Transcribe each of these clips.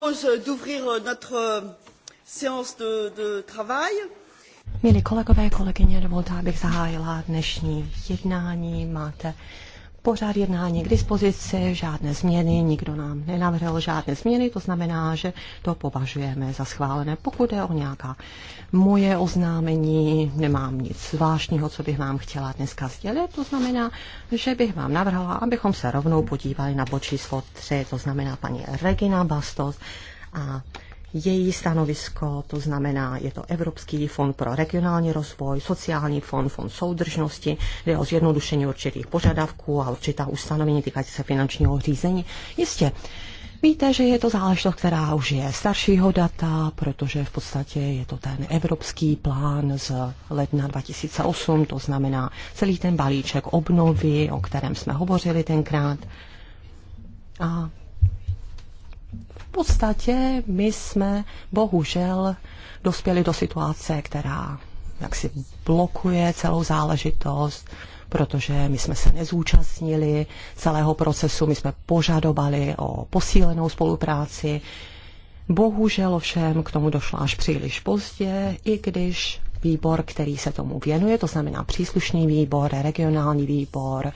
propose euh, d'ouvrir euh, notre euh, séance de, de travail. Milí kolegové, kolegyně, dovolte, abych zahájila dnešní jednání. Máte pořád jednání k dispozici, žádné změny, nikdo nám nenavrhl žádné změny, to znamená, že to považujeme za schválené. Pokud je o nějaká moje oznámení, nemám nic zvláštního, co bych vám chtěla dneska sdělit, to znamená, že bych vám navrhla, abychom se rovnou podívali na bod číslo 3, to znamená paní Regina Bastos a její stanovisko, to znamená, je to Evropský fond pro regionální rozvoj, sociální fond, fond soudržnosti, jde o zjednodušení určitých požadavků a určitá ustanovení týkající se finančního řízení. Jistě, Víte, že je to záležitost, která už je staršího data, protože v podstatě je to ten evropský plán z ledna 2008, to znamená celý ten balíček obnovy, o kterém jsme hovořili tenkrát. A podstatě my jsme bohužel dospěli do situace, která jaksi blokuje celou záležitost, protože my jsme se nezúčastnili celého procesu, my jsme požadovali o posílenou spolupráci. Bohužel ovšem k tomu došlo až příliš pozdě, i když výbor, který se tomu věnuje, to znamená příslušný výbor, regionální výbor,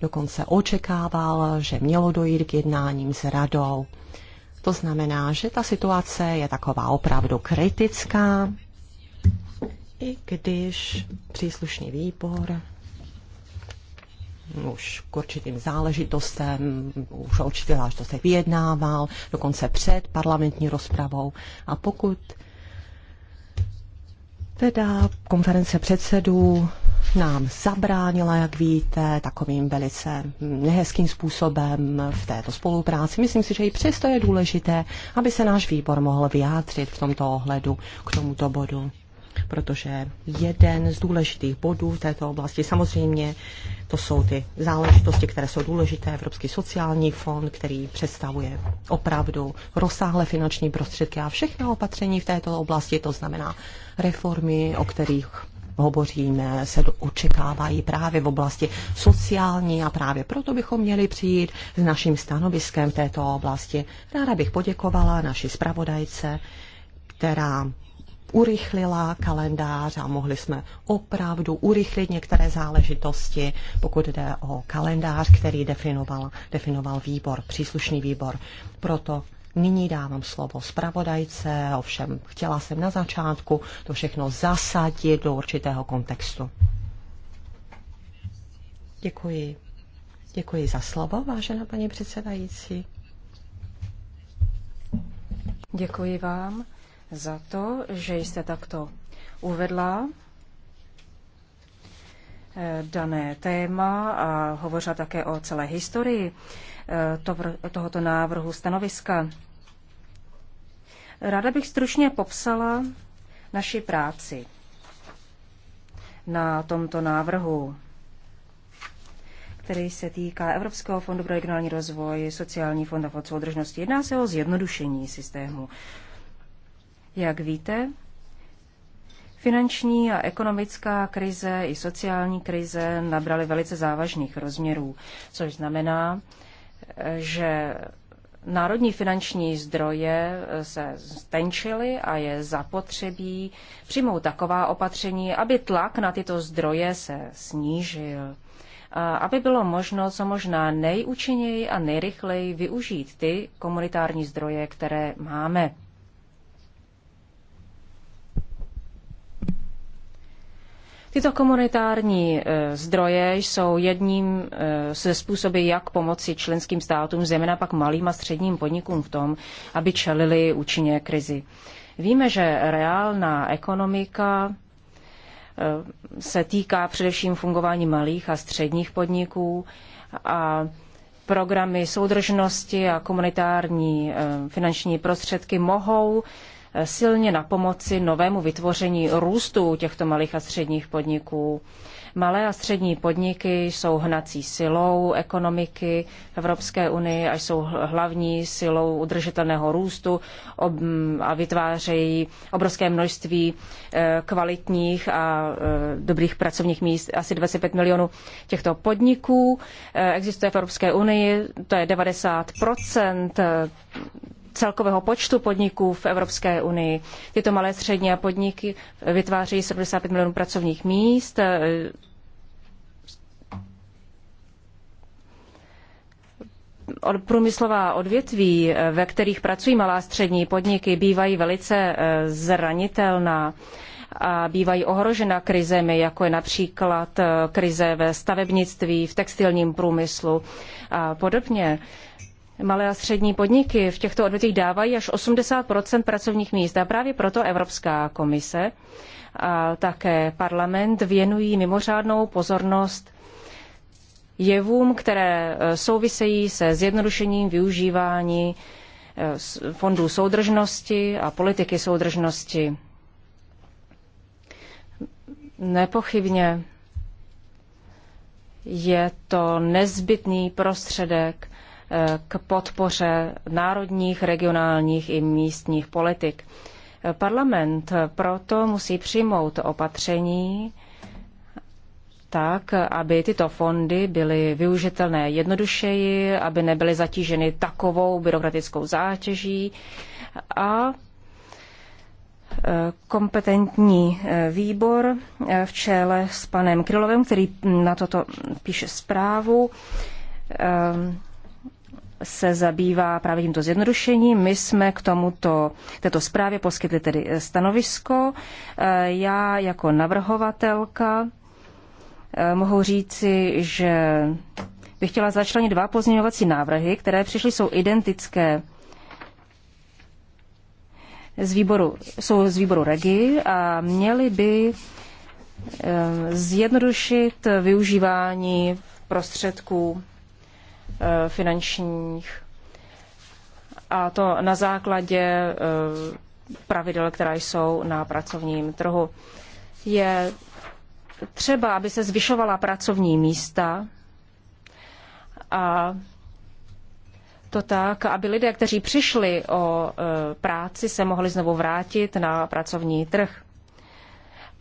dokonce očekával, že mělo dojít k jednáním s radou. To znamená, že ta situace je taková opravdu kritická, i když příslušný výbor už k určitým záležitostem, už o určitých záležitostech vyjednával, dokonce před parlamentní rozpravou. A pokud teda konference předsedů nám zabránila, jak víte, takovým velice nehezkým způsobem v této spolupráci. Myslím si, že i přesto je důležité, aby se náš výbor mohl vyjádřit v tomto ohledu k tomuto bodu protože jeden z důležitých bodů v této oblasti, samozřejmě to jsou ty záležitosti, které jsou důležité, Evropský sociální fond, který představuje opravdu rozsáhlé finanční prostředky a všechna opatření v této oblasti, to znamená reformy, o kterých hovoříme, se do očekávají právě v oblasti sociální a právě proto bychom měli přijít s naším stanoviskem v této oblasti. Ráda bych poděkovala naší zpravodajce, která urychlila kalendář a mohli jsme opravdu urychlit některé záležitosti, pokud jde o kalendář, který definoval, definoval výbor, příslušný výbor. Proto Nyní dávám slovo zpravodajce, ovšem chtěla jsem na začátku to všechno zasadit do určitého kontextu. Děkuji. Děkuji za slovo, vážená paní předsedající. Děkuji vám za to, že jste takto uvedla eh, dané téma a hovořila také o celé historii tohoto návrhu stanoviska. Ráda bych stručně popsala naši práci na tomto návrhu, který se týká Evropského fondu pro regionální rozvoj, sociální fond a fond soudržnosti. Jedná se o zjednodušení systému. Jak víte, Finanční a ekonomická krize i sociální krize nabraly velice závažných rozměrů, což znamená, že národní finanční zdroje se stenčily a je zapotřebí přijmout taková opatření, aby tlak na tyto zdroje se snížil. A aby bylo možno co možná nejúčinněji a nejrychleji využít ty komunitární zdroje, které máme. Tyto komunitární e, zdroje jsou jedním e, ze způsoby, jak pomoci členským státům, zejména pak malým a středním podnikům v tom, aby čelili účinně krizi. Víme, že reálná ekonomika e, se týká především fungování malých a středních podniků a programy soudržnosti a komunitární finanční prostředky mohou silně na pomoci novému vytvoření růstu těchto malých a středních podniků. Malé a střední podniky jsou hnací silou ekonomiky Evropské unie a jsou hlavní silou udržitelného růstu a vytvářejí obrovské množství eh, kvalitních a eh, dobrých pracovních míst, asi 25 milionů těchto podniků. Eh, existuje v Evropské unii, to je 90 celkového počtu podniků v Evropské unii. Tyto malé střední podniky vytváří 75 milionů pracovních míst. Průmyslová odvětví, ve kterých pracují malá střední podniky, bývají velice eh, zranitelná a bývají ohrožena krizemi, jako je například eh, krize ve stavebnictví, v textilním průmyslu a podobně malé a střední podniky v těchto odvětvích dávají až 80 pracovních míst. A právě proto Evropská komise a také parlament věnují mimořádnou pozornost jevům, které e, souvisejí se zjednodušením využívání e, fondů soudržnosti a politiky soudržnosti. Nepochybně je to nezbytný prostředek k podpoře národních, regionálních i místních politik. Parlament proto musí přijmout opatření tak, aby tyto fondy byly využitelné jednodušeji, aby nebyly zatíženy takovou byrokratickou zátěží a e, kompetentní e, výbor e, v čele s panem Krylovem, který na toto píše zprávu, se zabývá právě tímto zjednodušením. My jsme k tomuto, této zprávě poskytli tedy eh, stanovisko. Eh, já jako navrhovatelka eh, mohu říci, že bych chtěla začlenit dva pozměňovací návrhy, které přišly, jsou identické z výboru, jsou z výboru REGI a měly by zjednodušit využívání prostředků Eh, finančních a to na základě eh, pravidel, která jsou na pracovním trhu. Je třeba, aby se zvyšovala pracovní místa a to tak, aby lidé, kteří přišli o eh, práci, se mohli znovu vrátit na pracovní trh.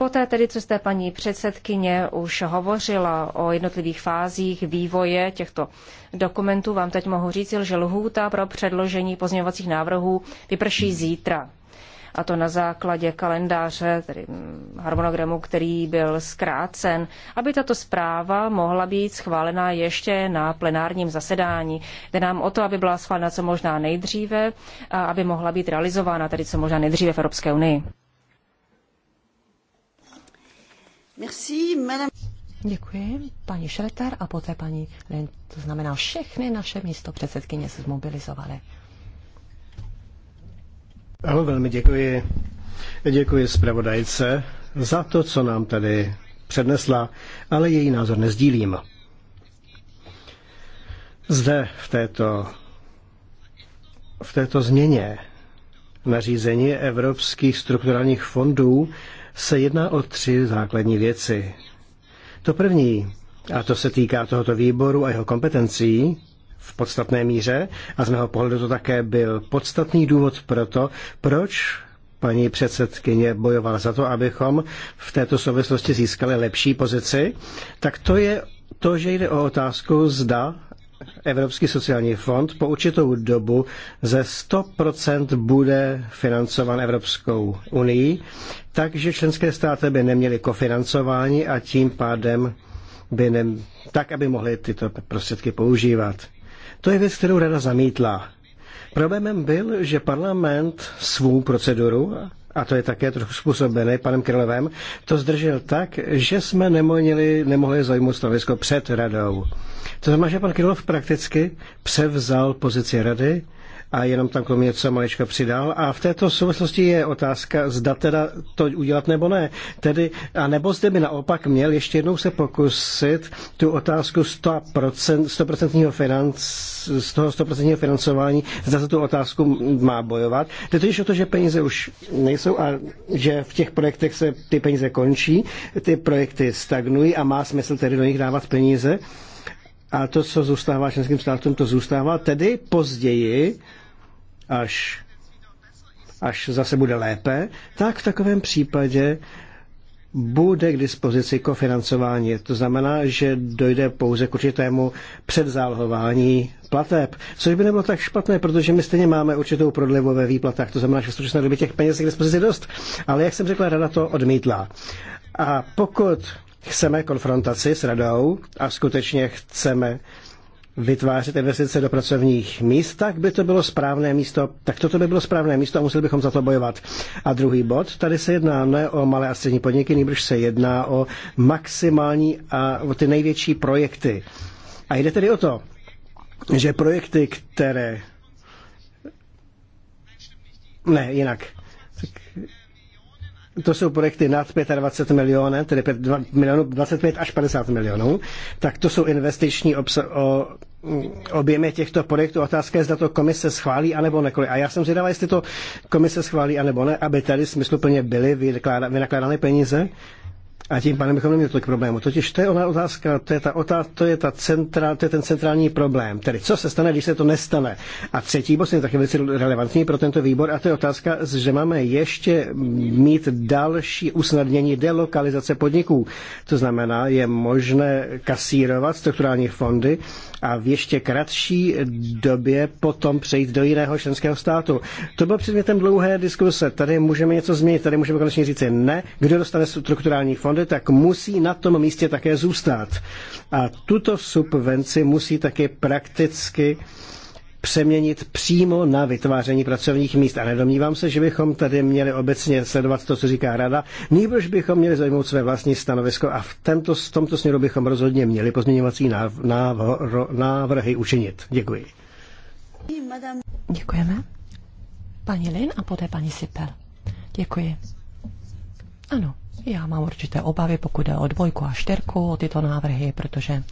Poté tedy, co jste paní předsedkyně už hovořila o jednotlivých fázích vývoje těchto dokumentů, vám teď mohu říct, že lhůta pro předložení pozměňovacích návrhů vyprší zítra. A to na základě kalendáře, tedy harmonogramu, který byl zkrácen, aby tato zpráva mohla být schválena ještě na plenárním zasedání. Jde nám o to, aby byla schválena co možná nejdříve a aby mohla být realizována tedy co možná nejdříve v Evropské unii. Merci, madame. Děkuji. Paní Šreter a poté paní Lin. To znamená, všechny naše místo předsedkyně se zmobilizovaly. Ano, velmi děkuji. Děkuji zpravodajce za to, co nám tady přednesla, ale její názor nezdílím. Zde v této, v této změně nařízení evropských strukturálních fondů se jedná o tři základní věci. To první, a to se týká tohoto výboru a jeho kompetencí, v podstatné míře, a z mého pohledu to také byl podstatný důvod pro to, proč paní předsedkyně bojovala za to, abychom v této souvislosti získali lepší pozici, tak to je to, že jde o otázku, zda Evropský sociální fond po určitou dobu ze 100% bude financován Evropskou unii, takže členské státy by neměly kofinancování a tím pádem by ne, tak, aby mohly tyto prostředky používat. To je věc, kterou rada zamítla. Problémem byl, že parlament svou proceduru a to je také trochu způsobené panem Krylovem, to zdržel tak, že jsme nemohli, nemohli zajmout stanovisko před radou. To znamená, že pan Krylov prakticky převzal pozici rady, a jenom tam kromě něco malička přidal. A v této souvislosti je otázka, zda teda to udělat nebo ne. Tedy, a nebo zde by naopak měl ještě jednou se pokusit tu otázku 100%, 100% financ, z toho 100% financování, zda se tu otázku má bojovat. Jde totiž o to, že peníze už nejsou a že v těch projektech se ty peníze končí, ty projekty stagnují a má smysl tedy do nich dávat peníze. A to, co zůstává členským státům, to zůstává. Tedy později až, až zase bude lépe, tak v takovém případě bude k dispozici kofinancování. To znamená, že dojde pouze k určitému předzálohování plateb, což by nebylo tak špatné, protože my stejně máme určitou prodlivu ve výplatách. To znamená, že v současné době těch peněz je k dispozici dost. Ale jak jsem řekla, rada to odmítla. A pokud chceme konfrontaci s radou a skutečně chceme vytvářet investice do pracovních míst, tak by to bylo správné místo, tak toto by bylo správné místo a museli bychom za to bojovat. A druhý bod, tady se jedná ne o malé a střední podniky, nejbrž se jedná o maximální a o ty největší projekty. A jde tedy o to, že projekty, které... Ne, jinak to jsou projekty nad 25 milionů, tedy 5, milionů, 25 až 50 milionů, tak to jsou investiční obsa- o mm, objemy těchto projektů. Otázka je, zda to komise schválí anebo nekoli. A já jsem zvědavá, jestli to komise schválí anebo ne, aby tady smysluplně byly vynakládány peníze a tím pádem bychom neměli tolik problémů. Totiž to je ona otázka, to je, ta otázka, to je, ta centra, to je ten centrální problém. Tedy co se stane, když se to nestane? A třetí bod je taky velice relevantní pro tento výbor a to je otázka, že máme ještě mít další usnadnění delokalizace podniků. To znamená, je možné kasírovat strukturální fondy a v ještě kratší době potom přejít do jiného členského státu. To bylo předmětem dlouhé diskuse. Tady můžeme něco změnit, tady můžeme konečně říct ne. Kdo dostane strukturální fondy, tak musí na tom místě také zůstat. A tuto subvenci musí také prakticky přeměnit přímo na vytváření pracovních míst. A nedomnívám se, že bychom tady měli obecně sledovat to, co říká rada, nýbrž bychom měli zajmout své vlastní stanovisko a v, tento, v tomto směru bychom rozhodně měli pozměňovací náv, náv, návrhy učinit. Děkuji. Děkujeme. Paní Lin a poté paní Sipel. Děkuji. Ano, já mám určité obavy, pokud jde o dvojku a štěrku, o tyto návrhy, protože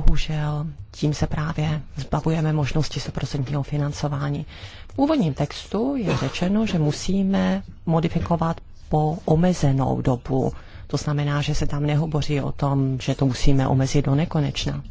Bohužel tím se právě zbavujeme možnosti 100% financování. V původním textu je řečeno, že musíme modifikovat po omezenou dobu. To znamená, že se tam nehovoří o tom, že to musíme omezit do nekonečna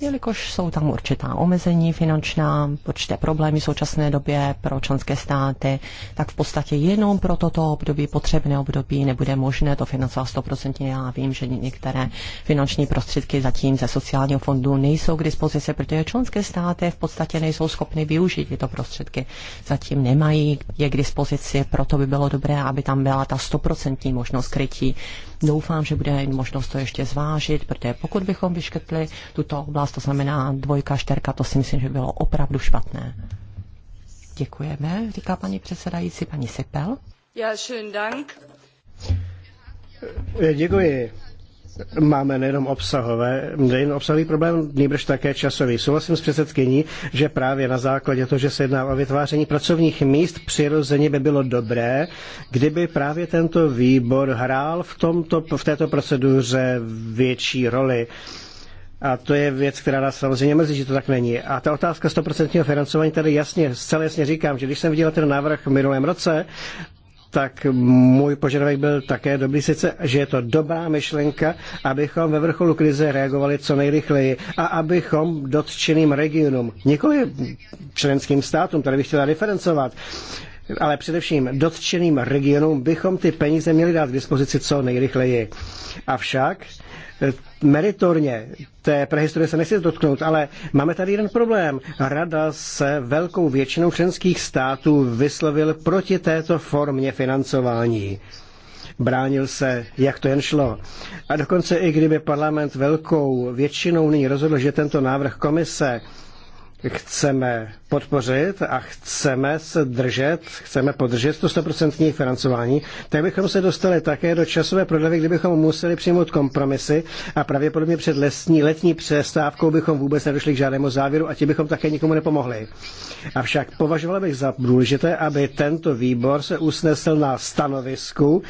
jelikož jsou tam určitá omezení finančná, určité problémy v současné době pro členské státy, tak v podstatě jenom pro toto období, potřebné období, nebude možné to financovat 100%. Já vím, že některé finanční prostředky zatím ze sociálního fondu nejsou k dispozici, protože členské státy v podstatě nejsou schopny využít tyto prostředky. Zatím nemají je k dispozici, proto by bylo dobré, aby tam byla ta 100% možnost krytí. Doufám, že bude možnost to ještě zvážit, protože pokud bychom vyškrtli tuto oblast, 15, to znamená dvojka, čtyřka, to si myslím, že bylo opravdu špatné. Děkujeme, říká paní předsedající, paní Sipel. Ja, schön dank. Eh, děkuji. Máme nejenom obsahové, nejen obsahový problém, nejbrž také časový. Souhlasím s předsedkyní, že právě na základě toho, že se jedná o vytváření pracovních míst, přirozeně by bylo dobré, kdyby právě tento výbor hrál v, tomto, v této proceduře větší roli a to je věc, která nás samozřejmě mrzí, že to tak není. A ta otázka 100% financování tady jasně, zcela jasně říkám, že když jsem viděl ten návrh v minulém roce, tak můj požadavek byl také dobrý, sice, že je to dobrá myšlenka, abychom ve vrcholu krize reagovali co nejrychleji a abychom dotčeným regionům, nikoli členským státům, tady bych chtěla diferencovat, ale především dotčeným regionům bychom ty peníze měli dát k dispozici co nejrychleji. Avšak meritorně té prehistorie se nechci dotknout, ale máme tady jeden problém. Rada se velkou většinou členských států vyslovil proti této formě financování bránil se, jak to jen šlo. A dokonce i kdyby parlament velkou většinou nyní rozhodl, že tento návrh komise chceme podpořit a chceme se držet, chceme podržet to 100% financování, tak bychom se dostali také do časové prodlevy, kdybychom museli přijmout kompromisy a pravděpodobně před lesní, letní přestávkou bychom vůbec nedošli k žádnému závěru a ti bychom také nikomu nepomohli. Avšak považoval bych za důležité, aby tento výbor se usnesl na stanovisku,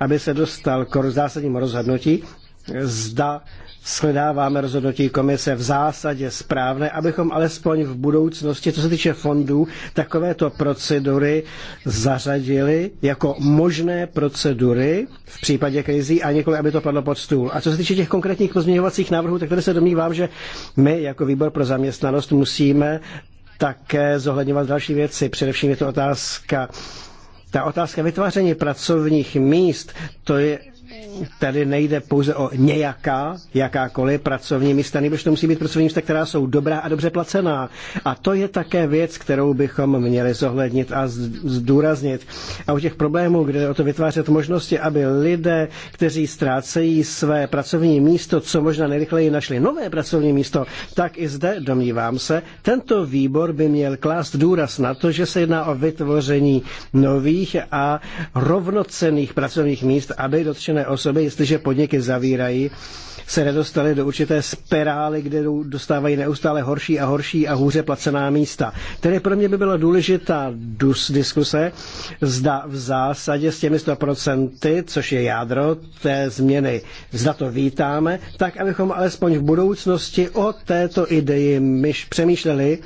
aby se dostal k zásadnímu rozhodnutí, zda shledáváme rozhodnutí komise v zásadě správné, abychom alespoň v budoucnosti, co se týče fondů, takovéto procedury zařadili jako možné procedury v případě krizí a nikoli, aby to padlo pod stůl. A co se týče těch konkrétních pozměňovacích návrhů, tak tady se domnívám, že my jako výbor pro zaměstnanost musíme také zohledňovat další věci. Především je to otázka ta otázka vytváření pracovních míst, to je tady nejde pouze o nějaká, jakákoliv pracovní místa, nebo to musí být pracovní místa, která jsou dobrá a dobře placená. A to je také věc, kterou bychom měli zohlednit a zdůraznit. A u těch problémů, kde o to vytvářet možnosti, aby lidé, kteří ztrácejí své pracovní místo, co možná nejrychleji našli nové pracovní místo, tak i zde, domnívám se, tento výbor by měl klást důraz na to, že se jedná o vytvoření nových a rovnocených pracovních míst, aby dotčené dotčené osoby, jestliže podniky zavírají, se nedostaly do určité spirály, kde dostávají neustále horší a horší a hůře placená místa. Tedy pro mě by byla důležitá dus diskuse, zda v zásadě s těmi 100%, což je jádro té změny, zda to vítáme, tak abychom alespoň v budoucnosti o této ideji myš přemýšleli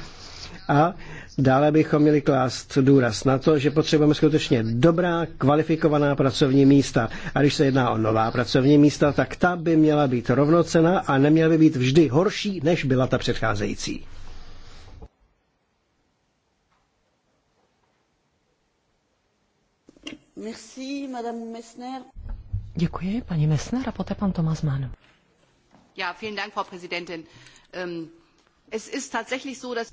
a Dále bychom měli klást důraz na to, že potřebujeme skutečně dobrá, kvalifikovaná pracovní místa. A když se jedná o nová pracovní místa, tak ta by měla být rovnocena a neměla by být vždy horší, než byla ta předcházející. Merci, Madame Messner. Děkuji, paní Messner, a poté pan Tomas Mann. Ja, vielen Dank, Frau Präsidentin. Um...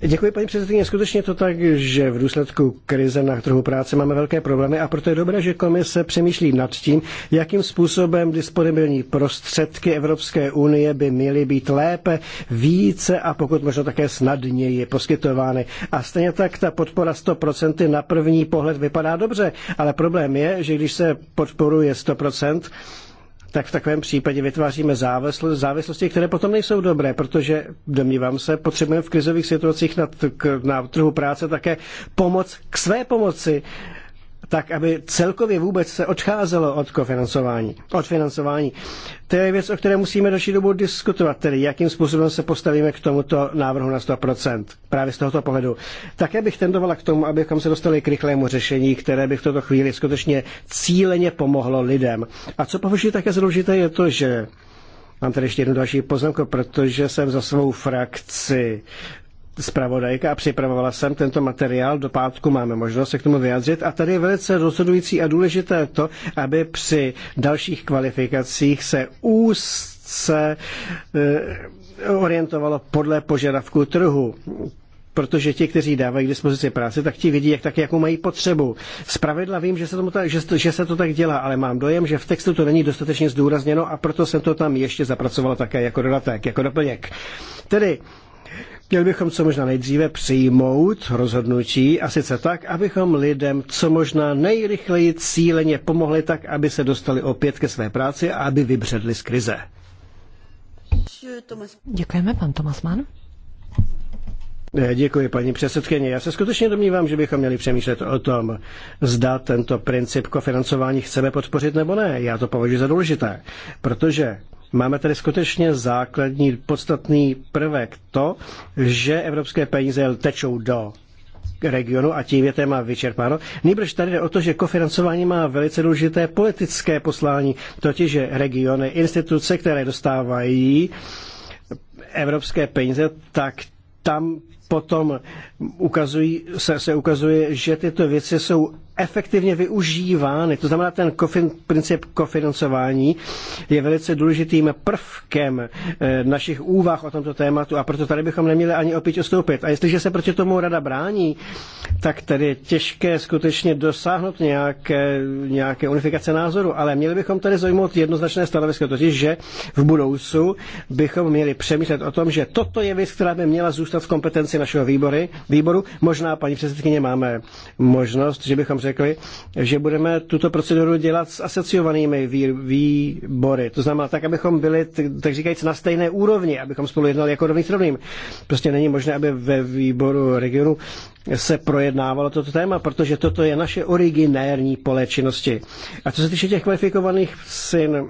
Děkuji, paní předsedkyně. Skutečně to tak, že v důsledku krize na trhu práce máme velké problémy a proto je dobré, že komise přemýšlí nad tím, jakým způsobem disponibilní prostředky Evropské unie by měly být lépe, více a pokud možno také snadněji poskytovány. A stejně tak ta podpora 100% na první pohled vypadá dobře, ale problém je, že když se podporuje 100%, tak v takovém případě vytváříme závisl, závislosti, které potom nejsou dobré, protože, domnívám se, potřebujeme v krizových situacích na, na trhu práce také pomoc k své pomoci tak aby celkově vůbec se odcházelo od kofinancování, od financování. To je věc, o které musíme další dobu diskutovat, tedy jakým způsobem se postavíme k tomuto návrhu na 100%, právě z tohoto pohledu. Také bych tendovala k tomu, abychom se dostali k rychlému řešení, které by v tuto chvíli skutečně cíleně pomohlo lidem. A co považuji také za důležité je to, že Mám tady ještě jednu další poznámku, protože jsem za svou frakci zpravodajka a připravovala jsem tento materiál. Do pátku máme možnost se k tomu vyjádřit. A tady je velice rozhodující a důležité to, aby při dalších kvalifikacích se úzce eh, orientovalo podle požadavku trhu protože ti, kteří dávají k dispozici práci, tak ti vidí, jak tak, jakou mají potřebu. Zpravidla vím, že se, tomu ta, že, že se to tak dělá, ale mám dojem, že v textu to není dostatečně zdůrazněno a proto jsem to tam ještě zapracoval také jako dodatek, jako doplněk. Tedy Měli bychom co možná nejdříve přijmout rozhodnutí, a sice tak, abychom lidem co možná nejrychleji cíleně pomohli tak, aby se dostali opět ke své práci a aby vybředli z krize. Děkujeme, pan Tomasman. Eh, děkuji, paní předsedkyně. Já se skutečně domnívám, že bychom měli přemýšlet o tom, zda tento princip kofinancování chceme podpořit nebo ne. Já to považuji za důležité, protože Máme tady skutečně základní podstatný prvek to, že evropské peníze tečou do regionu a tím je téma vyčerpáno. Nýbrž tady jde o to, že kofinancování má velice důležité politické poslání, totiž že regiony, instituce, které dostávají evropské peníze, tak tam potom ukazují, se, se ukazuje, že tyto věci jsou efektivně využívány. To znamená, ten kofin, princip kofinancování je velice důležitým prvkem eh, našich úvah o tomto tématu a proto tady bychom neměli ani opět ustoupit. A jestliže se proti tomu rada brání, tak tady je těžké skutečně dosáhnout nějaké, eh, nějaké unifikace názoru, ale měli bychom tady zajmout jednoznačné stanovisko, totiž, že v budoucnu bychom měli přemýšlet o tom, že toto je věc, která by měla zůstat v kompetenci našeho výbory, výboru. Možná, paní předsedkyně, máme možnost, že bychom řekli, že budeme tuto proceduru dělat s asociovanými výbory. To znamená tak, abychom byli, tak říkajíc, na stejné úrovni, abychom spolu jednali jako rovný s rovným. Prostě není možné, aby ve výboru regionu se projednávalo toto téma, protože toto je naše originérní pole činnosti. A co se týče těch kvalifikovaných syn,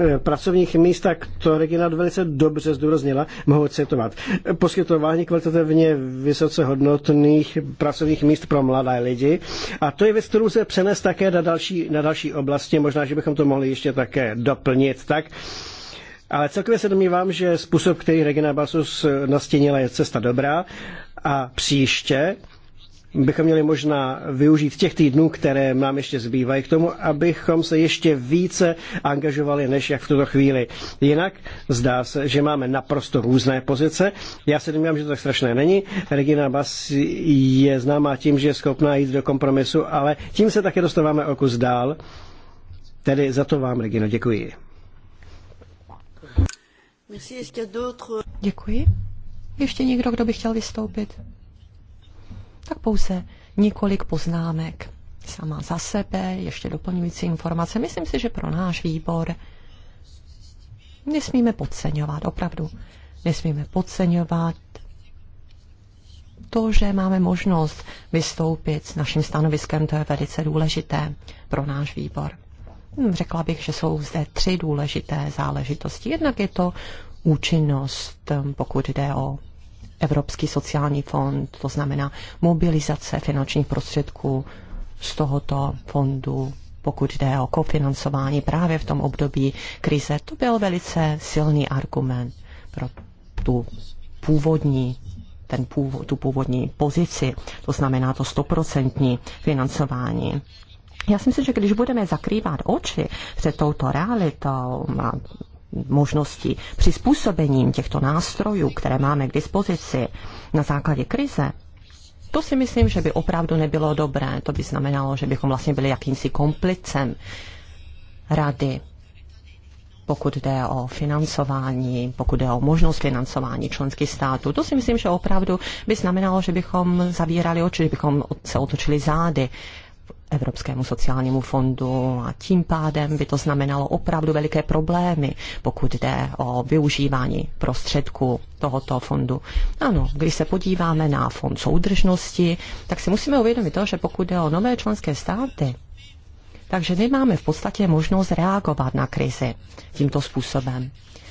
Eh, pracovních míst, tak to Regina velice dobře zdůraznila, mohu citovat. Poskytování kvalitativně vysoce hodnotných pracovních míst pro mladé lidi. A to je věc, kterou se přenést také na další, na další oblasti. Možná, že bychom to mohli ještě také doplnit. Tak, ale celkově se domnívám, že způsob, který Regina Basus nastínila, je cesta dobrá. A příště bychom měli možná využít těch týdnů, které nám ještě zbývají k tomu, abychom se ještě více angažovali, než jak v tuto chvíli. Jinak zdá se, že máme naprosto různé pozice. Já se domnívám, že to tak strašné není. Regina Bas je známá tím, že je schopná jít do kompromisu, ale tím se také dostáváme o kus dál. Tedy za to vám, Regino, děkuji. Děkuji. Ještě někdo, kdo by chtěl vystoupit? tak pouze několik poznámek sama za sebe, ještě doplňující informace. Myslím si, že pro náš výbor nesmíme podceňovat, opravdu nesmíme podceňovat to, že máme možnost vystoupit s naším stanoviskem, to je velice důležité pro náš výbor. Hm, řekla bych, že jsou zde tři důležité záležitosti. Jednak je to účinnost, hm, pokud jde o Evropský sociální fond, to znamená mobilizace finančních prostředků z tohoto fondu, pokud jde o kofinancování právě v tom období krize. To byl velice silný argument pro tu původní ten původ, tu původní pozici, to znamená to stoprocentní financování. Já si myslím, že když budeme zakrývat oči před touto realitou, možností přizpůsobením těchto nástrojů, které máme k dispozici na základě krize, to si myslím, že by opravdu nebylo dobré. To by znamenalo, že bychom vlastně byli jakýmsi komplicem rady, pokud jde o financování, pokud jde o možnost financování členských států. To si myslím, že opravdu by znamenalo, že bychom zavírali oči, že bychom se otočili zády Evropskému sociálnímu fondu a tím pádem by to znamenalo opravdu veliké problémy, pokud jde o využívání prostředků tohoto fondu. Ano, když se podíváme na fond soudržnosti, tak si musíme uvědomit to, že pokud jde o nové členské státy, takže nemáme v podstatě možnost reagovat na krizi tímto způsobem.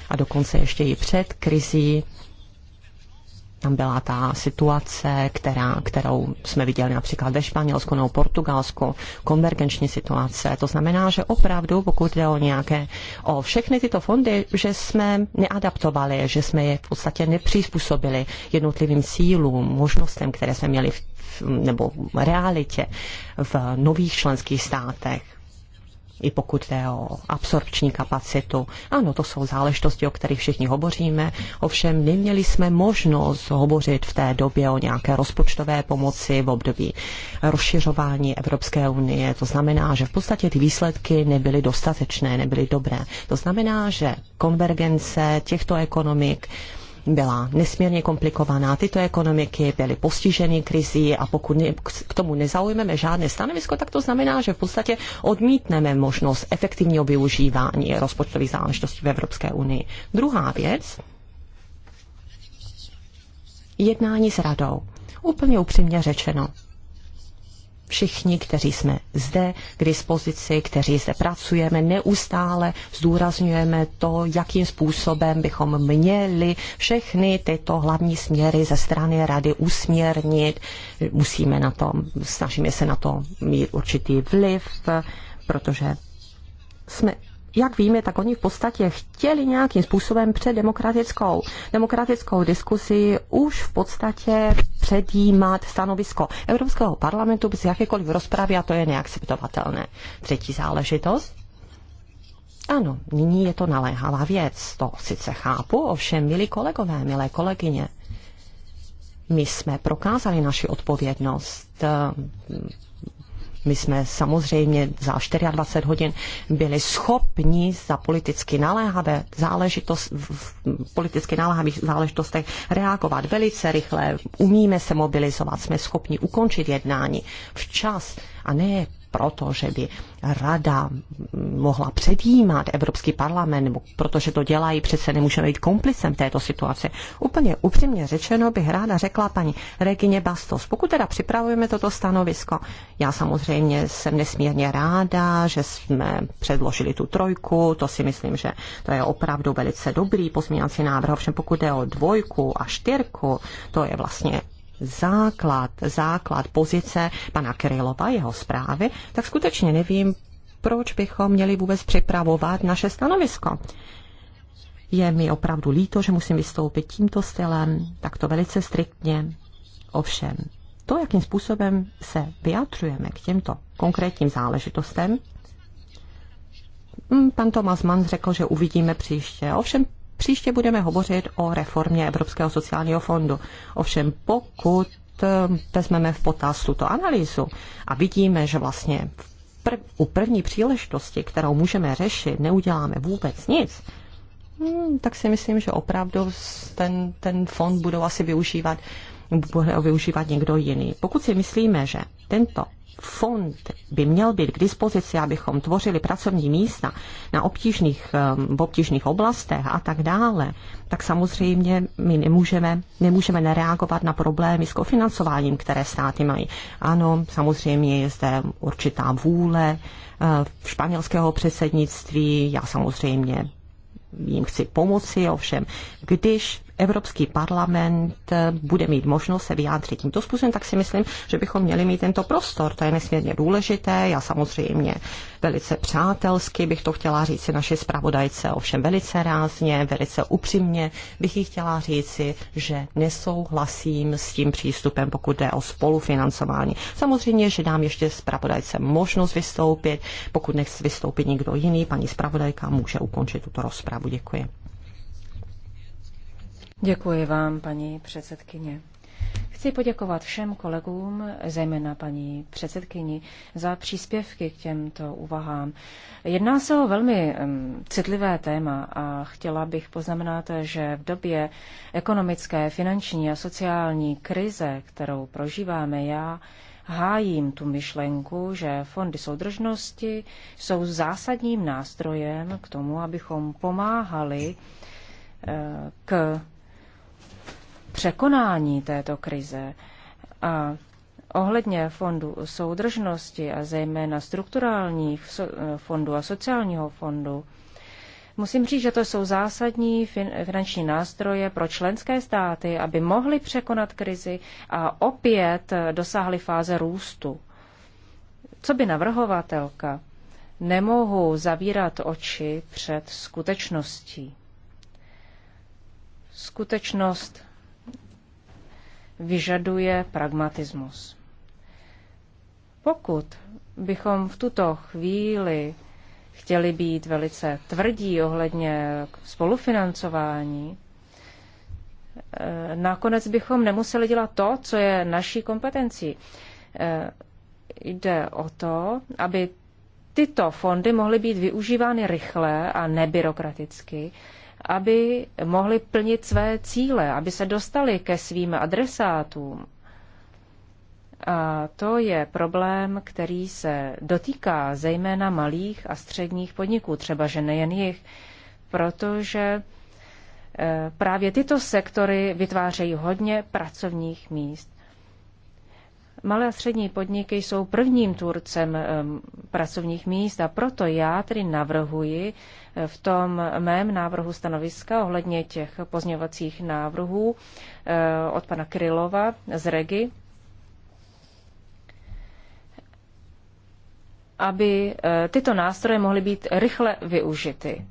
A dokonce ještě i před krizí tam byla ta situace, která, kterou jsme viděli například ve Španělsku nebo Portugalsku, konvergenční situace. To znamená, že opravdu, pokud jde o nějaké, o všechny tyto fondy, že jsme neadaptovali, že jsme je v podstatě nepřizpůsobili jednotlivým sílům, možnostem, které jsme měli v, nebo v realitě v nových členských státech i pokud jde o absorpční kapacitu. Ano, to jsou záležitosti, o kterých všichni hovoříme, ovšem neměli jsme možnost hovořit v té době o nějaké rozpočtové pomoci v období rozšiřování Evropské unie. To znamená, že v podstatě ty výsledky nebyly dostatečné, nebyly dobré. To znamená, že konvergence těchto ekonomik byla nesmírně komplikovaná. Tyto ekonomiky byly postiženy krizí a pokud k tomu nezaujmeme žádné stanovisko, tak to znamená, že v podstatě odmítneme možnost efektivního využívání rozpočtových záležitostí v Evropské unii. Druhá věc, jednání s radou. Úplně upřímně řečeno, všichni, kteří jsme zde k dispozici, kteří zde pracujeme, neustále zdůrazňujeme to, jakým způsobem bychom měli všechny tyto hlavní směry ze strany rady usměrnit. Musíme na to, snažíme se na to mít určitý vliv, protože jsme jak víme, tak oni v podstatě chtěli nějakým způsobem před demokratickou, demokratickou diskusi už v podstatě předjímat stanovisko Evropského parlamentu bez jakékoliv rozpravy a to je neakceptovatelné. Třetí záležitost. Ano, nyní je to naléhavá věc, to sice chápu, ovšem, milí kolegové, milé kolegyně, my jsme prokázali naši odpovědnost my jsme samozřejmě za 24 hodin byli schopni za politicky naléhavé záležitost, v politicky naléhavých záležitostech reagovat velice rychle, umíme se mobilizovat, jsme schopni ukončit jednání včas a ne proto, že by rada mohla předjímat Evropský parlament, nebo protože to dělají, přece nemůžeme být komplicem této situace. Úplně upřímně řečeno bych ráda řekla paní Regině Bastos, pokud teda připravujeme toto stanovisko, já samozřejmě jsem nesmírně ráda, že jsme předložili tu trojku, to si myslím, že to je opravdu velice dobrý pozměňovací návrh, ovšem pokud je o dvojku a čtyřku, to je vlastně základ, základ pozice pana Kirilova, jeho zprávy, tak skutečně nevím, proč bychom měli vůbec připravovat naše stanovisko. Je mi opravdu líto, že musím vystoupit tímto stylem, to velice striktně. Ovšem, to, jakým způsobem se vyjadřujeme k těmto konkrétním záležitostem, hm, pan Tomas Mann řekl, že uvidíme příště. Ovšem Příště budeme hovořit o reformě Evropského sociálního fondu. Ovšem pokud eh, vezmeme v potaz tuto analýzu a vidíme, že vlastně prv, u první příležitosti, kterou můžeme řešit, neuděláme vůbec nic, hmm, tak si myslím, že opravdu ten, ten fond budou asi využívat, bude využívat někdo jiný. Pokud si myslíme, že tento fond by měl být k dispozici, abychom tvořili pracovní místa na obtížných, v obtížných oblastech a tak dále, tak samozřejmě my nemůžeme, nemůžeme nereagovat na problémy s kofinancováním, které státy mají. Ano, samozřejmě je zde určitá vůle eh, španělského předsednictví, já samozřejmě jim chci pomoci, ovšem, když Evropský parlament eh, bude mít možnost se vyjádřit tímto způsobem, tak si myslím, že bychom měli mít tento prostor. To je nesmírně důležité. Já samozřejmě velice přátelsky bych to chtěla říci naši zpravodajce, ovšem velice rázně, velice upřímně bych jí chtěla říci, že nesouhlasím s tím přístupem, pokud jde o spolufinancování. Samozřejmě, že dám ještě zpravodajce možnost vystoupit. Pokud nechce vystoupit nikdo jiný, paní zpravodajka může ukončit tuto rozpravu. Děkuji. Děkuji vám, paní předsedkyně. Chci poděkovat všem kolegům, zejména paní předsedkyni, za příspěvky k těmto uvahám. Jedná se o velmi citlivé téma a chtěla bych poznamenat, že v době ekonomické, finanční a sociální krize, kterou prožíváme já, hájím tu myšlenku, že fondy soudržnosti jsou zásadním nástrojem k tomu, abychom pomáhali eh, k překonání této krize. A ohledně fondu soudržnosti a zejména strukturálních eh, fondů a sociálního fondu, musím říct, že to jsou zásadní finanční nástroje pro členské státy, aby mohly překonat krizi a opět eh, dosáhly fáze růstu. Co by navrhovatelka? Nemohu zavírat oči před skutečností. Skutečnost vyžaduje pragmatismus. Pokud bychom v tuto chvíli chtěli být velice tvrdí ohledně spolufinancování, eh, nakonec bychom nemuseli dělat to, co je naší kompetencí. Eh, jde o to, aby tyto fondy mohly být využívány rychle a nebyrokraticky, aby mohli plnit své cíle, aby se dostali ke svým adresátům. A to je problém, který se dotýká zejména malých a středních podniků, třeba že nejen jich, protože eh, právě tyto sektory vytvářejí hodně pracovních míst. Malé a střední podniky jsou prvním tvůrcem eh, pracovních míst a proto já tedy navrhuji eh, v tom mém návrhu stanoviska ohledně těch pozněvacích návrhů eh, od pana Krylova z Regi, aby tyto nástroje mohly být rychle využity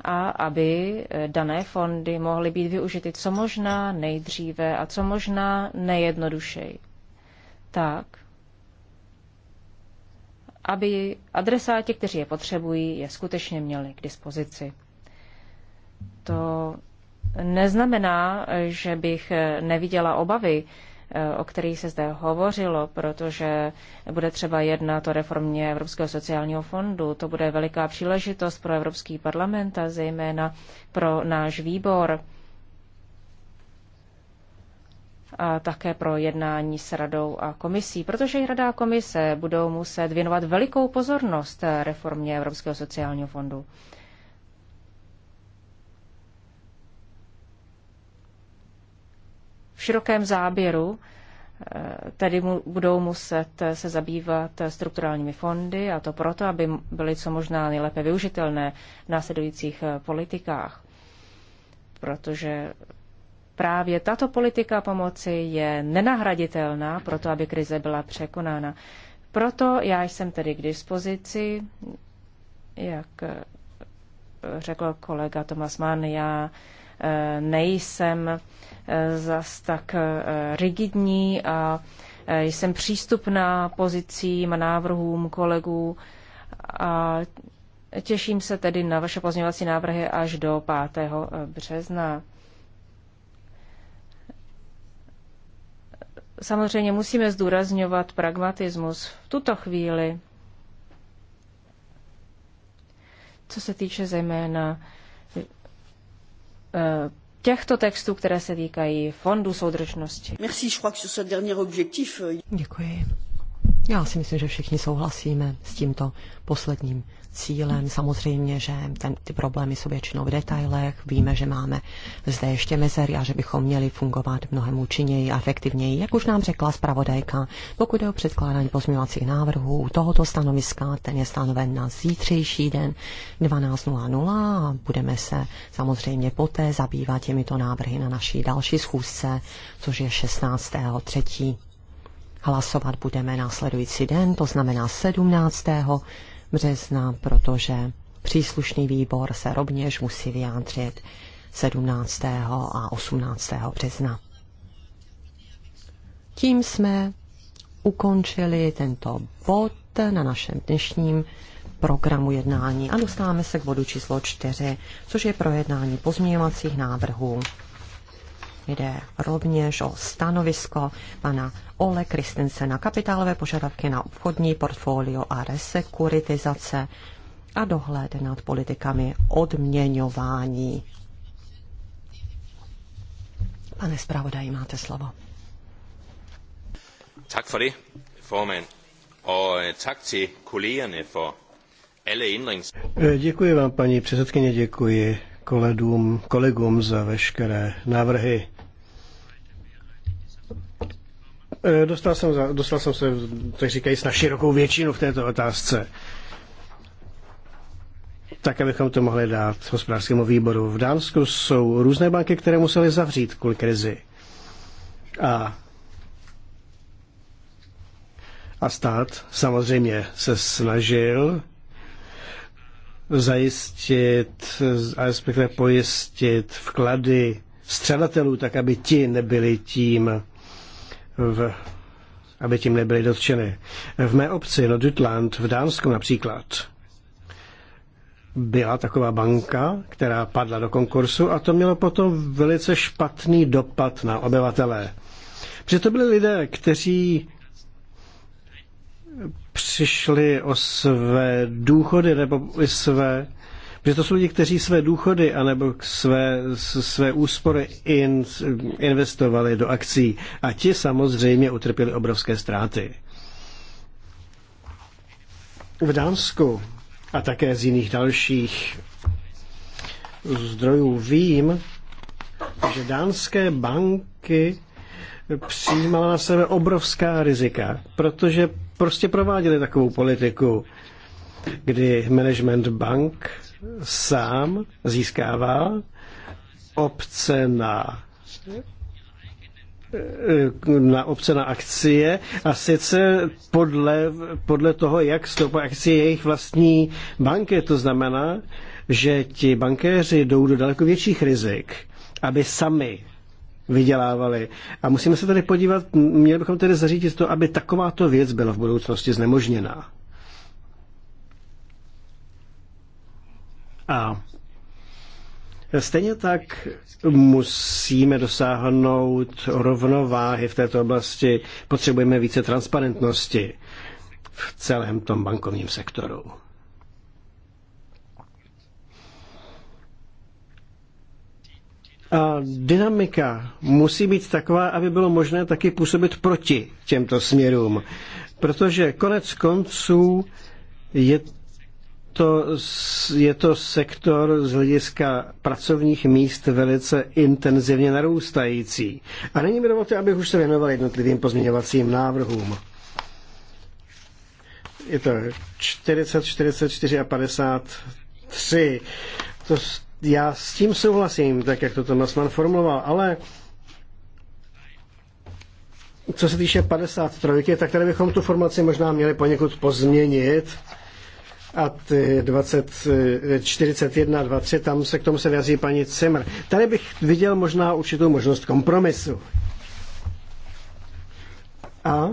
a aby dané fondy mohly být využity co možná nejdříve a co možná nejjednodušeji tak, aby adresáti, kteří je potřebují, je skutečně měli k dispozici. To neznamená, že bych neviděla obavy, o kterých se zde hovořilo, protože bude třeba jednat o reformě Evropského sociálního fondu. To bude veliká příležitost pro Evropský parlament a zejména pro náš výbor a také pro jednání s radou a komisí, protože i rada a komise budou muset věnovat velikou pozornost reformě Evropského sociálního fondu. V širokém záběru eh, tedy mu, budou muset se zabývat strukturálními fondy a to proto, aby byly co možná nejlépe využitelné v následujících eh, politikách, protože právě tato politika pomoci je nenahraditelná pro to, aby krize byla překonána. Proto já jsem tedy k dispozici, jak eh, řekl kolega Tomas Mann, já eh, nejsem eh, zas tak rigidní a jsem přístupná pozicím a návrhům kolegů a těším se tedy na vaše pozměňovací návrhy až do 5. března. samozřejmě musíme zdůrazňovat pragmatismus v tuto chvíli, co se týče zejména eh, těchto textů, které se týkají fondu soudržnosti. Euh, Děkuji. Já si myslím, že všichni souhlasíme s tímto posledním cílem. Samozřejmě, že ten, ty problémy jsou většinou v detailech. Víme, že máme zde ještě mezery a že bychom měli fungovat mnohem účinněji a efektivněji. Jak už nám řekla zpravodajka, pokud je o předkládání pozměňovacích návrhů tohoto stanoviska, ten je stanoven na zítřejší den 12.00 a budeme se samozřejmě poté zabývat těmito návrhy na naší další schůzce, což je 16.3. Hlasovat budeme následující den, to znamená 17. března, protože příslušný výbor se rovněž musí vyjádřit 17. a 18. března. Tím jsme ukončili tento bod na našem dnešním programu jednání a dostáváme se k bodu číslo 4, což je projednání pozměňovacích návrhů Jde rovněž o stanovisko pana Ole Kristinse na kapitálové požadavky na obchodní portfolio a resekuritizace a dohled nad politikami odměňování. Pane zpravodaji, máte slovo. Tak for det, formand. Og øh, tak til for alle eh, Děkuji vám, paní předsedkyně, děkuji kolegům, kolegům za veškeré návrhy. Eh, dostal jsem, za, dostal jsem se, tak říkajíc, na širokou většinu v této otázce. Tak, abychom to mohli dát hospodářskému výboru. V Dánsku jsou různé banky, které musely zavřít kvůli krizi. A, a stát samozřejmě se snažil zajistit, a respektive pojistit vklady střadatelů, tak aby ti nebyli tím v, aby tím nebyly dotčeny. V mé obci Nodutland, v Dánsku například byla taková banka, která padla do konkursu a to mělo potom velice špatný dopad na obyvatele. Protože to byli lidé, kteří přišli o své důchody nebo i své že to jsou lidi, kteří své důchody anebo své, své úspory in, investovali do akcí a ti samozřejmě utrpěli obrovské ztráty. V Dánsku a také z jiných dalších zdrojů vím, že dánské banky přijímala na sebe obrovská rizika, protože prostě prováděli takovou politiku, kdy management bank sám získává obce na eh, na obce na akcie a sice podle, podle toho, jak stoupá akcie jejich vlastní banky. To znamená, že ti bankéři jdou do daleko větších rizik, aby sami vydělávali. A musíme se tady podívat, měli bychom tedy zařídit to, aby takováto věc byla v budoucnosti znemožněná. A Stejně tak musíme dosáhnout rovnováhy v této oblasti. Potřebujeme více transparentnosti v celém tom bankovním sektoru. A dynamika musí být taková, aby bylo možné taky působit proti těmto směrům. Protože konec konců je to, je to sektor z hlediska pracovních míst velice intenzivně narůstající. A nyní mi dovolte, abych už se věnoval jednotlivým pozměňovacím návrhům. Je to 40, 44 a 53. To, já s tím souhlasím, tak jak to Thomas Mann formuloval, ale co se týče 53, tak tady bychom tu formaci možná měli poněkud pozměnit a 20, 41 23, tam se k tomu se vyjadří paní Cimr. Tady bych viděl možná určitou možnost kompromisu. A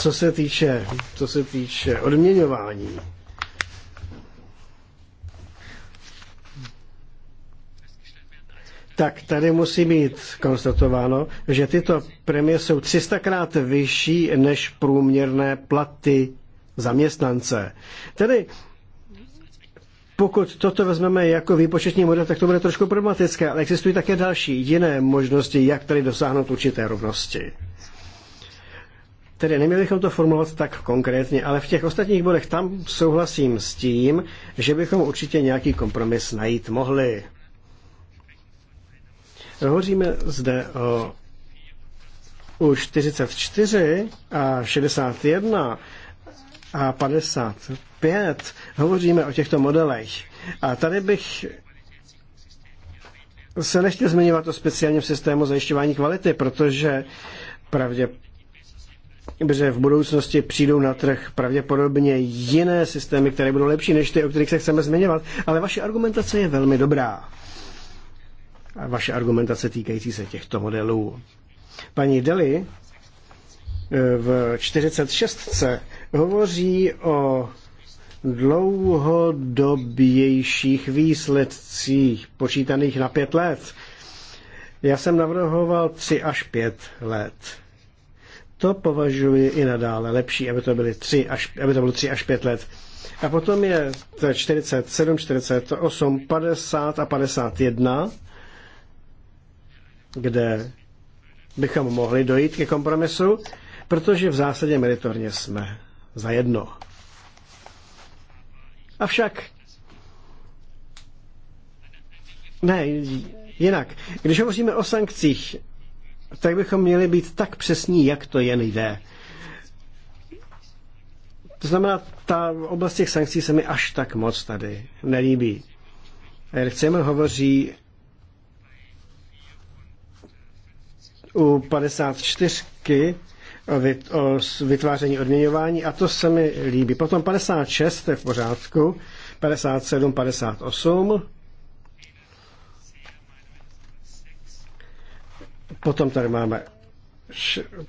co se týče, co se týče odměňování, tak tady musí být konstatováno, že tyto premie jsou 300krát vyšší než průměrné platy zaměstnance. Tedy pokud toto vezmeme jako výpočetní model, tak to bude trošku problematické, ale existují také další jiné možnosti, jak tady dosáhnout určité rovnosti. Tedy neměli bychom to formulovat tak konkrétně, ale v těch ostatních bodech tam souhlasím s tím, že bychom určitě nějaký kompromis najít mohli. Hovoříme zde o u 44 a 61 a 55 hovoříme o těchto modelech. A tady bych se nechtěl zmiňovat o speciálním systému zajišťování kvality, protože pravdě že v budoucnosti přijdou na trh pravděpodobně jiné systémy, které budou lepší než ty, o kterých se chceme zmiňovat. Ale vaše argumentace je velmi dobrá. A vaše argumentace týkající se těchto modelů. Paní Deli eh, v 46 hovoří o dlouhodobějších výsledcích počítaných na pět let. Já jsem navrhoval tři až pět let. To považuji i nadále lepší, aby to, byly tři až, aby to bylo tři až pět let. A potom je 47, 48, 50 a 51, kde bychom mohli dojít ke kompromisu, protože v zásadě meritorně jsme za jedno. Avšak ne, jinak. Když hovoříme o sankcích, tak bychom měli být tak přesní, jak to jen jde. To znamená, ta oblast těch sankcí se mi až tak moc tady nelíbí. Chceme hovoří u 54 o vytváření odměňování a to se mi líbí. Potom 56, to je v pořádku, 57, 58. Potom tady máme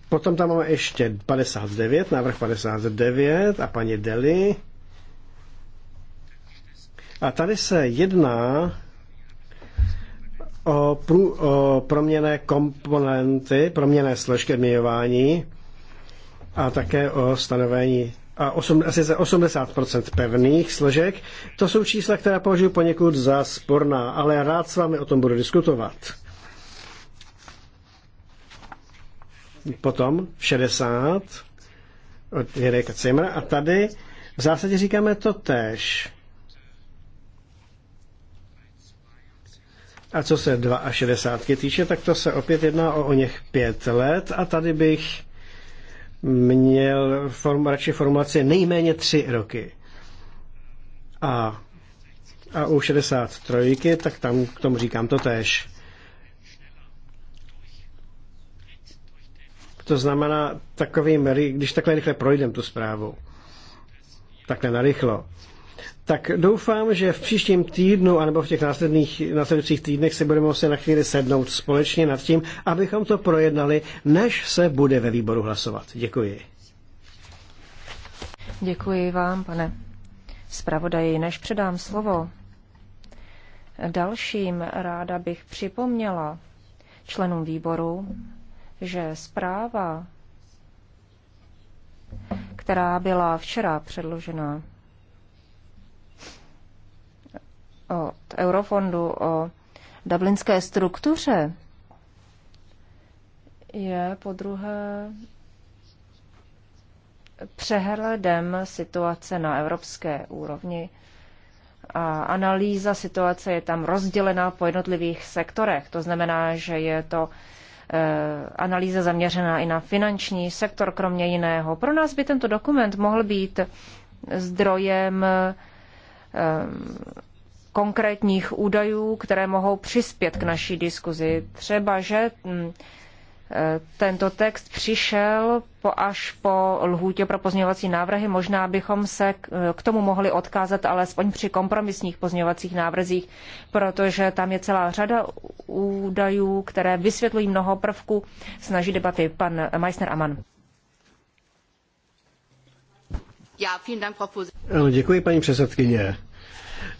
Potom tam máme ještě 59, návrh 59 a paní Deli. A tady se jedná o, prů, o proměné komponenty, proměné složky odměňování a také o stanovení a 8, asi 80% pevných složek. To jsou čísla, která považuji poněkud za sporná, ale rád s vámi o tom budu diskutovat. Potom 60 od Jereka Cimra a tady v zásadě říkáme to tež. A co se 62 týče, tak to se opět jedná o o něch pět let a tady bych měl form, radši formulaci nejméně tři roky. A, a u 63, tak tam k tomu říkám to tež. To znamená, takovým, když takhle rychle projdem tu zprávu, takhle narychlo, tak doufám, že v příštím týdnu anebo v těch následných, následujících týdnech si budeme muset na chvíli sednout společně nad tím, abychom to projednali, než se bude ve výboru hlasovat. Děkuji. Děkuji vám, pane zpravodaji. Než předám slovo dalším, ráda bych připomněla členům výboru, že zpráva, která byla včera předložena o eurofondu, o dublinské struktuře, je po druhé přehledem situace na evropské úrovni. A analýza situace je tam rozdělená po jednotlivých sektorech. To znamená, že je to eh, analýza zaměřená i na finanční sektor, kromě jiného. Pro nás by tento dokument mohl být zdrojem eh, konkrétních údajů, které mohou přispět k naší diskuzi. Třeba, že mm, e, tento text přišel po až po lhůtě pro pozměňovací návrhy. Možná bychom se e, k tomu mohli odkázat alespoň při kompromisních pozměňovacích návrzích, protože tam je celá řada údajů, které vysvětlují mnoho prvků. Snaží debaty pan Meissner Aman. Děkuji, paní předsedkyně.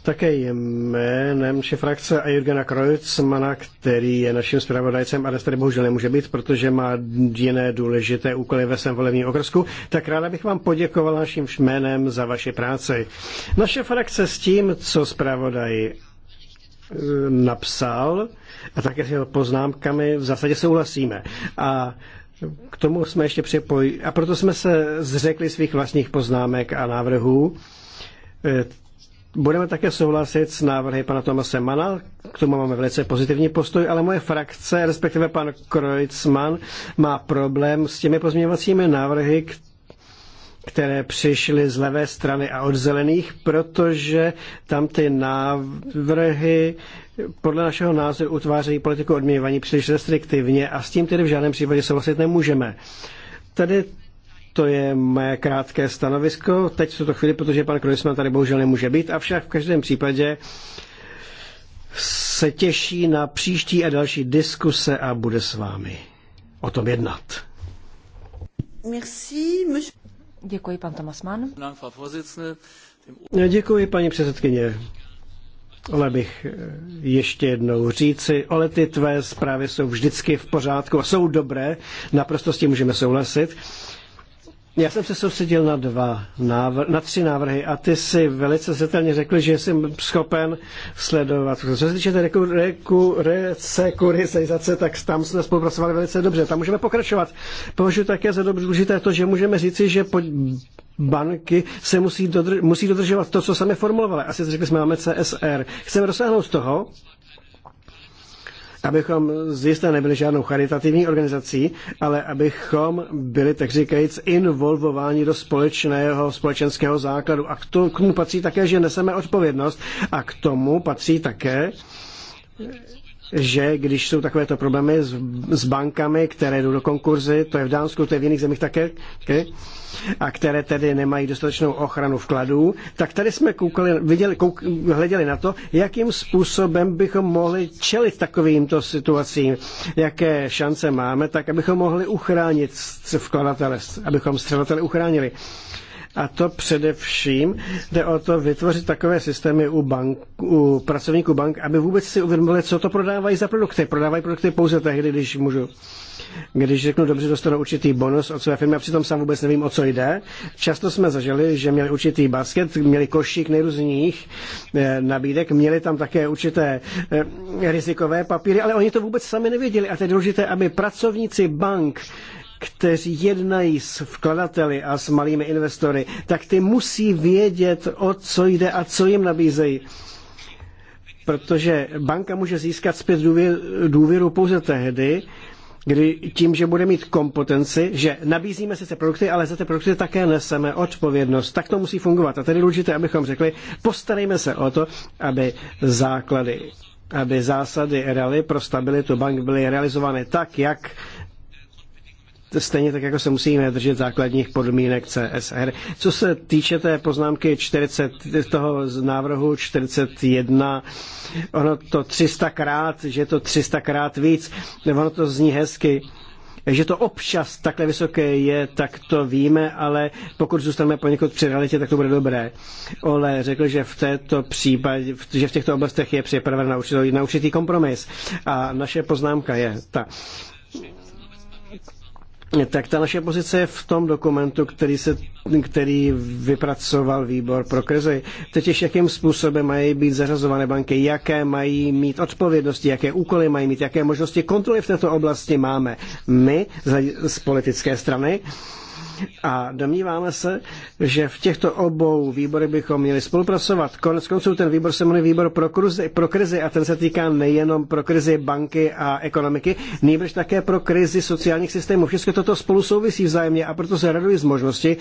Také jménem frakce a Jurgena Kreutzmana, který je naším zpravodajcem a dnes tady bohužel nemůže být, protože má jiné důležité úkoly ve svém volebním okrsku, tak ráda bych vám poděkoval naším jménem za vaši práci. Naše frakce s tím, co zpravodaj eh, napsal a také s jeho poznámkami v zásadě souhlasíme. A k tomu jsme ještě připojili. A proto jsme se zřekli svých vlastních poznámek a návrhů eh, Budeme také souhlasit s návrhy pana Tomase Mana, k tomu máme velice pozitivní postoj, ale moje frakce, respektive pan Kreutzmann, má problém s těmi pozměňovacími návrhy, které přišly z levé strany a od zelených, protože tam ty návrhy podle našeho názoru utvářejí politiku odměňování příliš restriktivně a s tím tedy v žádném případě souhlasit nemůžeme. Tady to je mé krátké stanovisko. Teď v tuto chvíli, protože pan Kreuzmann tady bohužel nemůže být, avšak v každém případě se těší na příští a další diskuse a bude s vámi o tom jednat. Merci, Děkuji, pan Tomasman. No, děkuji, paní předsedkyně. Ale bych eh, ještě jednou říci, ale ty tvé zprávy jsou vždycky v pořádku a jsou dobré, naprosto s tím můžeme souhlasit. Já jsem se soustředil na dva, návr- na tři návrhy a ty si velice zřetelně řekl, že jsem schopen sledovat. Co se týče té reku, reku, resekurizace, tak tam jsme spolupracovali velice dobře. Tam můžeme pokračovat. Považuji také za důležité to, že můžeme říci, že po, banky se musí, dodrž- musí dodržovat to, co sami formulovali. Asi řekli jsme, máme CSR. Chceme dosáhnout toho, abychom zjisté nebyli žádnou charitativní organizací, ale abychom byli, tak říkajíc, involvováni do společného, společenského základu. A k tomu patří také, že neseme odpovědnost a k tomu patří také, že když jsou takovéto problémy s, s bankami, které jdou do konkurzy, to je v Dánsku, to je v jiných zemích také, a které tedy nemají dostatečnou ochranu vkladů, tak tady jsme koukali, viděli, kouk, hleděli na to, jakým způsobem bychom mohli čelit takovýmto situacím, jaké šance máme, tak abychom mohli uchránit vkladatele, abychom střadatele uchránili. A to především jde o to vytvořit takové systémy u, bank, u pracovníků bank, aby vůbec si uvědomili, co to prodávají za produkty. Prodávají produkty pouze tehdy, když můžu když řeknu dobře, dostanu určitý bonus od své firmy a přitom sám vůbec nevím, o co jde. Často jsme zažili, že měli určitý basket, měli košík nejrůzných eh, nabídek, měli tam také určité eh, rizikové papíry, ale oni to vůbec sami nevěděli. A to je důležité, aby pracovníci bank kteří jednají s vkladateli a s malými investory, tak ty musí vědět, o co jde a co jim nabízejí. Protože banka může získat zpět důvěru pouze tehdy, kdy tím, že bude mít kompetenci, že nabízíme sice produkty, ale za ty produkty také neseme odpovědnost. Tak to musí fungovat. A tedy důležité, abychom řekli, postarejme se o to, aby základy, aby zásady rally pro stabilitu bank byly realizovány tak, jak stejně tak, jako se musíme držet základních podmínek CSR. Co se týče té poznámky 40, toho z návrhu 41, ono to 300 krát, že to 300 krát víc, ono to zní hezky, že to občas takhle vysoké je, tak to víme, ale pokud zůstaneme poněkud při realitě, tak to bude dobré. Ole řekl, že v této případě, že v těchto oblastech je připraven na určitý, na určitý kompromis. A naše poznámka je ta tak ta naše pozice je v tom dokumentu, který, se, který vypracoval výbor pro krizi. Teď ještě jakým způsobem mají být zařazované banky, jaké mají mít odpovědnosti, jaké úkoly mají mít, jaké možnosti kontroly v této oblasti máme my z politické strany a domníváme se, že v těchto obou výborech bychom měli spolupracovat. Konec konců ten výbor se jmenuje výbor pro kruzi, pro krizi a ten se týká nejenom pro krizi banky a ekonomiky, nejbrž také pro krizi sociálních systémů. Všechno toto spolu souvisí vzájemně a proto se raduji z možnosti,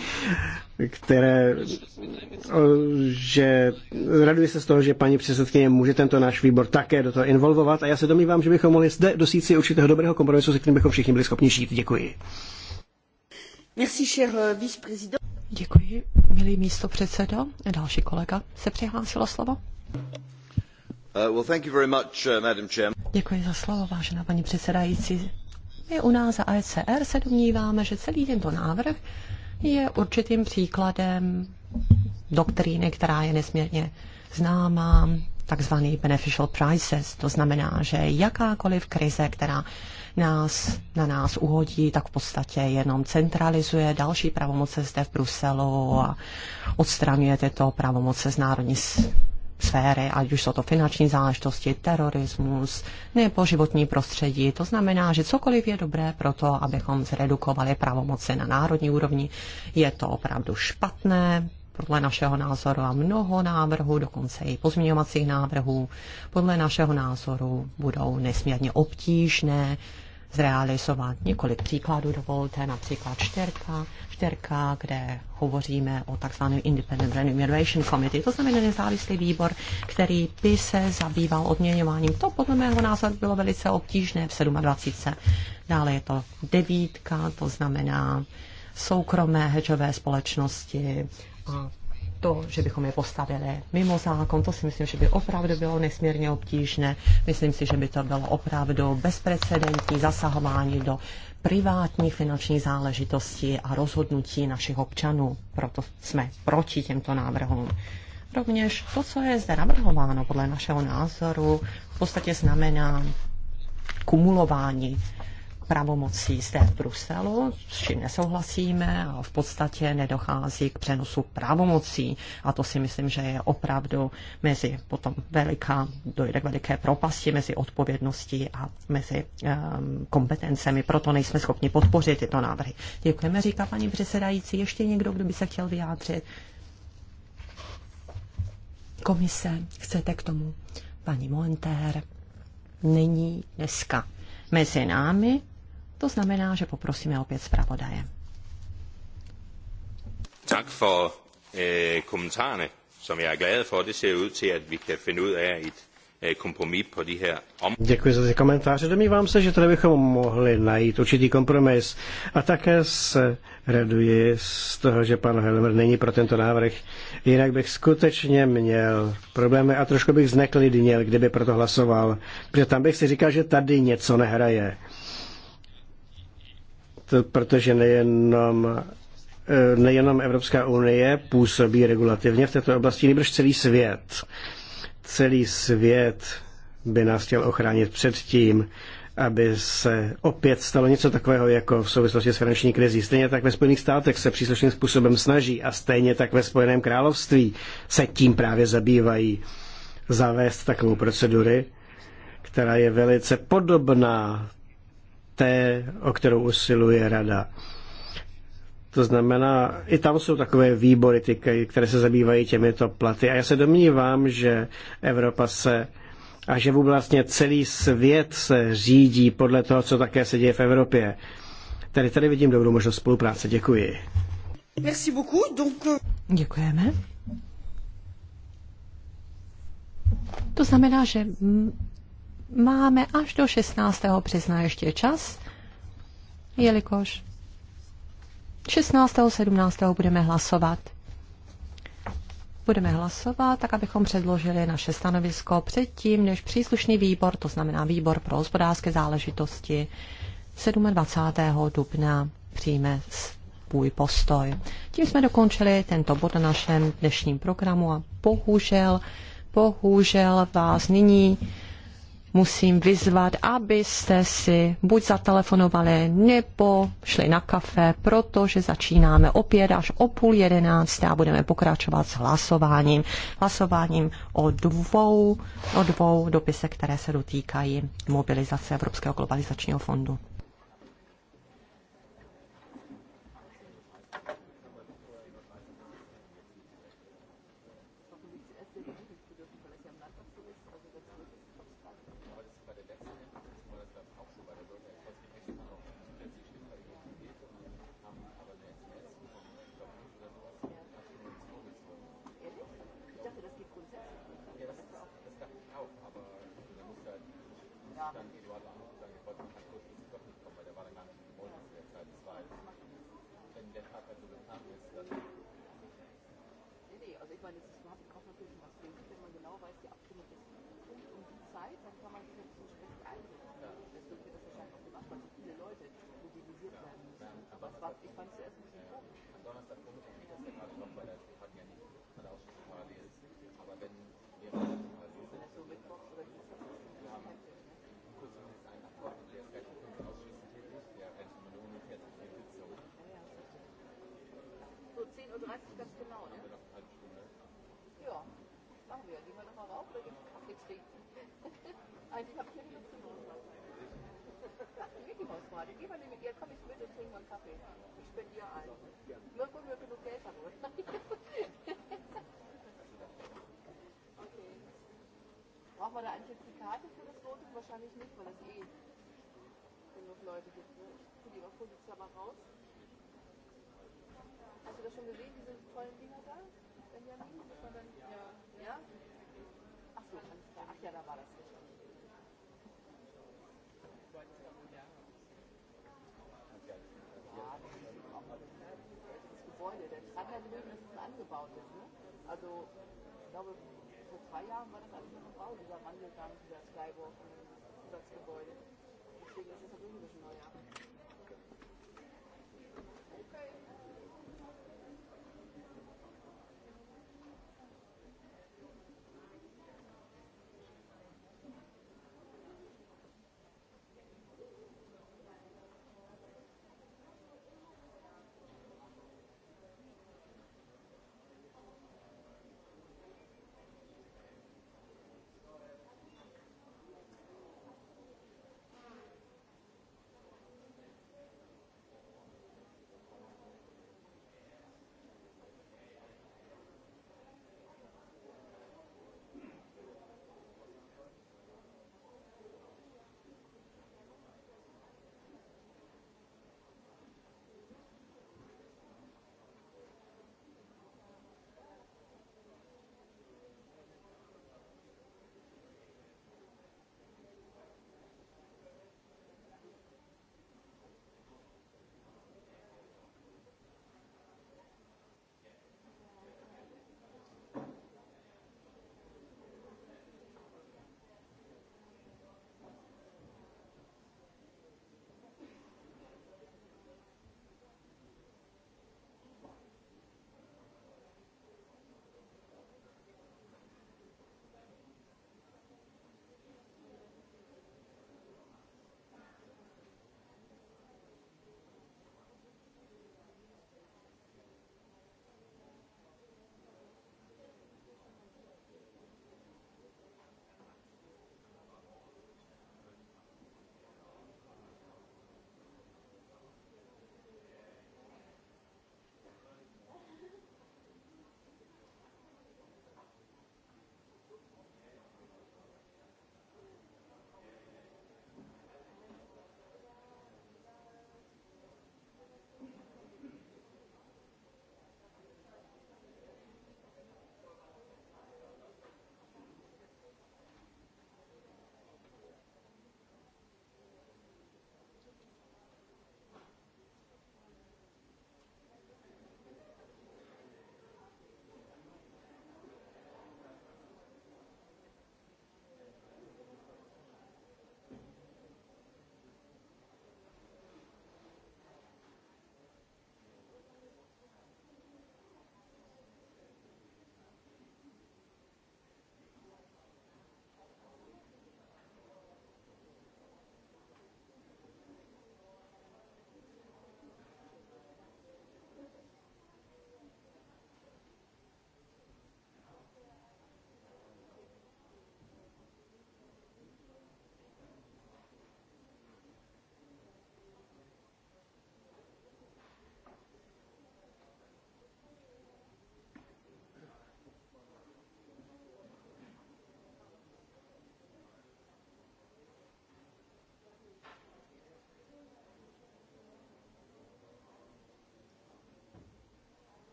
které, že raduji se z toho, že paní předsedkyně může tento náš výbor také do toho involvovat a já se domnívám, že bychom mohli zde dosít si určitého dobrého kompromisu, se kterým bychom všichni byli schopni žít. Děkuji. Euh, Děkuji, milý místo předsedo. Další kolega se přihlásil slovo. Uh, well, much, uh, Děkuji za slovo, vážená paní předsedající. My u nás za ECR se domníváme, že celý tento návrh je určitým příkladem doktríny, která je nesmírně známá, takzvaný beneficial prices. To znamená, že jakákoliv krize, která nás, na nás uhodí, tak v podstatě jenom centralizuje další pravomoce zde v Bruselu a odstraňuje tyto pravomoce z národní sféry, ať už jsou to finanční záležitosti, terorismus nebo životní prostředí. To znamená, že cokoliv je dobré pro to, abychom zredukovali pravomoce na národní úrovni, je to opravdu špatné, podle našeho názoru a mnoho návrhů, dokonce i pozměňovacích návrhů, podle našeho názoru budou nesmírně obtížné zrealizovat. Několik příkladů dovolte, například čtyřka, čtyřka, kde hovoříme o tzv. Independent Remuneration Committee, to znamená nezávislý výbor, který by se zabýval odměňováním. To podle mého názoru bylo velice obtížné v 27. Dále je to devítka, to znamená soukromé hedžové společnosti, to, že bychom je postavili mimo zákon, to si myslím, že by opravdu bylo nesmírně obtížné. Myslím si, že by to bylo opravdu bezprecedentní zasahování do privátních finančních záležitostí a rozhodnutí našich občanů. Proto jsme proti těmto návrhům. Rovněž to, co je zde navrhováno podle našeho názoru, v podstatě znamená kumulování pravomocí zde v Bruselu, s čím nesouhlasíme a v podstatě nedochází k přenosu pravomocí. A to si myslím, že je opravdu mezi potom veliká, dojde k veliké propasti mezi odpovědností a mezi um, kompetencemi. Proto nejsme schopni podpořit tyto návrhy. Děkujeme, říká paní předsedající. Ještě někdo, kdo by se chtěl vyjádřit? Komise, chcete k tomu? Paní Monter není dneska mezi námi, to znamená, že poprosíme opět zpravodaje. Tak for eh, som jeg er glad for. Det ser ud til, at vi kan finde ud af et eh, kompromis på de her om... Děkuji za ty komentáře. Domnívám se, že tady bychom mohli najít určitý kompromis. A také se raduji z toho, že pan Helmer není pro tento návrh. Jinak bych skutečně měl problémy a trošku bych zneklidnil, kdyby proto hlasoval. Protože tam bych si říkal, že tady něco nehraje protože nejenom eh, nejenom Evropská unie působí regulativně v této oblasti, nebož celý svět. Celý svět by nás chtěl ochránit před tím, aby se opět stalo něco takového jako v souvislosti s finanční krizí. Stejně tak ve Spojených státech se příslušným způsobem snaží a stejně tak ve Spojeném království se tím právě zabývají zavést takovou procedury, která je velice podobná té, o kterou usiluje rada. To znamená, i tam jsou takové výbory, ty, které se zabývají těmito platy. A já se domnívám, že Evropa se a že vlastně celý svět se řídí podle toho, co také se děje v Evropě. Tady, tady vidím dobrou možnost spolupráce. Děkuji. Merci beaucoup. Donc... Euh, Děkujeme. To znamená, že máme až do 16. března ještě čas, jelikož 16. 17. budeme hlasovat. Budeme hlasovat, tak abychom předložili naše stanovisko předtím, než příslušný výbor, to znamená výbor pro hospodářské záležitosti, 27. dubna přijme svůj postoj. Tím jsme dokončili tento bod na našem dnešním programu a bohužel, bohužel vás nyní musím vyzvat, abyste si buď zatelefonovali nebo šli na kafe, protože začínáme opět až o půl jedenácté a budeme pokračovat s hlasováním. Hlasováním o dvou, o dvou dopisech, které se dotýkají mobilizace Evropského globalizačního fondu. wahrscheinlich nicht, weil es eh genug Leute gibt. Ne? Ich tue die mal vorsichtig mal raus. Hast du das schon gesehen, diese tollen Dinger da? Benjamin? Muss man dann, ja. ja? Ach so, alles klar. Ach ja, da war das nicht. Gebäude. Der Strand da ist angebaut ist. Ne? Also, ich glaube, vor zwei Jahren war das alles noch Bau, dieser Wandelgang, dieser Skywalk. Und Zusatzgebäude. Deswegen ist es auf Englisch neu, aber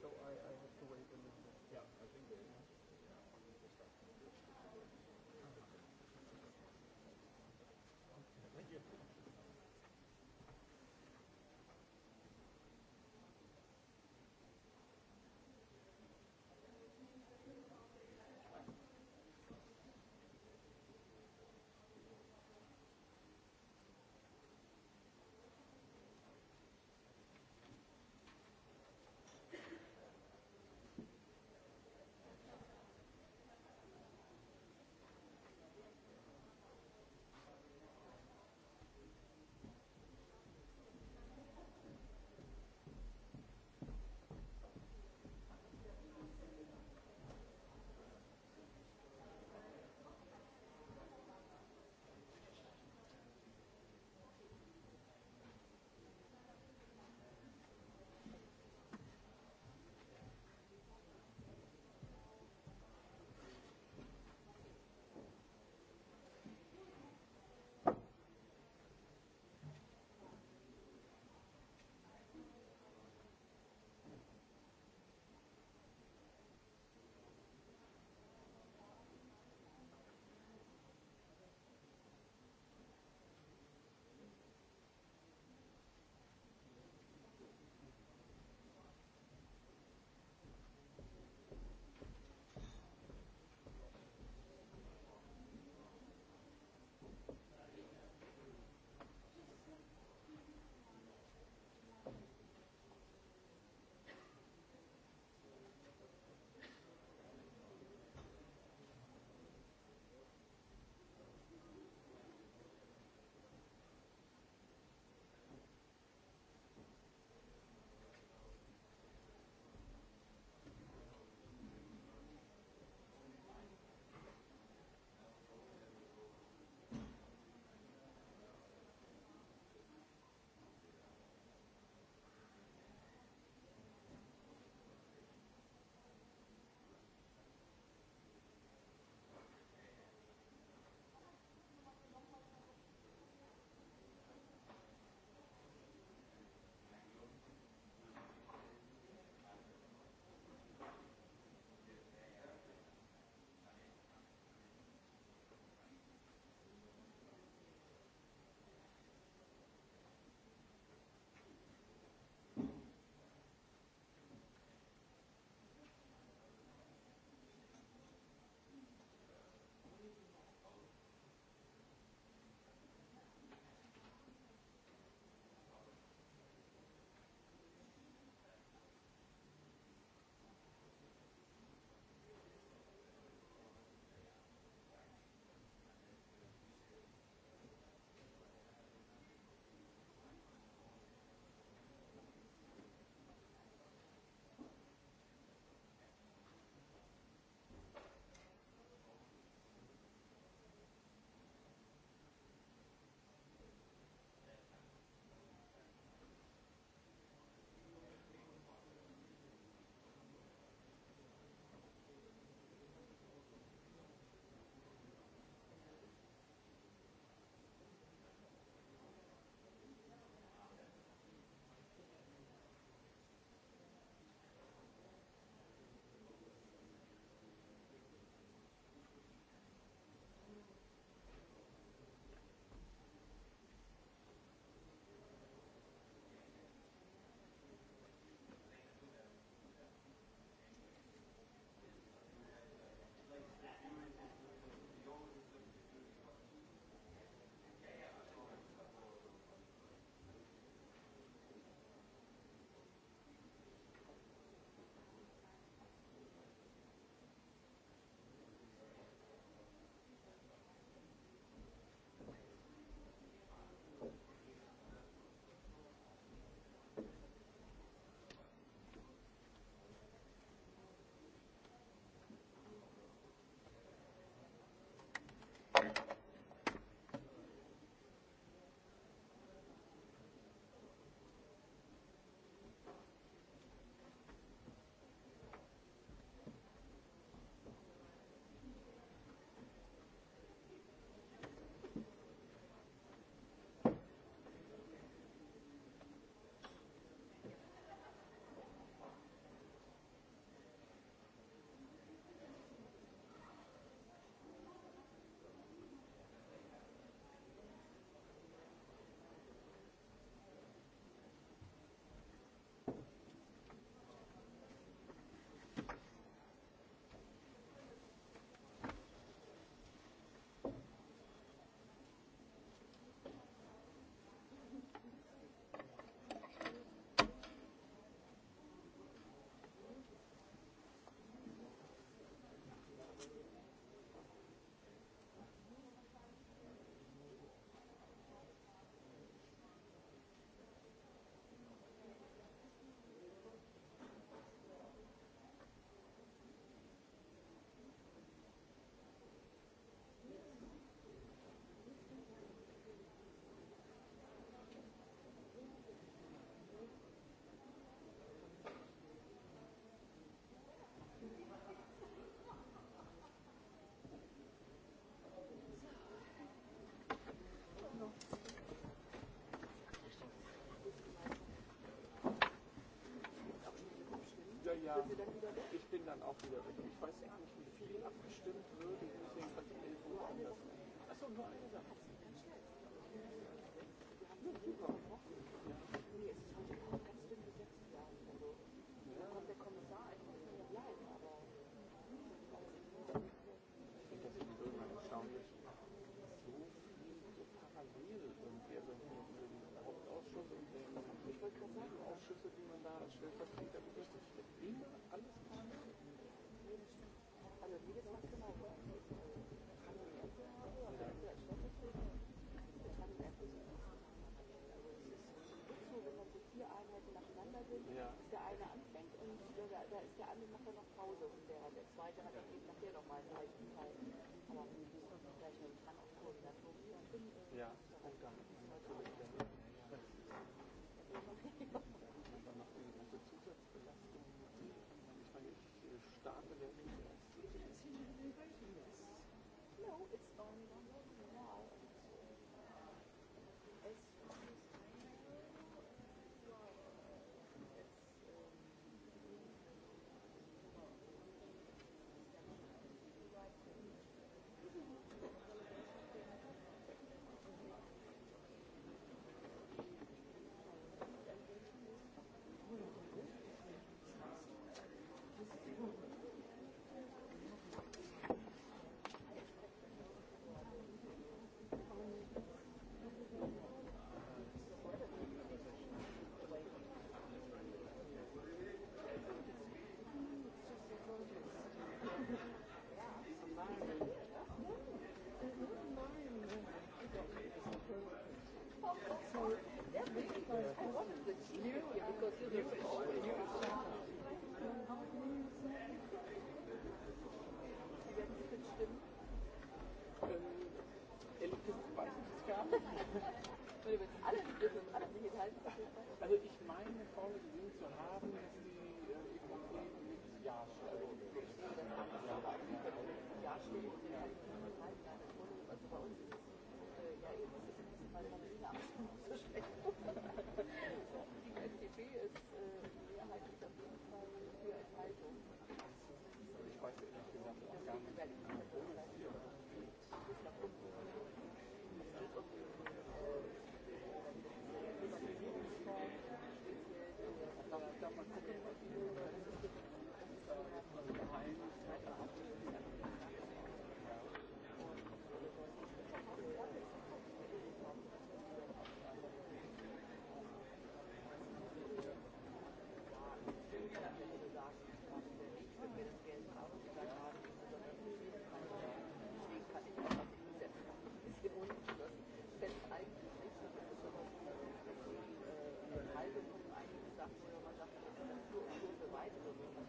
So I, I have to wait a little bit. Yeah, I think they ja, ich bin dann auch wieder weg. Ich weiß gar nicht, wie viel abgestimmt wird. Ich muss jedenfalls 11 Uhr anders. Achso, nur eine Sache. Ja.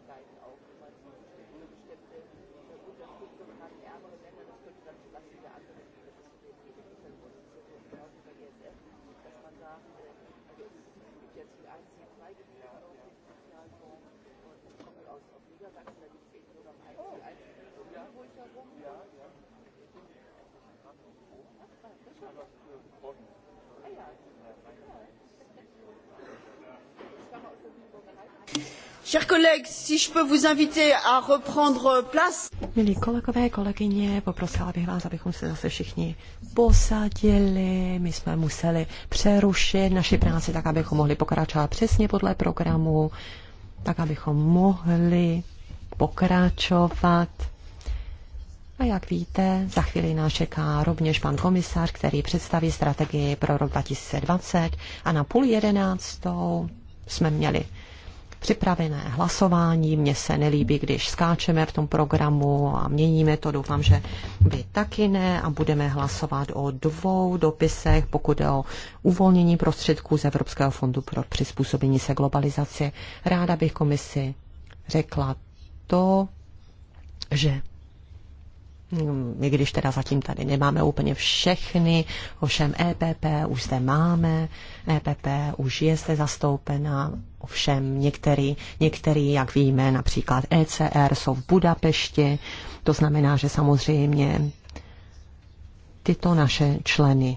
Möglichkeiten auch, wenn man eine bestimmte Unterstützung an ärmere Länder, das könnte dann zum Beispiel der andere genauso bei ESF, dass man sagt, äh, also es gibt jetzt die 1, 2, 3 Gebiete dem Sozialfonds und ich komme aus, aus Niedersachsen, da gibt es eben nur noch 1, 2, 1 um Hamburg herum. Ja, ja. Ach, das ist schon was. Chers collègues, si je peux vous inviter à reprendre place. Milí kolegové, kolegyně, poprosila bych vás, abychom se zase všichni posadili. My jsme museli přerušit naši práci tak, abychom mohli pokračovat přesně podle programu, tak, abychom mohli pokračovat. A jak víte, za chvíli nás čeká rovněž pan komisař, který představí strategii pro rok 2020 a na půl jedenáctou jsme měli připravené hlasování. Mně se nelíbí, když skáčeme v tom programu a měníme to. Doufám, že vy taky ne a budeme hlasovat o dvou dopisech, pokud je o uvolnění prostředků z Evropského fondu pro přizpůsobení se globalizaci. Ráda bych komisi řekla to, že Mm, i když teda zatím tady nemáme úplně všechny, ovšem EPP už zde máme, EPP už je zde zastoupena, ovšem některý, některý, jak víme, například ECR jsou v Budapešti, to znamená, že samozřejmě tyto naše členy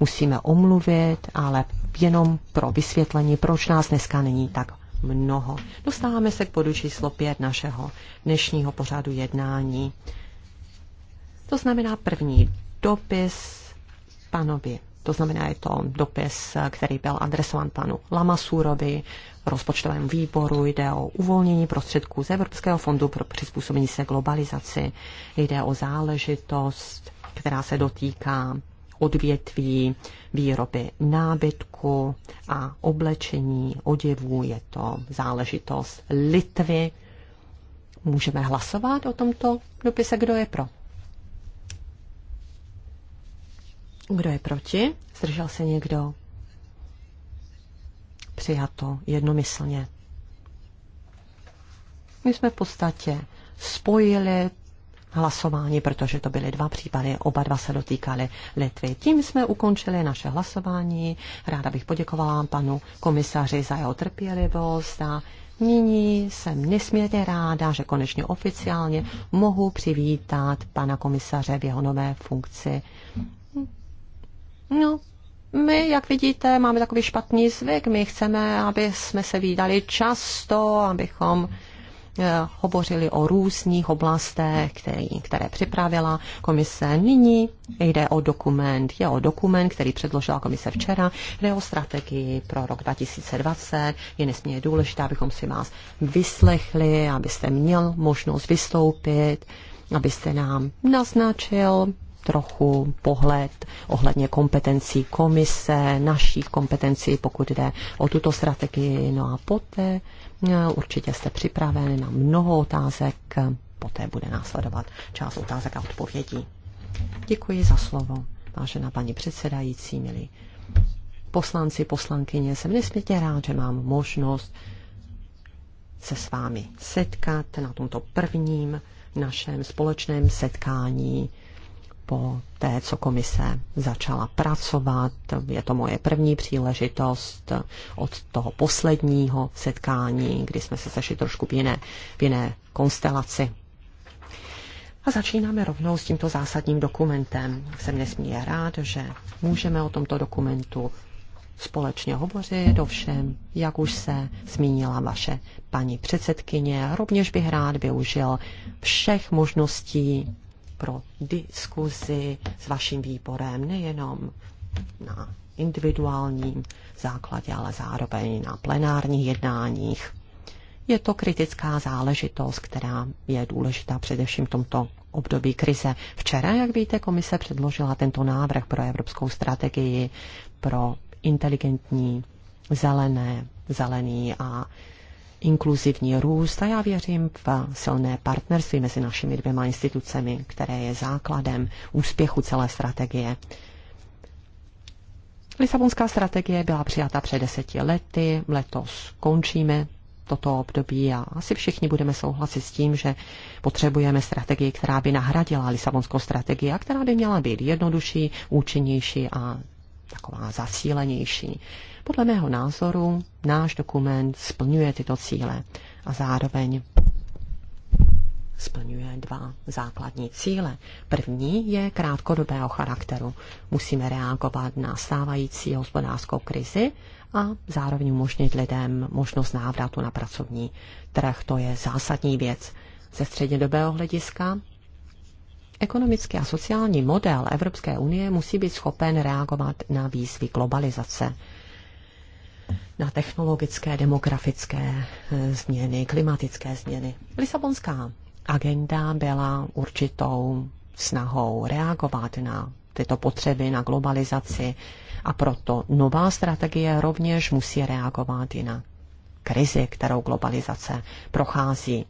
musíme omluvit, ale jenom pro vysvětlení, proč nás dneska není tak mnoho. Dostáváme se k bodu číslo pět našeho dnešního pořadu jednání. To znamená první dopis panovi. To znamená, je to dopis, který byl adresován panu Lamasurovi, rozpočtovému výboru, jde o uvolnění prostředků z Evropského fondu pro přizpůsobení se globalizaci, jde o záležitost, která se dotýká odvětví výroby nábytku a oblečení oděvů. Je to záležitost Litvy. Můžeme hlasovat o tomto dopise, kdo je pro. Kdo je proti? Zdržel se někdo? Přijato jednomyslně. My jsme v podstatě spojili hlasování, protože to byly dva případy, oba dva se dotýkaly Litvy. Tím jsme ukončili naše hlasování. Ráda bych poděkovala panu komisaři za jeho trpělivost a nyní jsem nesmírně ráda, že konečně oficiálně mohu přivítat pana komisaře v jeho nové funkci No, my, jak vidíte, máme takový špatný zvyk. My chceme, aby jsme se výdali často, abychom eh, hovořili o různých oblastech, které, které připravila komise nyní. Jde o dokument, je o dokument, který předložila komise včera, jde o strategii pro rok 2020. Je nesmírně důležité, abychom si vás vyslechli, abyste měl možnost vystoupit, abyste nám naznačil trochu pohled ohledně kompetencí komise, našich kompetencí, pokud jde o tuto strategii. No a poté eh, určitě jste připraveni na mnoho otázek, poté bude následovat část otázek a odpovědí. Děkuji za slovo, vážená paní předsedající, milí poslanci, poslankyně. Jsem nesmírně rád, že mám možnost se s vámi setkat na tomto prvním našem společném setkání po té, co komise začala pracovat. Je to moje první příležitost od toho posledního setkání, kdy jsme se sešli trošku v jiné, v jiné konstelaci. A začínáme rovnou s tímto zásadním dokumentem. Jsem nesmírně rád, že můžeme o tomto dokumentu společně hovořit, ovšem, jak už se zmínila vaše paní předsedkyně, rovněž bych rád využil všech možností, pro diskuzi s vaším výborem, nejenom na individuálním základě, ale zároveň na plenárních jednáních. Je to kritická záležitost, která je důležitá především v tomto období krize. Včera, jak víte, komise předložila tento návrh pro evropskou strategii pro inteligentní, zelené, zelený a inkluzivní růst a já věřím v silné partnerství mezi našimi dvěma institucemi, které je základem úspěchu celé strategie. Lisabonská strategie byla přijata před deseti lety, letos končíme toto období a asi všichni budeme souhlasit s tím, že potřebujeme strategii, která by nahradila Lisabonskou strategii a která by měla být jednodušší, účinnější a taková zacílenější. Podle mého názoru náš dokument splňuje tyto cíle a zároveň splňuje dva základní cíle. První je krátkodobého charakteru. Musíme reagovat na stávající hospodářskou krizi a zároveň umožnit lidem možnost návratu na pracovní trh. To je zásadní věc. Ze střednědobého hlediska Ekonomický a sociální model Evropské unie musí být schopen reagovat na výzvy globalizace, na technologické, demografické eh, změny, klimatické změny. Lisabonská agenda byla určitou snahou reagovat na tyto potřeby, na globalizaci a proto nová strategie rovněž musí reagovat i na krizi, kterou globalizace prochází.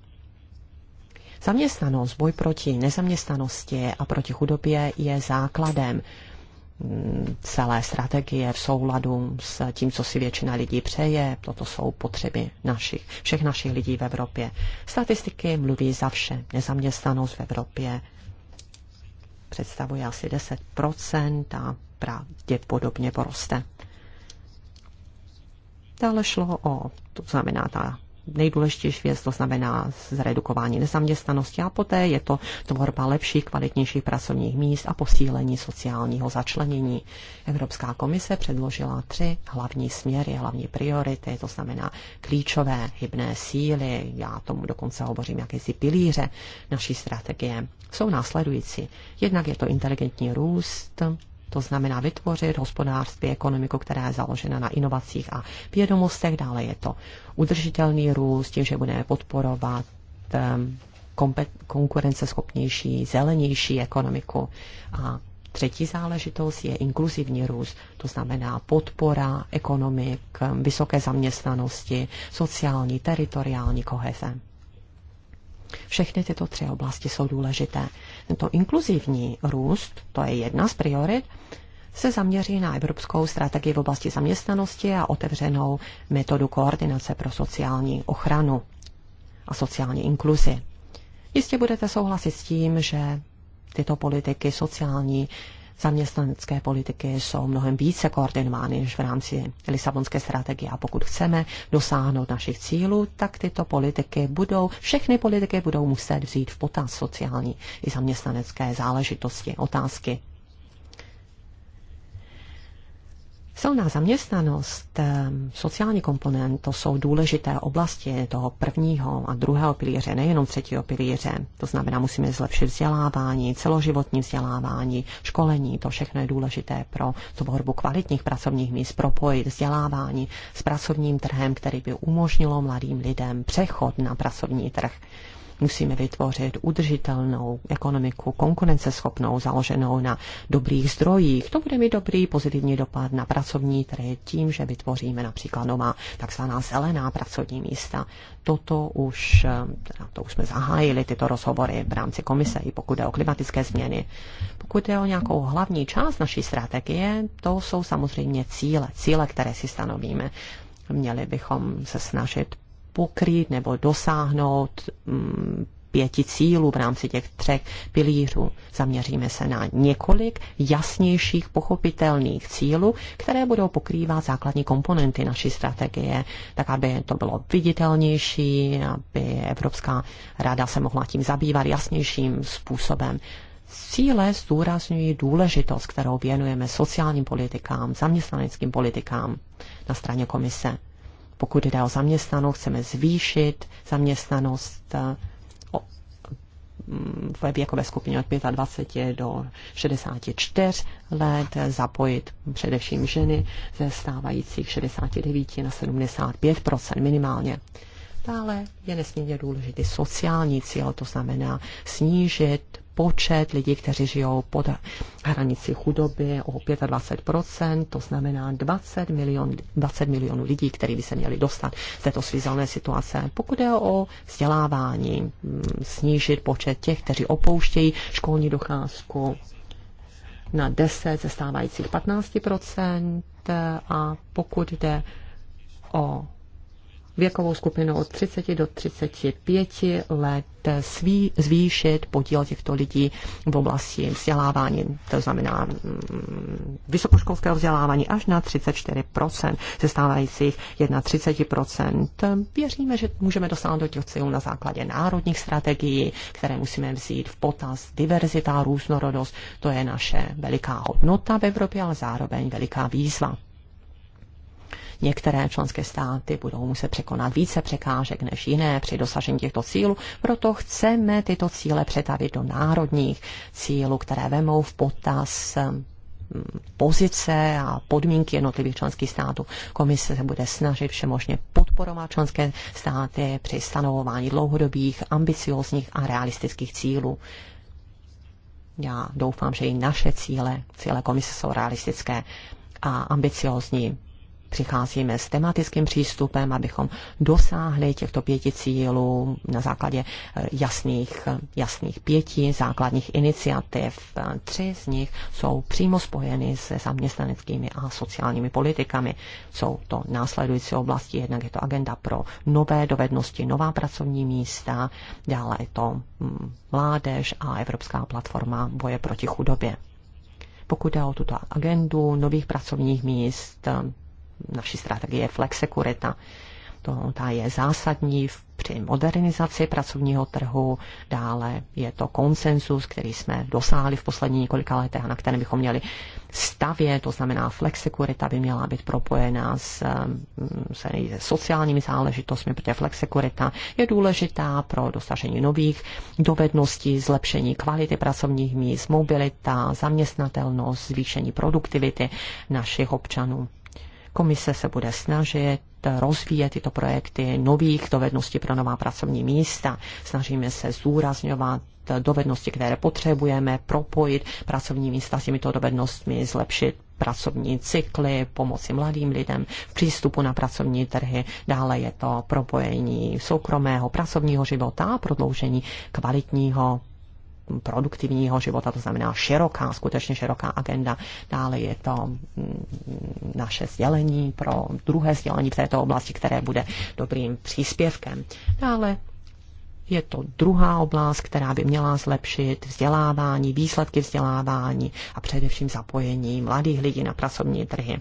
Zaměstnanost, boj proti nezaměstnanosti a proti chudobě je základem mm, celé strategie v souladu s tím, co si většina lidí přeje. Toto jsou potřeby našich, všech našich lidí v Evropě. Statistiky mluví za vše. Nezaměstnanost v Evropě představuje asi 10% a pravděpodobně poroste. Dále šlo o, to znamená ta nejdůležitější věc, to znamená zredukování nezaměstnanosti a poté je to tvorba lepších, kvalitnějších pracovních míst a posílení sociálního začlenění. Evropská komise předložila tři hlavní směry, hlavní priority, to znamená klíčové hybné síly, já tomu dokonce hovořím jakési pilíře naší strategie, jsou následující. Jednak je to inteligentní růst, to znamená vytvořit hospodářství, ekonomiku, která je založena na inovacích a vědomostech. Dále je to udržitelný růst, tím, že budeme podporovat ehm, konkurenceschopnější, zelenější ekonomiku. A třetí záležitost je inkluzivní růst, to znamená podpora ekonomik, vysoké zaměstnanosti, sociální, teritoriální koheze. Všechny tyto tři oblasti jsou důležité tento inkluzivní růst, to je jedna z priorit, se zaměří na evropskou strategii v oblasti zaměstnanosti a otevřenou metodu koordinace pro sociální ochranu a sociální inkluzi. Jistě budete souhlasit s tím, že tyto politiky sociální zaměstnanecké politiky jsou mnohem více koordinovány než v rámci Lisabonské strategie. A pokud chceme dosáhnout našich cílů, tak tyto politiky budou, všechny politiky budou muset vzít v potaz sociální i zaměstnanecké záležitosti, otázky. Silná zaměstnanost, ehm, sociální komponent, to jsou důležité oblasti toho prvního a druhého pilíře, nejenom třetího pilíře. To znamená, musíme zlepšit vzdělávání, celoživotní vzdělávání, školení, to všechno je důležité pro tvorbu kvalitních pracovních míst, propojit vzdělávání s pracovním trhem, který by umožnilo mladým lidem přechod na pracovní trh. Musíme vytvořit udržitelnou ekonomiku, konkurenceschopnou, založenou na dobrých zdrojích. To bude mít dobrý pozitivní dopad na pracovní trhy tím, že vytvoříme například nová takzvaná zelená pracovní místa. Toto už, to už jsme zahájili, tyto rozhovory v rámci komise, i pokud jde o klimatické změny. Pokud je o nějakou hlavní část naší strategie, to jsou samozřejmě cíle, cíle, které si stanovíme. Měli bychom se snažit pokryt nebo dosáhnout mm, pěti cílů v rámci těch třech pilířů. Zaměříme se na několik jasnějších, pochopitelných cílů, které budou pokrývat základní komponenty naší strategie, tak aby to bylo viditelnější, aby Evropská rada se mohla tím zabývat jasnějším způsobem. Cíle zdůrazňují důležitost, kterou věnujeme sociálním politikám, zaměstnaneckým politikám na straně komise. Pokud jde o zaměstnanost, chceme zvýšit zaměstnanost eh, mm, ve věkové skupině od 25 do 64 let, zapojit především ženy ze stávajících 69 na 75 minimálně. Dále je nesmírně důležitý sociální cíl, to znamená snížit počet lidí, kteří žijou pod hranici chudoby o 25%, to znamená 20, milion, 20 milionů lidí, kteří by se měli dostat z této svízelné situace. Pokud je o vzdělávání, mm, snížit počet těch, kteří opouštějí školní docházku na 10 ze stávajících 15% a pokud jde o věkovou skupinu od 30 do 35 let sví, zvýšit podíl těchto lidí v oblasti vzdělávání, to znamená mm, vysokoškolského vzdělávání až na 34% zestávajících 31%. Věříme, že můžeme dosáhnout do těch cílů na základě národních strategií, které musíme vzít v potaz. Diverzita, různorodost, to je naše veliká hodnota v Evropě, ale zároveň veliká výzva. Některé členské státy budou muset překonat více překážek než jiné při dosažení těchto cílů, proto chceme tyto cíle přetavit do národních cílů, které vemou v potaz hm, pozice a podmínky jednotlivých členských států. Komise se bude snažit všemožně podporovat členské státy při stanovování dlouhodobých, ambiciózních a realistických cílů. Já doufám, že i naše cíle, cíle komise jsou realistické a ambiciózní přicházíme s tematickým přístupem, abychom dosáhli těchto pěti cílů na základě eh, jasných, eh, jasných pěti základních iniciativ. Eh, tři z nich jsou přímo spojeny se zaměstnaneckými a sociálními politikami. Jsou to následující oblasti, jednak je to agenda pro nové dovednosti, nová pracovní místa, dále je to hm, mládež a Evropská platforma boje proti chudobě pokud jde o tuto agendu nových pracovních míst, hm, naší strategie Flexekurita. To, ta je zásadní v, při modernizaci pracovního trhu, dále je to konsenzus, který jsme dosáhli v poslední několika letech a na kterém bychom měli stavět, to znamená flexikurita by měla být propojená s, mm, s sociálními záležitostmi, protože flexikurita je důležitá pro dosažení nových dovedností, zlepšení kvality pracovních míst, mobilita, zaměstnatelnost, zvýšení produktivity našich občanů komise se bude snažit rozvíjet tyto projekty nových dovedností pro nová pracovní místa. Snažíme se zúrazňovat dovednosti, které potřebujeme, propojit pracovní místa s těmito dovednostmi, zlepšit pracovní cykly, pomoci mladým lidem v přístupu na pracovní trhy. Dále je to propojení soukromého pracovního života a prodloužení kvalitního produktivního života, to znamená široká, skutečně široká agenda. Dále je to mm, naše sdělení pro druhé sdělení v této oblasti, které bude dobrým příspěvkem. Dále je to druhá oblast, která by měla zlepšit vzdělávání, výsledky vzdělávání a především zapojení mladých lidí na pracovní trhy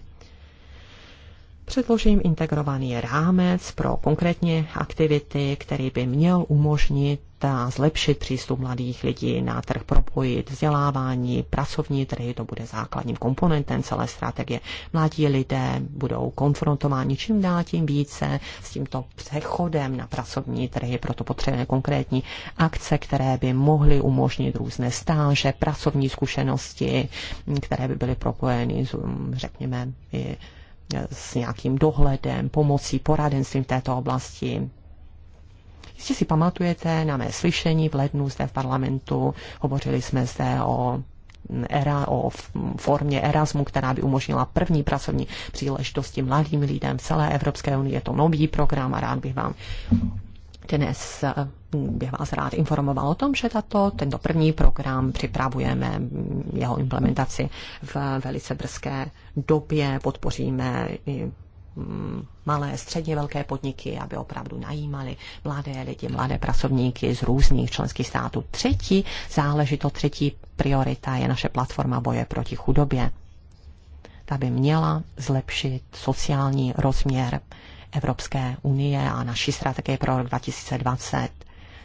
předložím integrovaný rámec pro konkrétně aktivity, který by měl umožnit a zlepšit přístup mladých lidí na trh, propojit vzdělávání, pracovní trhy, to bude základním komponentem celé strategie. Mladí lidé budou konfrontováni čím dál tím více s tímto přechodem na pracovní trhy, proto potřebujeme konkrétní akce, které by mohly umožnit různé stáže, pracovní zkušenosti, které by byly propojeny, řekněme, i s nějakým dohledem, pomocí, poradenstvím v této oblasti. Jistě si pamatujete na mé slyšení v lednu zde v parlamentu, hovořili jsme zde o era, o formě Erasmu, která by umožnila první pracovní příležitosti mladým lidem v celé Evropské unii. Je to nový program a rád bych vám dnes eh, bych vás rád informoval o tom, že tato, tento první program připravujeme mm, jeho implementaci v velice brzké době. Podpoříme i mm, malé, středně velké podniky, aby opravdu najímali mladé lidi, mladé pracovníky z různých členských států. Třetí záležitost, třetí priorita je naše platforma boje proti chudobě. Ta by měla zlepšit sociální rozměr Evropské unie a naší strategie pro rok 2020.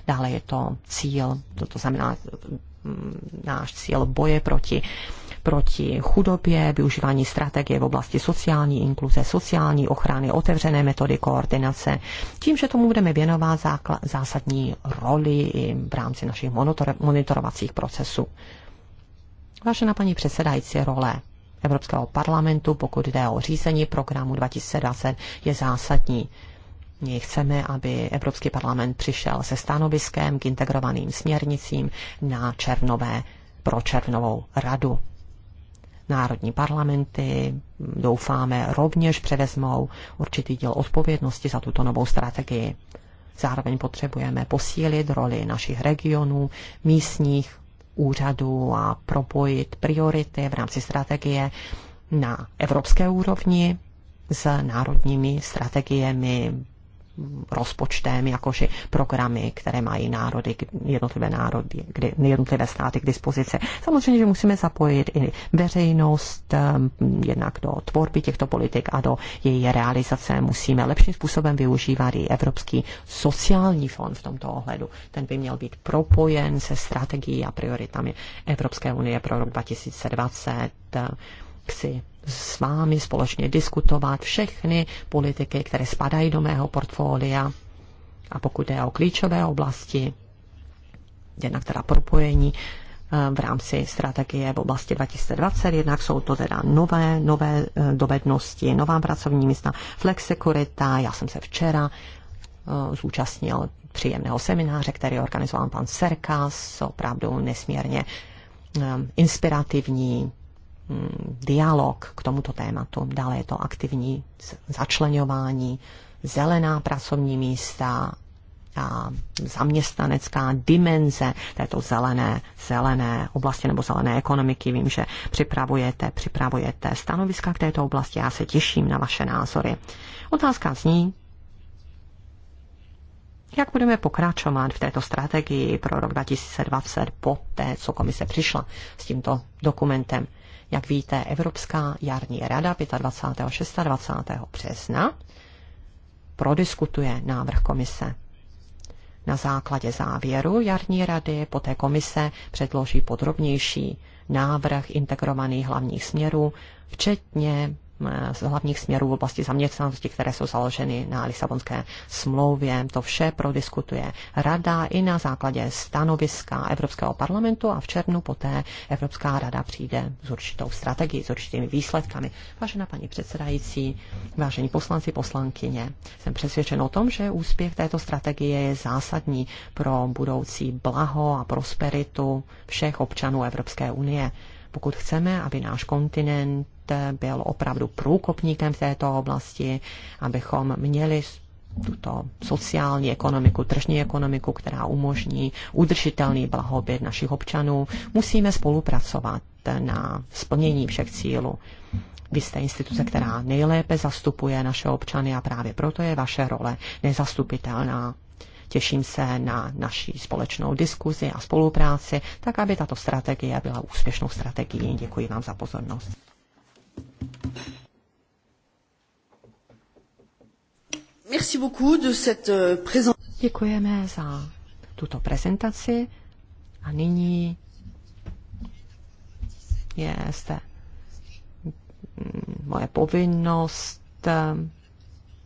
Dále je to cíl, to, to znamená mm, náš cíl boje proti proti chudobě, využívání strategie v oblasti sociální inkluze, sociální ochrany, otevřené metody koordinace. Tím, že tomu budeme věnovat zásadní roli i v rámci našich monitor- monitorovacích procesů. Vážená paní předsedající, role Evropského parlamentu, pokud jde o řízení programu 2020, je zásadní. My chceme, aby Evropský parlament přišel se stanoviskem k integrovaným směrnicím na červnové pro červnovou radu. Národní parlamenty, doufáme, rovněž převezmou určitý díl odpovědnosti za tuto novou strategii. Zároveň potřebujeme posílit roli našich regionů, místních úřadů a propojit priority v rámci strategie na evropské úrovni s národními strategiemi rozpočtem, jakož i programy, které mají národy, jednotlivé národy, kdy, jednotlivé státy k dispozici. Samozřejmě, že musíme zapojit i veřejnost um, jednak do tvorby těchto politik a do její realizace. Musíme lepším způsobem využívat i Evropský sociální fond v tomto ohledu. Ten by měl být propojen se strategií a prioritami Evropské unie pro rok 2020. Chci s vámi společně diskutovat všechny politiky, které spadají do mého portfolia. A pokud je o klíčové oblasti, jednak teda propojení eh, v rámci strategie v oblasti 2020, jednak jsou to teda nové, nové eh, dovednosti, nová pracovní místa, flexikurita. Já jsem se včera eh, zúčastnil příjemného semináře, který organizoval pan Serkas, opravdu nesmírně inspirativní, Mm, dialog k tomuto tématu. Dále je to aktivní začlenování, zelená pracovní místa a zaměstnanecká dimenze této zelené, zelené oblasti nebo zelené ekonomiky. Vím, že připravujete, připravujete stanoviska k této oblasti. Já se těším na vaše názory. Otázka zní, jak budeme pokračovat v této strategii pro rok 2020 po té, co komise přišla s tímto dokumentem. Jak víte, Evropská jarní rada 25. a 26. března prodiskutuje návrh komise. Na základě závěru jarní rady poté komise předloží podrobnější návrh integrovaných hlavních směrů, včetně Eh, z hlavních směrů v oblasti zaměstnanosti, které jsou založeny na Lisabonské smlouvě. To vše prodiskutuje rada i na základě stanoviska Evropského parlamentu a v červnu poté Evropská rada přijde s určitou strategií, s určitými výsledkami. Vážená paní předsedající, vážení poslanci, poslankyně, jsem přesvědčen o tom, že úspěch této strategie je zásadní pro budoucí blaho a prosperitu všech občanů Evropské unie pokud chceme, aby náš kontinent byl opravdu průkopníkem v této oblasti, abychom měli tuto sociální ekonomiku, tržní ekonomiku, která umožní udržitelný blahobyt našich občanů, musíme spolupracovat na splnění všech cílů. Vy jste instituce, která nejlépe zastupuje naše občany a právě proto je vaše role nezastupitelná. Těším se na naší společnou diskuzi a spolupráci, tak aby tato strategie byla úspěšnou strategií. Děkuji vám za pozornost. Merci beaucoup de cette euh, présent... Děkujeme za tuto prezentaci a nyní je zde mm, moje povinnost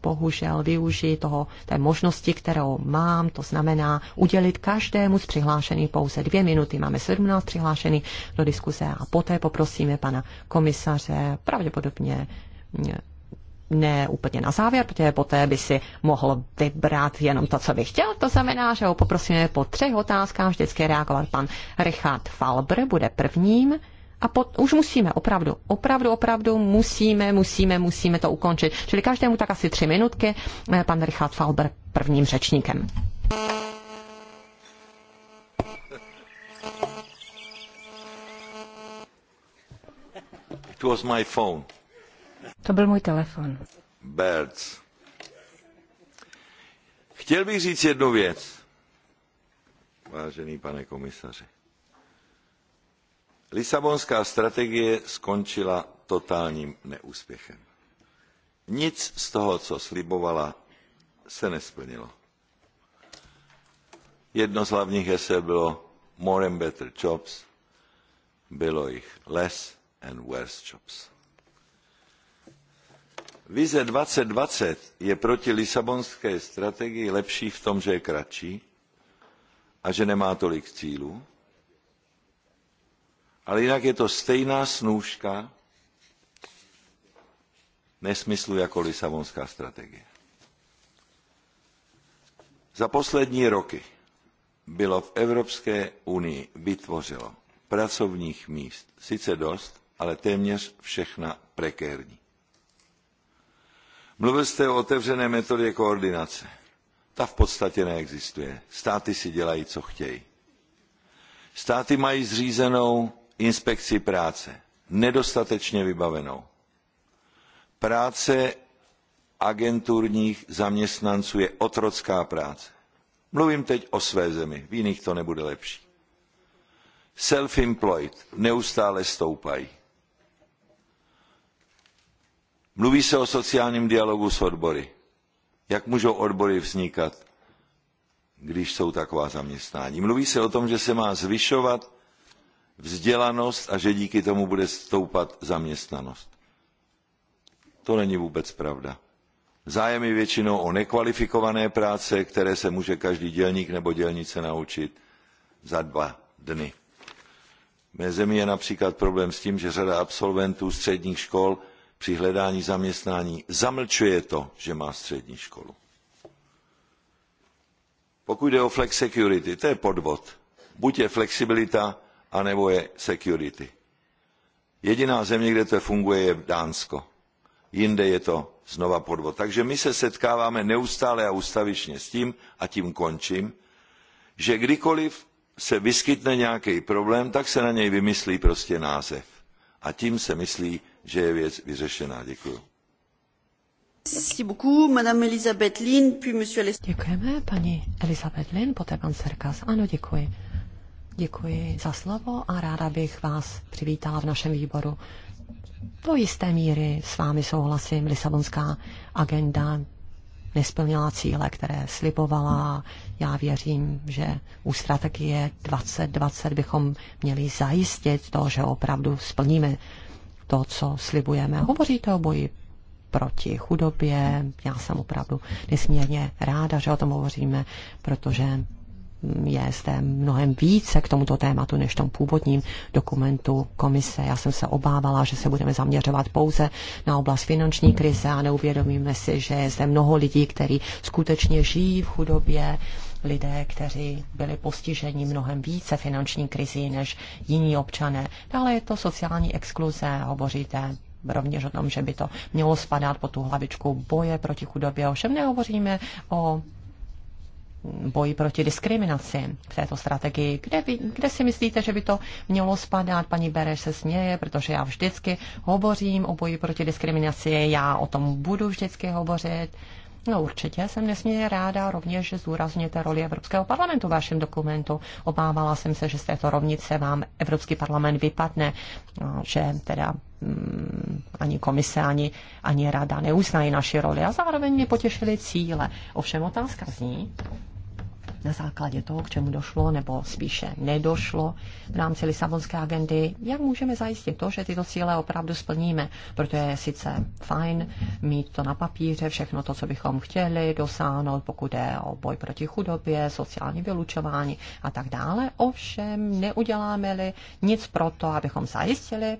bohužel využiji toho, té možnosti, kterou mám, to znamená udělit každému z přihlášených pouze dvě minuty. Máme 17 přihlášených do diskuse a poté poprosíme pana komisaře pravděpodobně mm, ne úplně na závěr, protože poté by si mohl vybrat jenom to, co by chtěl. To znamená, že ho poprosíme po třech otázkách vždycky reagovat. Pan Richard Falbr bude prvním a pot, už musíme, opravdu, opravdu, opravdu musíme, musíme, musíme to ukončit. Čili každému tak asi tři minutky, eh, pan Richard Falber prvním řečníkem. It was my phone. To byl můj telefon. Birds. Chtěl bych říct jednu věc, vážený pane komisaři. Lisabonská strategie skončila totálním neúspěchem. Nic z toho, co slibovala, se nesplnilo. Jedno z hlavních hesel bylo More and Better Jobs, bylo jich Less and Worse Jobs. Vize 2020 je proti Lisabonské strategii lepší v tom, že je kratší a že nemá tolik cílů, ale jinak je to stejná snůžka nesmyslu jako Lisabonská strategie. Za poslední roky bylo v Evropské unii vytvořeno pracovních míst sice dost, ale téměř všechna prekérní. Mluvil jste o otevřené metodě koordinace. Ta v podstatě neexistuje. Státy si dělají, co chtějí. Státy mají zřízenou inspekci práce, nedostatečně vybavenou. Práce agenturních zaměstnanců je otrocká práce. Mluvím teď o své zemi, v jiných to nebude lepší. Self-employed neustále stoupají. Mluví se o sociálním dialogu s odbory. Jak můžou odbory vznikat, když jsou taková zaměstnání? Mluví se o tom, že se má zvyšovat vzdělanost a že díky tomu bude stoupat zaměstnanost. To není vůbec pravda. Zájem je většinou o nekvalifikované práce, které se může každý dělník nebo dělnice naučit za dva dny. V mé zemi je například problém s tím, že řada absolventů středních škol při hledání zaměstnání zamlčuje to, že má střední školu. Pokud jde o flex security, to je podvod. Buď je flexibilita, anebo je security. Jediná země, kde to funguje, je Dánsko. Jinde je to znova podvod. Takže my se setkáváme neustále a ustavičně s tím, a tím končím, že kdykoliv se vyskytne nějaký problém, tak se na něj vymyslí prostě název. A tím se myslí, že je věc vyřešená. Děkuji. Děkujeme, paní Elisabeth Lin, poté pan Serkas. Ano, děkuji. Děkuji za slovo a ráda bych vás přivítala v našem výboru. Do jisté míry s vámi souhlasím, Lisabonská agenda nesplnila cíle, které slibovala. Já věřím, že u strategie 2020 bychom měli zajistit to, že opravdu splníme to, co slibujeme. Hovoříte o boji proti chudobě. Já jsem opravdu nesmírně ráda, že o tom hovoříme, protože je zde mnohem více k tomuto tématu než v tom původním dokumentu komise. Já jsem se obávala, že se budeme zaměřovat pouze na oblast finanční krize a neuvědomíme si, že je zde mnoho lidí, kteří skutečně žijí v chudobě, lidé, kteří byli postiženi mnohem více finanční krizi než jiní občané. Dále je to sociální exkluze, hovoříte rovněž o tom, že by to mělo spadat pod tu hlavičku boje proti chudobě. Ovšem nehovoříme o boji proti diskriminaci v této strategii. Kde, vy, kde si myslíte, že by to mělo spadat? Paní Bereš se směje, protože já vždycky hovořím o boji proti diskriminaci, já o tom budu vždycky hovořit. No určitě jsem nesmírně ráda rovněž, že zúrazněte roli Evropského parlamentu v vašem dokumentu. Obávala jsem se, že z této rovnice vám Evropský parlament vypadne, no, že teda mm, ani komise, ani, ani rada neuznají naši roli a zároveň mě potěšily cíle. Ovšem otázka zní, na základě toho, k čemu došlo, nebo spíše nedošlo v rámci Lisabonské agendy, jak můžeme zajistit to, že tyto cíle opravdu splníme. Proto je sice fajn mít to na papíře, všechno to, co bychom chtěli dosáhnout, pokud je o boj proti chudobě, sociální vylučování a tak dále. Ovšem neuděláme-li nic pro to, abychom zajistili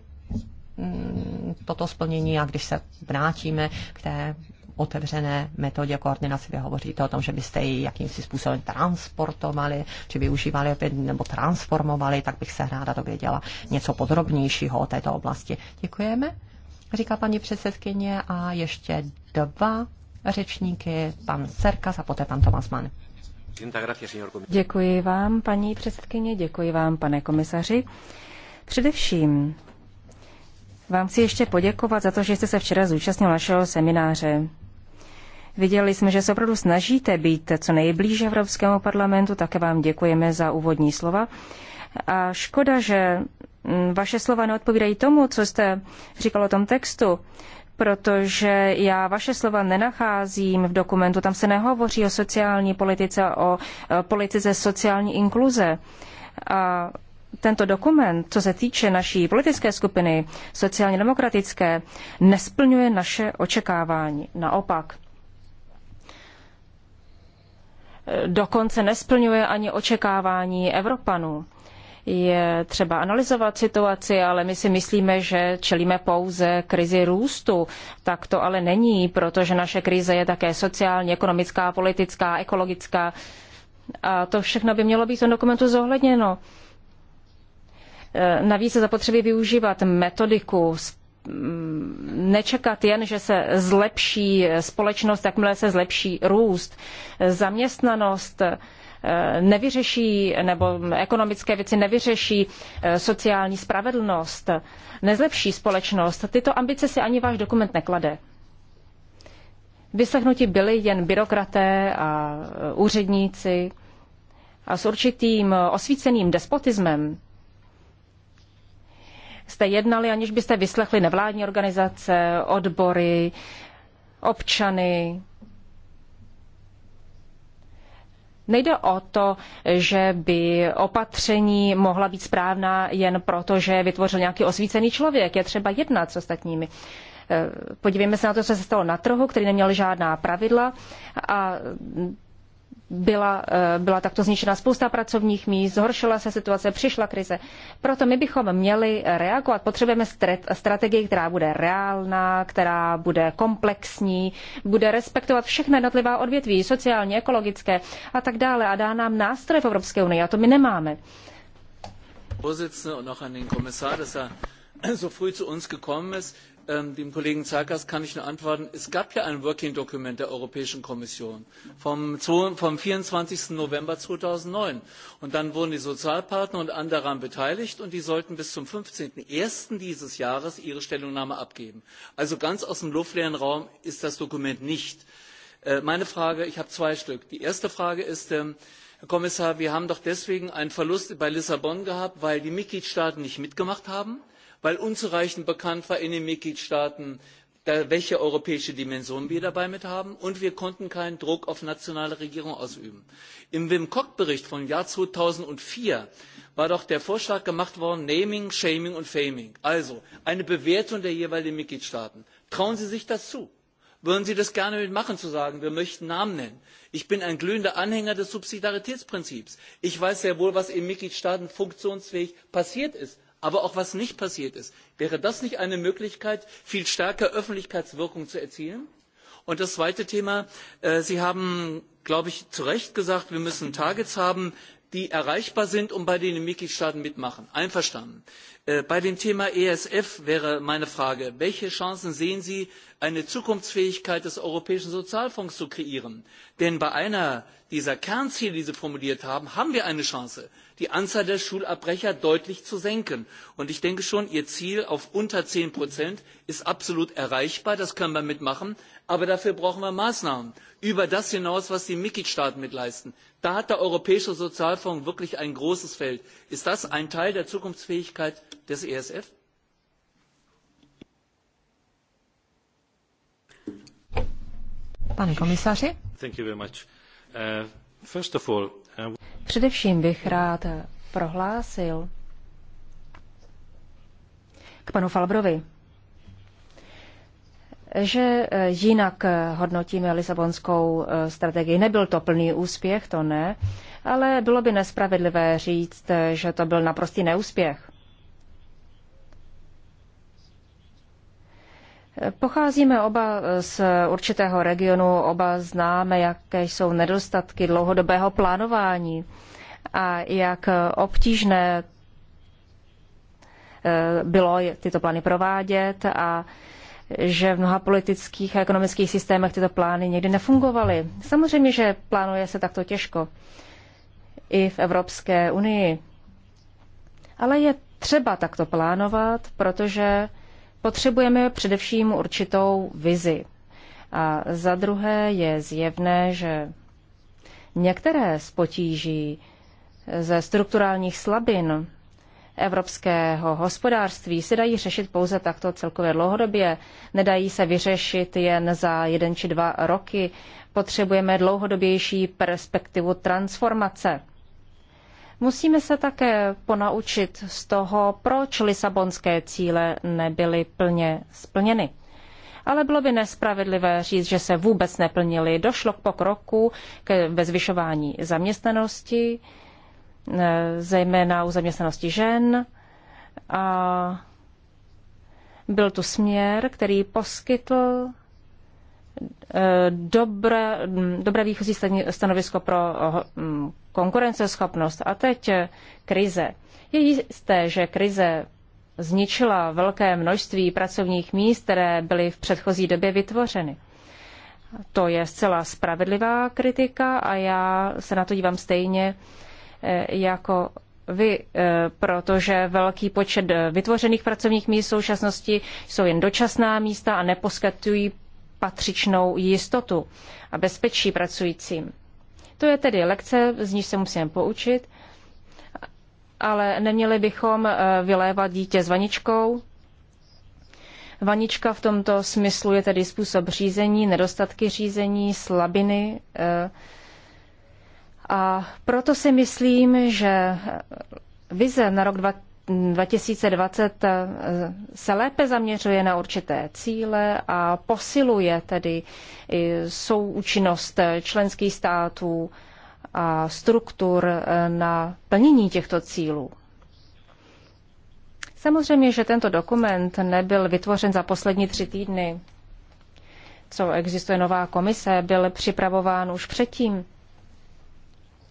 mm, toto splnění a když se vrátíme k té otevřené metodě koordinace. Vy hovoříte o tom, že byste ji jakýmsi způsobem transportovali, či využívali opět, nebo transformovali, tak bych se ráda dověděla něco podrobnějšího o této oblasti. Děkujeme, říká paní předsedkyně a ještě dva řečníky, pan Serkas a poté pan Tomas Mann. Děkuji vám, paní předsedkyně, děkuji vám, pane komisaři. Především vám chci ještě poděkovat za to, že jste se včera zúčastnil našeho semináře. Viděli jsme, že se opravdu snažíte být co nejblíže Evropskému parlamentu, také vám děkujeme za úvodní slova. A škoda, že mm, vaše slova neodpovídají tomu, co jste říkal o tom textu, protože já vaše slova nenacházím v dokumentu. Tam se nehovoří o sociální politice, o politice sociální inkluze. A tento dokument, co se týče naší politické skupiny sociálně demokratické, nesplňuje naše očekávání. Naopak dokonce nesplňuje ani očekávání Evropanů. Je třeba analyzovat situaci, ale my si myslíme, že čelíme pouze krizi růstu. Tak to ale není, protože naše krize je také sociální, ekonomická, politická, ekologická. A to všechno by mělo být v tom dokumentu zohledněno. E, navíc se zapotřebí využívat metodiku Mm, nečekat jen, že se zlepší společnost, jakmile se zlepší růst. Zaměstnanost eh, nevyřeší, nebo ekonomické věci nevyřeší eh, sociální spravedlnost, nezlepší společnost. Tyto ambice si ani váš dokument neklade. Vyslechnuti byli jen byrokraté a eh, úředníci a s určitým osvíceným despotismem jste jednali, aniž byste vyslechli nevládní organizace, odbory, občany. Nejde o to, že by opatření mohla být správná jen proto, že vytvořil nějaký osvícený člověk. Je třeba jednat s ostatními. Eh, podívejme se na to, co se stalo na trhu, který neměl žádná pravidla a byla, eh, byla takto zničena spousta pracovních míst, zhoršila se situace, přišla krize. Proto my bychom měli reagovat. Potřebujeme strategii, která bude reálná, která bude komplexní, bude respektovat všechna jednotlivá odvětví, sociální, ekologické a tak dále a dá nám nástroje v Evropské unii a to my nemáme. Vorsitzende und auch an den Kommissar, dass er so früh zu uns gekommen ist. Ähm, dem Kollegen Zarkas kann ich nur antworten, es gab ja ein Working Document der Europäischen Kommission vom, vierundzwanzig November zweitausendneun Und dann wurden die Sozialpartner und andere daran beteiligt und die sollten bis zum fünfzehn 15.01. dieses Jahres ihre Stellungnahme abgeben. Also ganz aus dem luftleeren Raum ist das Dokument nicht. Äh, meine Frage, ich habe zwei Stück. Die erste Frage ist, ähm, herr kommissar wir haben doch deswegen einen verlust bei lissabon gehabt weil die mitgliedstaaten nicht mitgemacht haben weil unzureichend bekannt war in den mitgliedstaaten welche europäische dimension wir dabei mit haben und wir konnten keinen druck auf nationale regierungen ausüben. im wim kok bericht vom jahr zweitausendvier war doch der vorschlag gemacht worden naming shaming und faming also eine bewertung der jeweiligen mitgliedstaaten. trauen sie sich das zu? würden sie das gerne mitmachen zu sagen wir möchten namen nennen? ich bin ein glühender anhänger des subsidiaritätsprinzips. ich weiß sehr wohl was in mitgliedstaaten funktionsfähig passiert ist aber auch was nicht passiert ist. wäre das nicht eine möglichkeit viel stärker öffentlichkeitswirkung zu erzielen? und das zweite thema äh, sie haben glaube ich zu recht gesagt wir müssen targets haben die erreichbar sind und bei denen die mitgliedstaaten mitmachen. einverstanden. Äh, bei dem thema esf wäre meine frage welche chancen sehen sie eine zukunftsfähigkeit des europäischen sozialfonds zu kreieren? denn bei einem dieser kernziele die sie formuliert haben haben wir eine chance die anzahl der schulabbrecher deutlich zu senken. und ich denke schon ihr ziel auf unter zehn prozent ist absolut erreichbar das können wir mitmachen aber dafür brauchen wir maßnahmen über das hinaus was die mitgliedstaaten mitleisten. da hat der europäische sozialfonds wirklich ein großes feld ist das ein teil der zukunftsfähigkeit des esf? Pane komisaři? Uh, uh, Především bych rád prohlásil k panu Falbrovi, že eh, jinak eh, hodnotíme Lisabonskou eh, strategii. Nebyl to plný úspěch, to ne ale bylo by nespravedlivé říct, že to byl naprostý neúspěch. Pocházíme oba z určitého regionu, oba známe, jaké jsou nedostatky dlouhodobého plánování a jak obtížné eh, bylo tyto plány provádět a že v mnoha politických a ekonomických systémech tyto plány někdy nefungovaly. Samozřejmě, že plánuje se takto těžko i v Evropské unii. Ale je třeba takto plánovat, protože potřebujeme především určitou vizi. A za druhé je zjevné, že některé z potíží ze strukturálních slabin evropského hospodářství se dají řešit pouze takto celkově dlouhodobě, nedají se vyřešit jen za jeden či dva roky. Potřebujeme dlouhodobější perspektivu transformace. Musíme se také ponaučit z toho, proč lisabonské cíle nebyly plně splněny. Ale bylo by nespravedlivé říct, že se vůbec neplnily. Došlo k pokroku ke, ve zvyšování zaměstnanosti, e, zejména u zaměstnanosti žen. A byl tu směr, který poskytl Eh, dobré, mm, dobré výchozí stanovisko pro eh, mm, konkurenceschopnost. A teď eh, krize. Je jisté, že krize zničila velké množství pracovních míst, které byly v předchozí době vytvořeny. To je zcela spravedlivá kritika a já se na to dívám stejně jako vy, protože velký počet vytvořených pracovních míst v současnosti jsou jen dočasná místa a neposkytují patřičnou jistotu a bezpečí pracujícím. To je tedy lekce, z níž se musíme poučit, ale neměli bychom eh, vylévat dítě s vaničkou. Vanička v tomto smyslu je tedy způsob řízení, nedostatky řízení, slabiny. Eh, a proto si myslím, že vize na rok 2020 2020 eh, se lépe zaměřuje na určité cíle a posiluje tedy součinnost členských států a struktur eh, na plnění těchto cílů. Samozřejmě, že tento dokument nebyl vytvořen za poslední tři týdny. Co existuje nová komise, byl připravován už předtím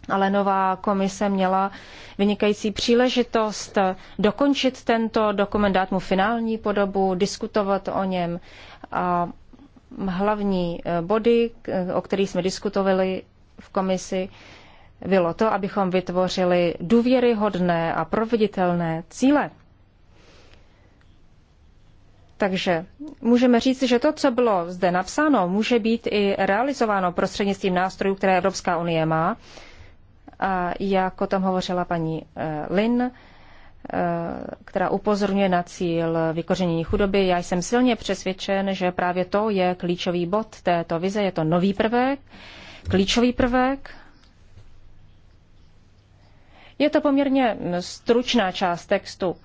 ale nová komise měla vynikající příležitost dokončit tento dokument, dát mu finální podobu, diskutovat o něm. A hlavní eh, body, eh, o kterých jsme diskutovali v komisi, bylo to, abychom vytvořili důvěryhodné a proveditelné cíle. Takže můžeme říct, že to, co bylo zde napsáno, může být i realizováno prostřednictvím nástrojů, které Evropská unie má, a jak o tom hovořila paní eh, Lin, eh, která upozorňuje na cíl vykořenění chudoby. Já jsem silně přesvědčen, že právě to je klíčový bod této vize. Je to nový prvek, klíčový prvek. Je to poměrně hm, stručná část textu.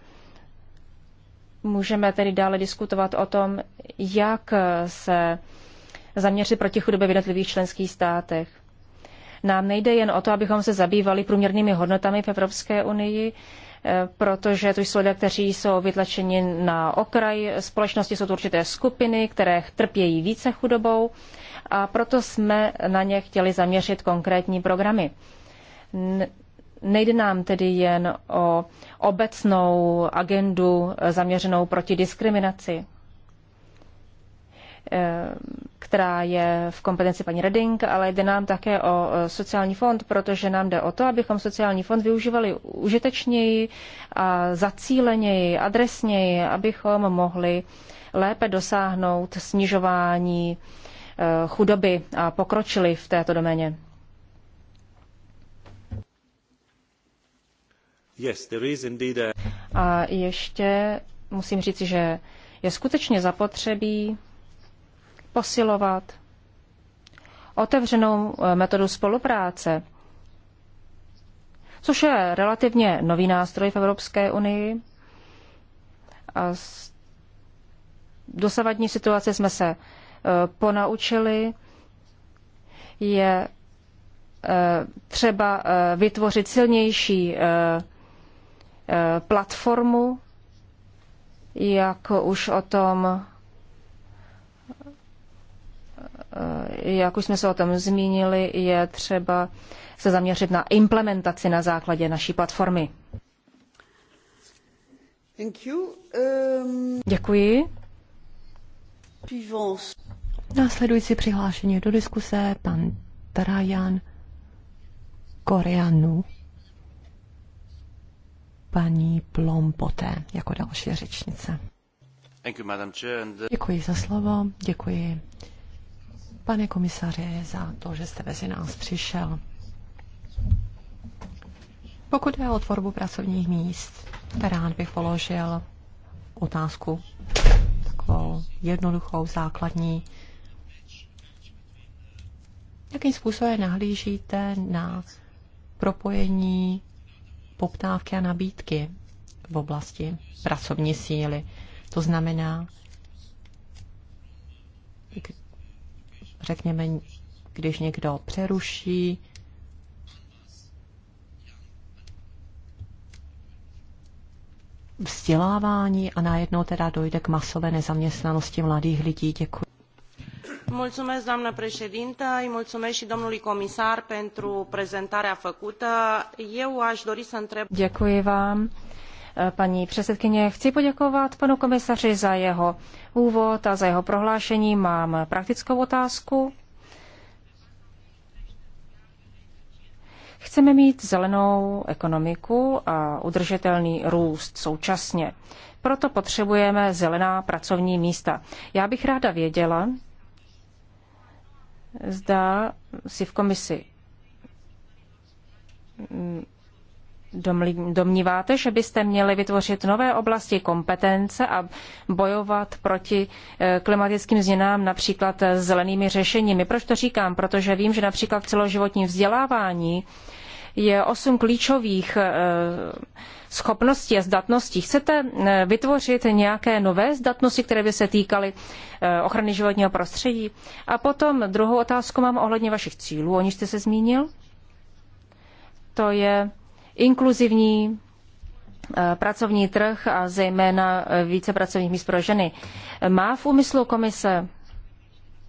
Můžeme tedy dále diskutovat o tom, jak se zaměřit proti chudobě v jednotlivých členských státech. Nám nejde jen o to, abychom se zabývali průměrnými hodnotami v Evropské unii, eh, protože tu jsou lidé, kteří jsou vytlačeni na okraj společnosti, jsou to určité skupiny, které trpějí více chudobou a proto jsme na ně chtěli zaměřit konkrétní programy. Nejde nám tedy jen o obecnou agendu zaměřenou proti diskriminaci. Eh, která je v kompetenci paní Reding, ale jde nám také o sociální fond, protože nám jde o to, abychom sociální fond využívali užitečněji, a zacíleněji, adresněji, abychom mohli lépe dosáhnout snižování eh, chudoby a pokročili v této doméně. Yes, there is indeed a... a ještě musím říci, že je skutečně zapotřebí posilovat otevřenou eh, metodu spolupráce, což je relativně nový nástroj v Evropské unii. A z dosavadní situace jsme se eh, ponaučili. Je eh, třeba vytvořit silnější platformu, jak už o tom Eh, jak už jsme se o tom zmínili, je třeba se zaměřit na implementaci na základě naší platformy. Um... Děkuji. Následující přihlášení do diskuse pan Trajan Koreanu, paní Plompoté jako další řečnice. Uh, děkuji za slovo, děkuji pane komisaře, za to, že jste mezi nás přišel. Pokud je o tvorbu pracovních míst, rád bych položil otázku takovou jednoduchou, základní. Jakým způsobem nahlížíte na propojení poptávky a nabídky v oblasti pracovní síly? To znamená, řekněme, když někdo přeruší, vzdělávání a najednou teda dojde k masové nezaměstnanosti mladých lidí. Děkuji. Mulțumesc, doamnă președintă, îi mulțumesc și domnului comisar pentru prezentarea făcută. Eu aș dori să întreb... Děkuji vám paní předsedkyně. Chci poděkovat panu komisaři za jeho úvod a za jeho prohlášení. Mám praktickou otázku. Chceme mít zelenou ekonomiku a udržitelný růst současně. Proto potřebujeme zelená pracovní místa. Já bych ráda věděla, zda si v komisi domníváte, že byste měli vytvořit nové oblasti kompetence a bojovat proti eh, klimatickým změnám například zelenými řešeními? Proč to říkám? Protože vím, že například v celoživotním vzdělávání je osm klíčových eh, schopností a zdatností. Chcete eh, vytvořit nějaké nové zdatnosti, které by se týkaly ochrany životního prostředí? A potom druhou otázku mám ohledně vašich cílů, o nich jste se zmínil. To je inkluzivní eh, pracovní trh a zejména eh, více pracovních míst pro ženy. Má v úmyslu komise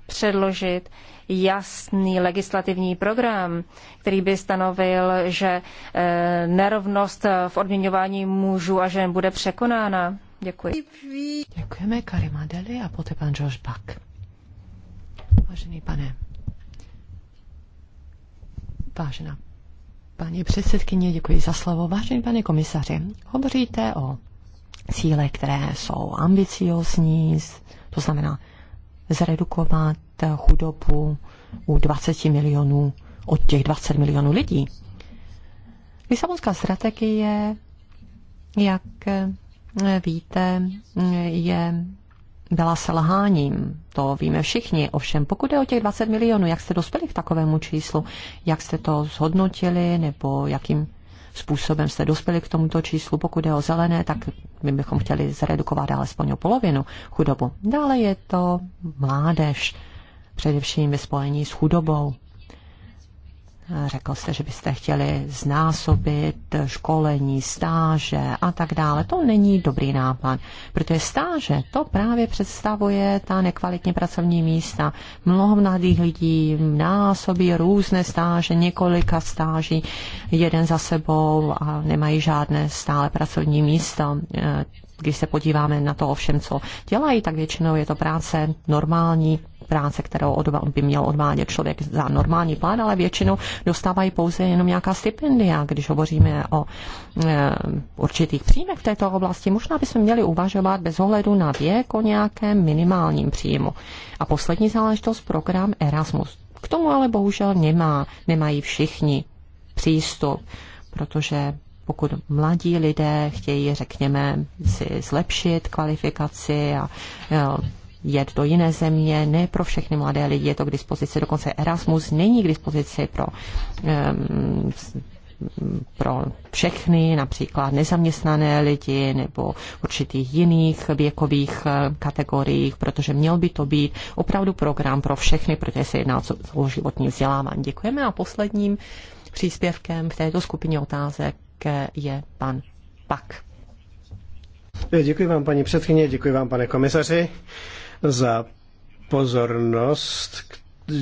předložit jasný legislativní program, který by stanovil, že eh, nerovnost v odměňování mužů a žen bude překonána? Děkuji. Děkujeme Karima Deli a poté pan Josh Buck. Vážený pane, vážená Paní předsedkyně, děkuji za slovo. Vážený pane komisaři, hovoříte o cíle, které jsou ambiciozní, to znamená zredukovat chudobu u 20 milionů, od těch 20 milionů lidí. Lisabonská strategie, jak víte, je byla selháním. To víme všichni. Ovšem, pokud je o těch 20 milionů, jak jste dospěli k takovému číslu? Jak jste to zhodnotili nebo jakým způsobem jste dospěli k tomuto číslu? Pokud je o zelené, tak my bychom chtěli zredukovat alespoň o polovinu chudobu. Dále je to mládež, především ve spojení s chudobou. Řekl jste, že byste chtěli znásobit školení, stáže a tak dále. To není dobrý nápad, protože stáže to právě představuje ta nekvalitně pracovní místa. Mnoho mladých lidí násobí různé stáže, několika stáží, jeden za sebou a nemají žádné stále pracovní místo když se podíváme na to ovšem, co dělají, tak většinou je to práce normální, práce, kterou by měl odvádět člověk za normální plán, ale většinou dostávají pouze jenom nějaká stipendia, když hovoříme o e, určitých příjmech v této oblasti. Možná bychom měli uvažovat bez ohledu na věk o nějakém minimálním příjmu. A poslední záležitost, program Erasmus. K tomu ale bohužel nemá, nemají všichni přístup, protože pokud mladí lidé chtějí, řekněme, si zlepšit kvalifikaci a e, jet do jiné země, ne pro všechny mladé lidi je to k dispozici, dokonce Erasmus není k dispozici pro um, pro všechny, například nezaměstnané lidi nebo určitých jiných věkových e, kategoriích, protože měl by to být opravdu program pro všechny, protože se jedná o životní vzdělávání. Děkujeme a posledním příspěvkem v této skupině otázek také je pan Pak. Eh, děkuji vám, paní předkyně, děkuji vám, pane komisaři, za pozornost,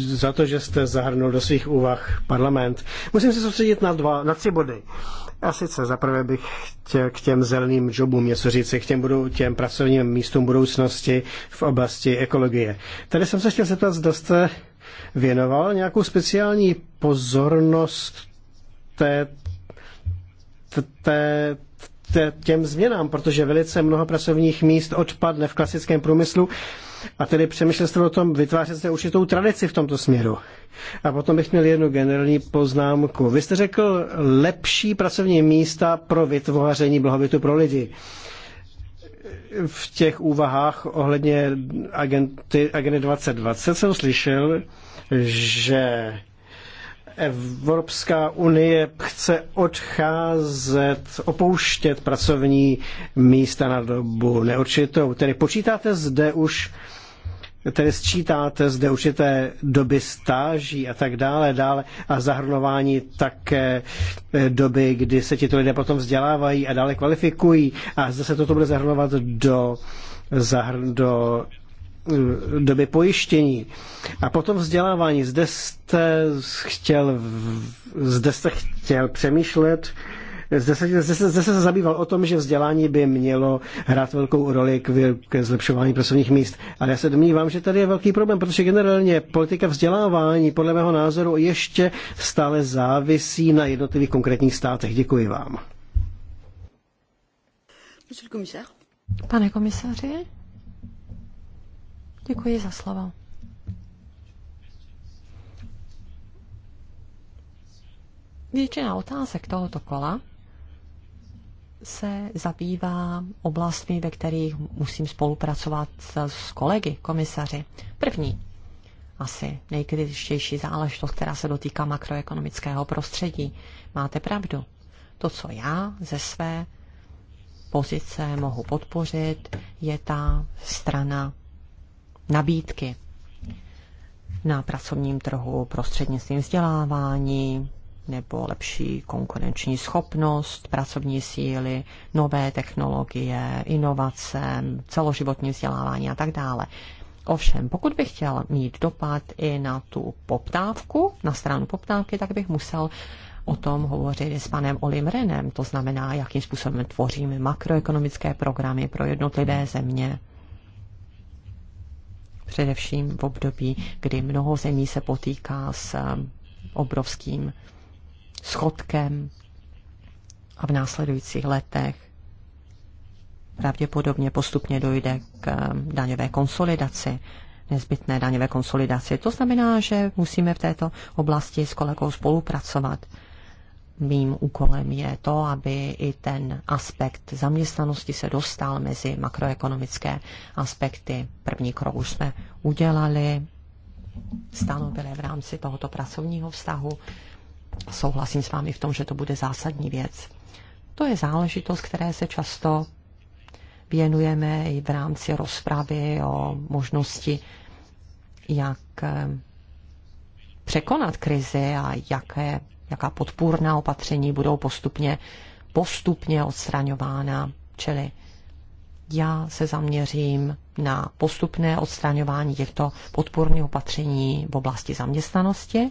za to, že jste zahrnul do svých úvah parlament. Musím se soustředit na dva, na tři body. A sice zaprvé bych chtěl k těm zeleným jobům něco říci, k těm, budou, těm pracovním místům budoucnosti v oblasti ekologie. Tady jsem se chtěl zeptat, zda jste věnoval nějakou speciální pozornost té, té, těm změnám, protože velice mnoho pracovních míst odpadne v klasickém průmyslu a tedy přemýšlel jste o tom vytvářet se určitou tradici v tomto směru. A potom bych měl jednu generální poznámku. Vy jste řekl lepší pracovní místa pro vytváření blahobytu pro lidi v těch úvahách ohledně agenty, agendy 2020 jsem slyšel, že Evropská unie chce odcházet, opouštět pracovní místa na dobu neurčitou. Tedy počítáte zde už tedy sčítáte zde určité doby stáží a tak dále, dále a zahrnování také eh, doby, kdy se tito lidé potom vzdělávají a dále kvalifikují a zase toto bude zahrnovat do, zahrn, do Eh, doby pojištění. A potom vzdělávání. Zde jste chtěl, zde jste chtěl přemýšlet, zde se, zde, se, zde se zabýval o tom, že vzdělání by mělo hrát velkou roli k, k zlepšování pracovních míst. Ale já se domnívám, že tady je velký problém, protože generálně politika vzdělávání podle mého názoru ještě stále závisí na jednotlivých konkrétních státech. Děkuji vám. Pane komisaři? Děkuji za slovo. Většina otázek tohoto kola se zabývá oblastmi, ve kterých musím spolupracovat s kolegy, komisaři. První, asi nejkritičtější záležitost, která se dotýká makroekonomického prostředí. Máte pravdu. To, co já ze své pozice mohu podpořit, je ta strana nabídky na pracovním trhu prostřednictvím vzdělávání nebo lepší konkurenční schopnost pracovní síly, nové technologie, inovace, celoživotní vzdělávání a tak dále. Ovšem, pokud bych chtěl mít dopad i na tu poptávku, na stranu poptávky, tak bych musel o tom hovořit s panem Olim Renem, to znamená, jakým způsobem tvoříme makroekonomické programy pro jednotlivé země především v období, kdy mnoho zemí se potýká s eh, obrovským schodkem a v následujících letech pravděpodobně postupně dojde k eh, daňové konsolidaci, nezbytné daňové konsolidaci. To znamená, že musíme v této oblasti s kolegou spolupracovat mým úkolem je to, aby i ten aspekt zaměstnanosti se dostal mezi makroekonomické aspekty. První krok už jsme udělali, stanovili v rámci tohoto pracovního vztahu. Souhlasím s vámi v tom, že to bude zásadní věc. To je záležitost, které se často věnujeme i v rámci rozpravy o možnosti, jak eh, překonat krizi a jaké jaká podpůrná opatření budou postupně, postupně odstraňována. Čili já se zaměřím na postupné odstraňování těchto podpůrných opatření v oblasti zaměstnanosti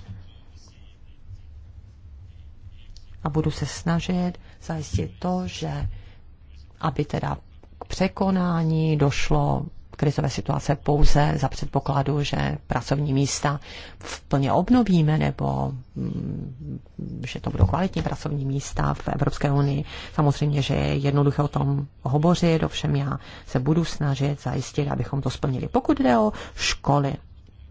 a budu se snažit zajistit to, že aby teda k překonání došlo krizové situace pouze za předpokladu, že pracovní místa plně obnovíme nebo mm, že to budou kvalitní pracovní místa v Evropské unii. Samozřejmě, že je jednoduché o tom hovořit, ovšem já se budu snažit zajistit, abychom to splnili. Pokud jde o školy,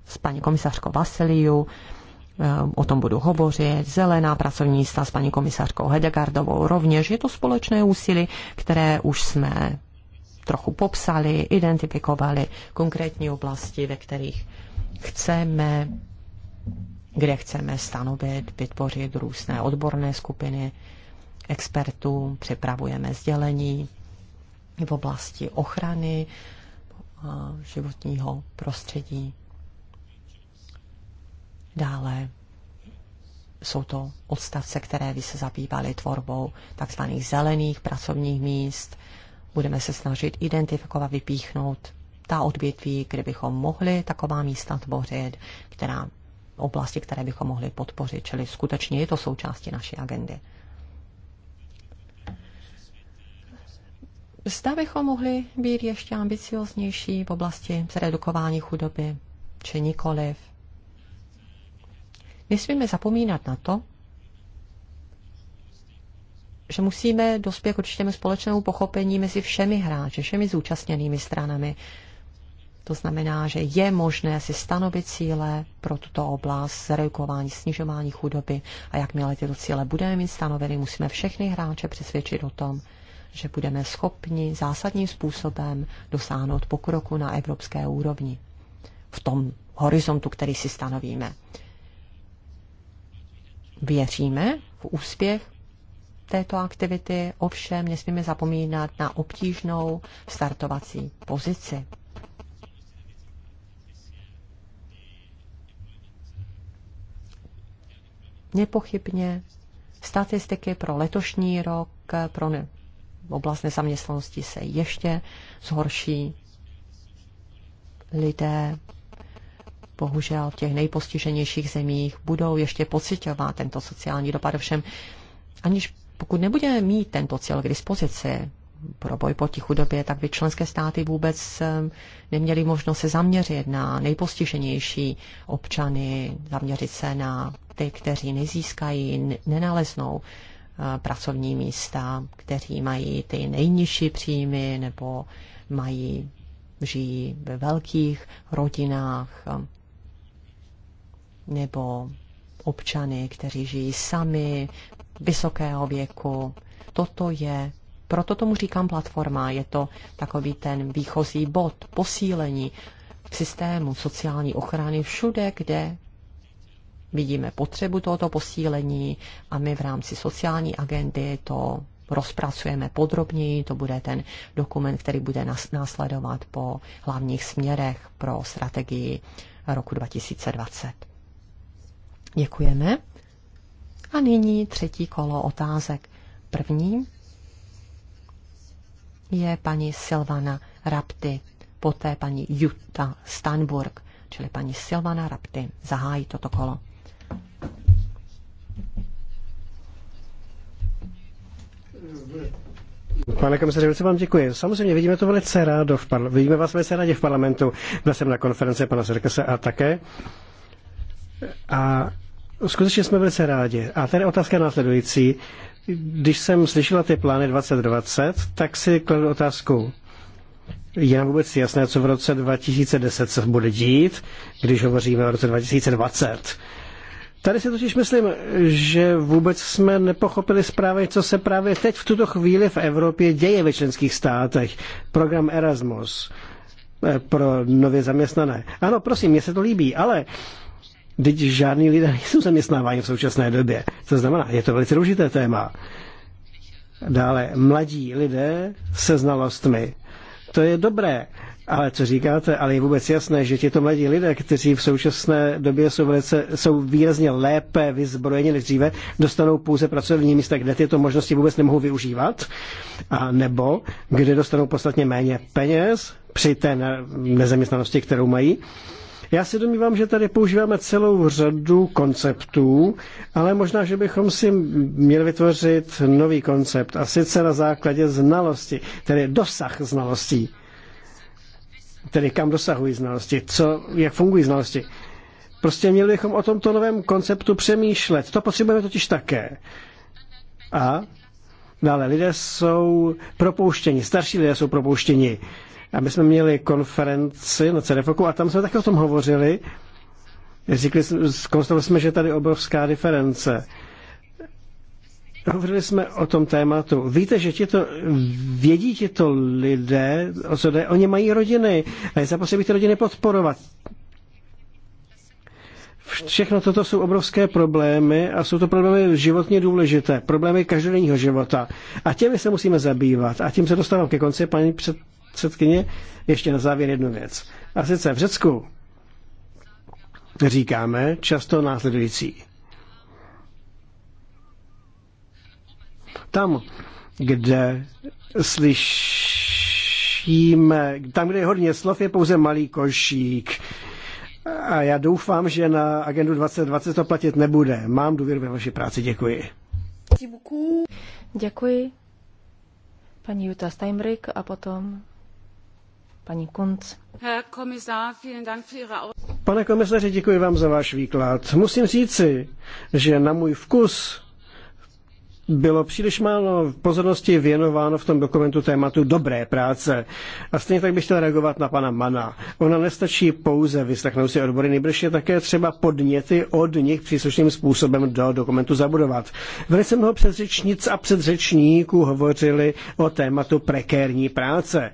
s paní komisařkou Vasiliu, eh, o tom budu hovořit, zelená pracovní místa s paní komisařkou Hedegardovou rovněž. Je to společné úsilí, které už jsme trochu popsali, identifikovali konkrétní oblasti, ve kterých chceme, kde chceme stanovit, vytvořit různé odborné skupiny expertů, připravujeme sdělení v oblasti ochrany životního prostředí. Dále jsou to odstavce, které by se zabývaly tvorbou tzv. zelených pracovních míst, budeme se snažit identifikovat, vypíchnout ta odvětví, kde bychom mohli taková místa tvořit, která oblasti, které bychom mohli podpořit. Čili skutečně je to součástí naší agendy. Zda bychom mohli být ještě ambicioznější v oblasti zredukování chudoby, či nikoliv. Nesmíme zapomínat na to, že musíme dospět určitě společnému pochopení mezi všemi hráči, všemi zúčastněnými stranami. To znamená, že je možné si stanovit cíle pro tuto oblast, zredukování, snižování chudoby a jakmile tyto cíle budeme mít stanoveny, musíme všechny hráče přesvědčit o tom, že budeme schopni zásadním způsobem dosáhnout pokroku na evropské úrovni v tom horizontu, který si stanovíme. Věříme v úspěch této aktivity, ovšem nesmíme zapomínat na obtížnou startovací pozici. Nepochybně statistiky pro letošní rok pro ne, oblast nezaměstnanosti se ještě zhorší. Lidé bohužel v těch nejpostiženějších zemích budou ještě pocitovat tento sociální dopad. Všem aniž pokud nebudeme mít tento cíl k dispozici pro boj proti chudobě, tak by členské státy vůbec eh, neměly možnost se zaměřit na nejpostiženější občany, zaměřit se na ty, kteří nezískají, nenaleznou eh, pracovní místa, kteří mají ty nejnižší příjmy nebo mají, žijí ve velkých rodinách eh, nebo občany, kteří žijí sami, vysokého věku. Toto je, proto tomu říkám platforma, je to takový ten výchozí bod posílení systému sociální ochrany všude, kde vidíme potřebu tohoto posílení a my v rámci sociální agendy to rozpracujeme podrobněji. To bude ten dokument, který bude následovat po hlavních směrech pro strategii roku 2020. Děkujeme. A nyní třetí kolo otázek. První je paní Silvana Rapty, poté paní Jutta Stanburg, čili paní Silvana Rapty zahájí toto kolo. Pane komisaři, velice vám děkuji. Samozřejmě vidíme to velice rádo, v parla- vidíme vás velice rádi v parlamentu. Byl jsem na konferenci pana Serkese a také. A Skutečně jsme velice rádi. A tady otázka následující. Když jsem slyšela ty plány 2020, tak si kladu otázku. Je nám vůbec jasné, co v roce 2010 se bude dít, když hovoříme o roce 2020? Tady si totiž myslím, že vůbec jsme nepochopili zprávy, co se právě teď v tuto chvíli v Evropě děje ve členských státech. Program Erasmus eh, pro nově zaměstnané. Ano, prosím, mně se to líbí, ale Teď žádní lidé nejsou zaměstnáváni v současné době. To znamená, je to velice důležité téma. Dále, mladí lidé se znalostmi. To je dobré, ale co říkáte, ale je vůbec jasné, že těto mladí lidé, kteří v současné době jsou, velice, jsou výrazně lépe vyzbrojeni než dříve, dostanou pouze pracovní místa, kde tyto možnosti vůbec nemohou využívat, a nebo kde dostanou podstatně méně peněz při té nezaměstnanosti, kterou mají já si domnívám, že tady používáme celou řadu konceptů, ale možná, že bychom si měli vytvořit nový koncept, a sice na základě znalosti, tedy dosah znalostí. Tedy kam dosahují znalosti, co, jak fungují znalosti. Prostě měli bychom o tomto novém konceptu přemýšlet. To potřebujeme totiž také. A dále lidé jsou propouštěni, starší lidé jsou propouštěni a my jsme měli konferenci na CDFOKu a tam jsme také o tom hovořili. Říkali, jsme, jsme, že tady obrovská diference. Hovořili jsme o tom tématu. Víte, že ti to, vědí ti to lidé, o co jde, oni mají rodiny a je zapotřebí ty rodiny podporovat. Všechno toto jsou obrovské problémy a jsou to problémy životně důležité, problémy každodenního života. A těmi se musíme zabývat. A tím se dostávám ke konci, paní před, předsedkyně, ještě na závěr jednu věc. A sice v Řecku říkáme často následující. Tam, kde slyšíme, tam, kde je hodně slov, je pouze malý košík. A já doufám, že na agendu 2020 to platit nebude. Mám důvěru ve vaši práci. Děkuji. Děkuji. Paní Juta Steinbrick a potom Paní Kunc. Pane komisaři, děkuji vám za váš výklad. Musím říci, že na můj vkus bylo příliš málo pozornosti věnováno v tom dokumentu tématu dobré práce. A stejně tak bych chtěl reagovat na pana Mana. Ona nestačí pouze vyslechnout si odbory, nejbrž je také třeba podněty od nich příslušným způsobem do dokumentu zabudovat. Velice mnoho předřečnic a předřečníků hovořili o tématu prekérní práce.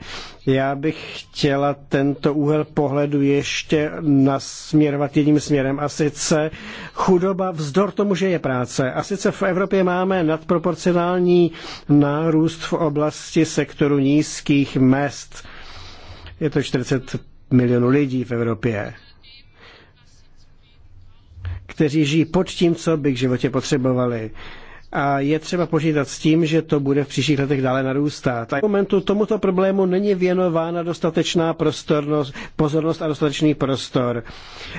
Já bych chtěla tento úhel pohledu ještě nasměrovat jedním směrem a sice chudoba vzdor tomu, že je práce. A sice v Evropě máme nad nadproporcionální nárůst v oblasti sektoru nízkých mest. Je to 40 milionů lidí v Evropě kteří žijí pod tím, co by k životě potřebovali a je třeba počítat s tím, že to bude v příštích letech dále narůstat. A v momentu tomuto problému není věnována dostatečná prostornost, pozornost a dostatečný prostor.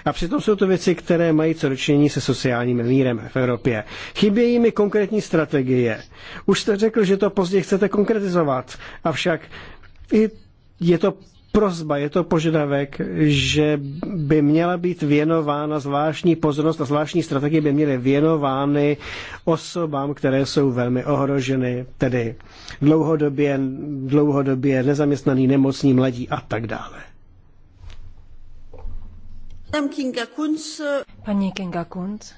A přitom jsou to věci, které mají co dočinění se sociálním mírem v Evropě. Chybějí mi konkrétní strategie. Už jste řekl, že to později chcete konkretizovat, avšak i je to prozba, je to požadavek, že by měla být věnována zvláštní pozornost a zvláštní strategie by měly věnovány osobám, které jsou velmi ohroženy, tedy dlouhodobě, dlouhodobě nezaměstnaný, nemocní, mladí a tak dále. Paní Kinga Kunz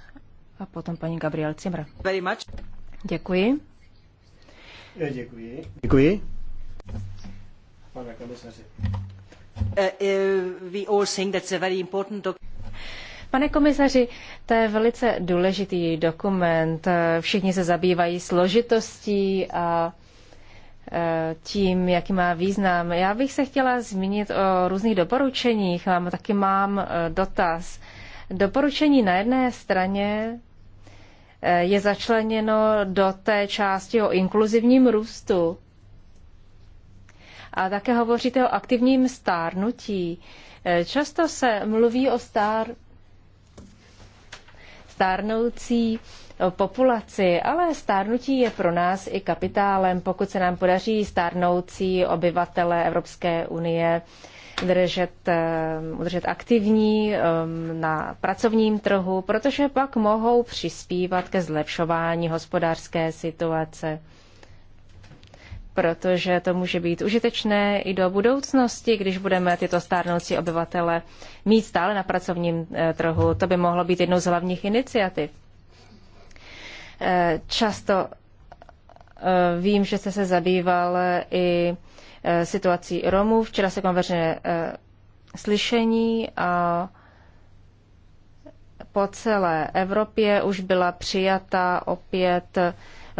a potom paní Gabriel Cimra. Děkuji. Děkuji. Děkuji. Eh, eh, Pane komisaři. to je velice důležitý dokument. Všichni se zabývají složitostí a eh, tím, jaký má význam. Já bych se chtěla zmínit o různých doporučeních. Mám, taky mám dotaz. Doporučení na jedné straně je začleněno do té části o inkluzivním růstu. A také hovoříte o aktivním stárnutí. Eh, často se mluví o stár... stárnoucí eh, populaci, ale stárnutí je pro nás i kapitálem, pokud se nám podaří stárnoucí obyvatele Evropské unie držet, eh, udržet aktivní ehm, na pracovním trhu, protože pak mohou přispívat ke zlepšování hospodářské situace protože to může být užitečné i do budoucnosti, když budeme tyto stárnoucí obyvatele mít stále na pracovním eh, trhu. To by mohlo být jednou z hlavních iniciativ. Eh, často eh, vím, že jste se zabýval i situací Romů. Včera se konveřené slyšení a po celé Evropě už byla přijata opět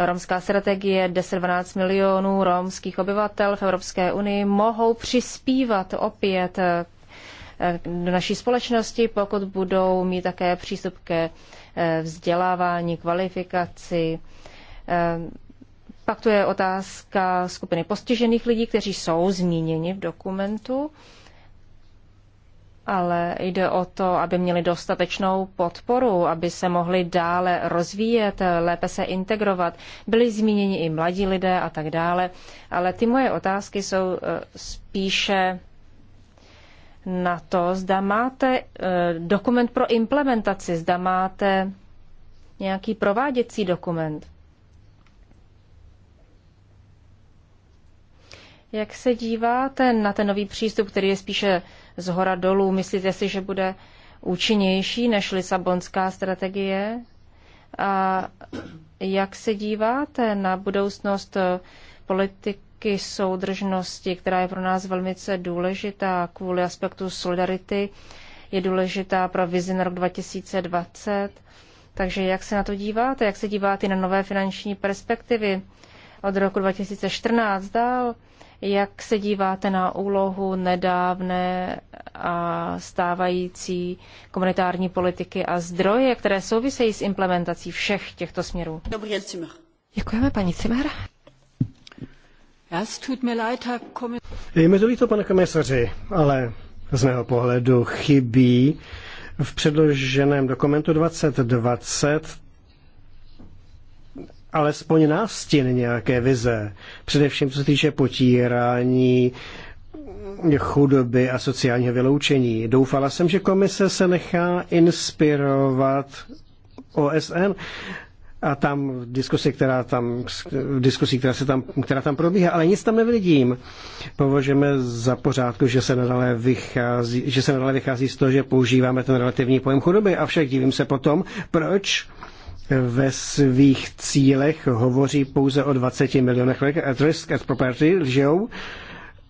romská strategie, 10-12 milionů romských obyvatel v Evropské unii mohou přispívat opět eh, do naší společnosti, pokud budou mít také přístup ke eh, vzdělávání, kvalifikaci. Eh, pak tu je otázka skupiny postižených lidí, kteří jsou zmíněni v dokumentu ale jde o to, aby měli dostatečnou podporu, aby se mohli dále rozvíjet, lépe se integrovat. Byli zmíněni i mladí lidé a tak dále, ale ty moje otázky jsou eh, spíše na to, zda máte eh, dokument pro implementaci, zda máte nějaký prováděcí dokument. Jak se díváte na ten nový přístup, který je spíše z hora dolů. Myslíte si, že bude účinnější než Lisabonská strategie? A jak se díváte na budoucnost politiky soudržnosti, která je pro nás velmi důležitá kvůli aspektu solidarity, je důležitá pro vizi na rok 2020? Takže jak se na to díváte? Jak se díváte na nové finanční perspektivy od roku 2014 dál? Jak se díváte na úlohu nedávné a stávající komunitární politiky a zdroje, které souvisejí s implementací všech těchto směrů? den, Zimmer. Děkujeme, paní Cimer. Je mi to líto, pane komisaři, ale z mého pohledu chybí v předloženém dokumentu 2020 alespoň nástin nějaké vize, především co se týče potírání chudoby a sociálního vyloučení. Doufala jsem, že komise se nechá inspirovat OSN a tam v diskusi, která tam, v diskusi, která, se tam, která tam probíhá, ale nic tam nevidím. Považujeme za pořádku, že se nadále vychází, že se nadále vychází z toho, že používáme ten relativní pojem chudoby, avšak divím se potom, proč ve svých cílech hovoří pouze o 20 milionech at risk at property, lžou.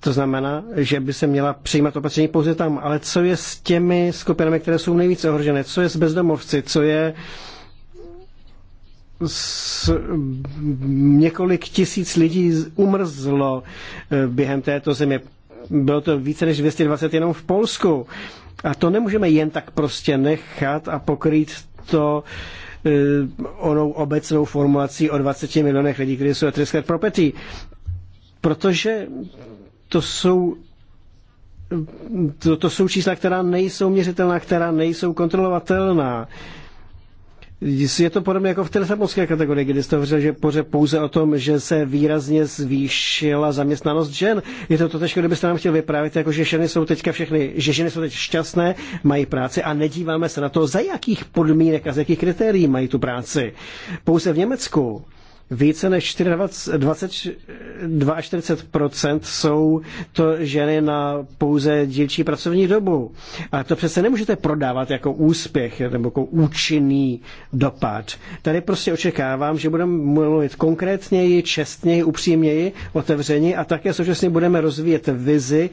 To znamená, že by se měla přijímat opatření pouze tam. Ale co je s těmi skupinami, které jsou nejvíce ohrožené? Co je s bezdomovci? Co je s, několik tisíc lidí umrzlo eh, během této země. Bylo to více než 220 jenom v Polsku. A to nemůžeme jen tak prostě nechat a pokrýt to Eh, onou obecnou formulací o 20 milionech lidí, kteří jsou at property. Protože to jsou to, to jsou čísla, která nejsou měřitelná, která nejsou kontrolovatelná. Uh, je to podobně jako v té samovské kategorii, kdy jste hovořil, že pořád pouze o tom, že se výrazně zvýšila zaměstnanost žen. Je to totež, jako kdybyste nám chtěl vyprávět, jako že ženy jsou teďka všechny, že ženy jsou teď šťastné, mají práci a nedíváme se na to, za jakých podmínek a z jakých kritérií mají tu práci. Pouze v Německu více než 24, 42% jsou to ženy na pouze dílčí pracovní dobu. A to přece nemůžete prodávat jako úspěch nebo jako účinný dopad. Tady prostě očekávám, že budeme mluvit konkrétněji, čestněji, upřímněji, otevřeně a také současně budeme rozvíjet vizi,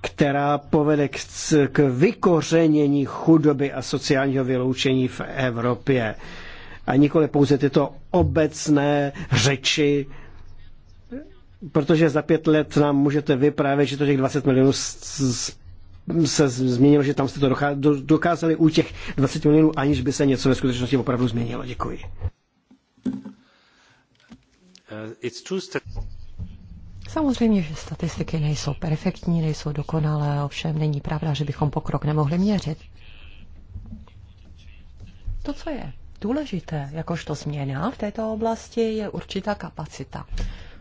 která povede k, k vykořenění chudoby a sociálního vyloučení v Evropě a nikoli pouze tyto obecné řeči, protože za pět let nám můžete vyprávět, že to těch 20 milionů se změnilo, že tam jste to dokázali u těch 20 milionů, aniž by se něco ve skutečnosti opravdu změnilo. Děkuji. Uh, Samozřejmě, že statistiky nejsou perfektní, nejsou dokonalé, ovšem není pravda, že bychom pokrok nemohli měřit. To, co je důležité, jakožto změna v této oblasti, je určitá kapacita.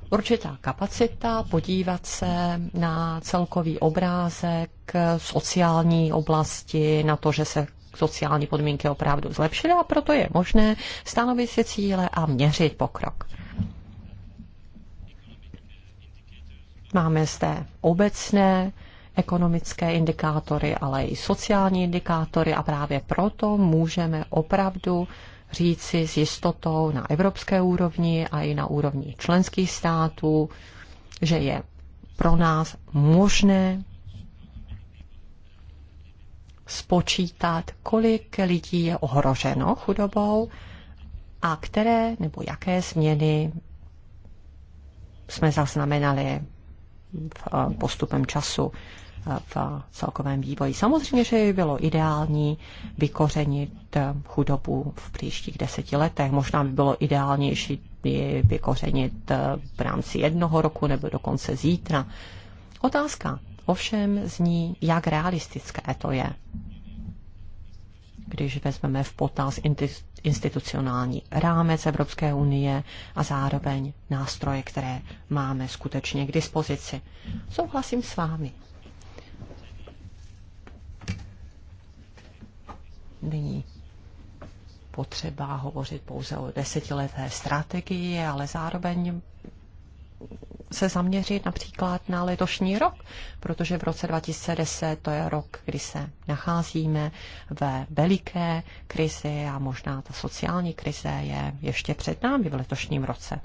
Určitá kapacita podívat se na celkový obrázek sociální oblasti, na to, že se sociální podmínky opravdu zlepšily a proto je možné stanovit si cíle a měřit pokrok. Máme zde obecné ekonomické indikátory, ale i sociální indikátory a právě proto můžeme opravdu říci s jistotou na evropské úrovni a i na úrovni členských států, že je pro nás možné spočítat, kolik lidí je ohroženo chudobou a které nebo jaké změny jsme zaznamenali eh, postupem času v celkovém vývoji. Samozřejmě, že by bylo ideální vykořenit chudobu v příštích deseti letech. Možná by bylo ideálnější vykořenit v rámci jednoho roku nebo dokonce zítra. Otázka ovšem zní, jak realistické to je, když vezmeme v potaz institucionální rámec Evropské unie a zároveň nástroje, které máme skutečně k dispozici. Souhlasím s vámi. Není potřeba hovořit pouze o desetileté strategii, ale zároveň se zaměřit například na letošní rok, protože v roce 2010 to je rok, kdy se nacházíme ve veliké krizi a možná ta sociální krize je ještě před námi v letošním roce.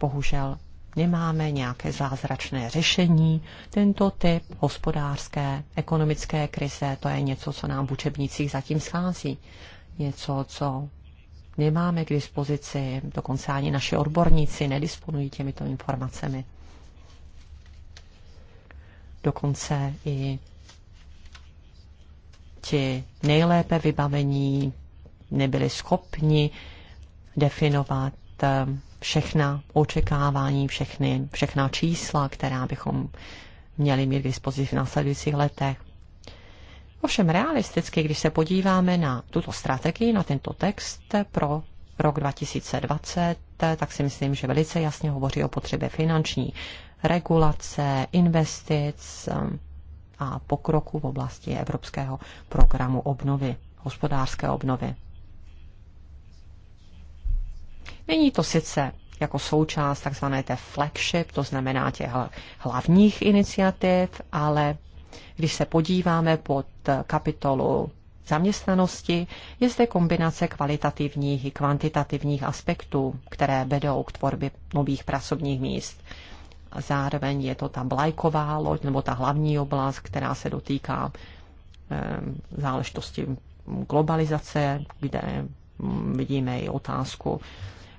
Bohužel nemáme nějaké zázračné řešení. Tento typ hospodářské, ekonomické krize, to je něco, co nám v učebnicích zatím schází. Něco, co nemáme k dispozici, dokonce ani naši odborníci nedisponují těmito informacemi. Dokonce i ti nejlépe vybavení nebyli schopni definovat všechna očekávání, všechny, všechna čísla, která bychom měli mít k dispozici v následujících letech. Ovšem realisticky, když se podíváme na tuto strategii, na tento text pro rok 2020, tak si myslím, že velice jasně hovoří o potřebě finanční regulace, investic um, a pokroku v oblasti evropského programu obnovy, hospodářské obnovy. Není to sice jako součást takzvané té flagship, to znamená těch hlavních iniciativ, ale když se podíváme pod kapitolu zaměstnanosti, je zde kombinace kvalitativních i kvantitativních aspektů, které vedou k tvorbě nových pracovních míst. A zároveň je to ta blajková loď, nebo ta hlavní oblast, která se dotýká e, záležitosti globalizace, kde mm, vidíme i otázku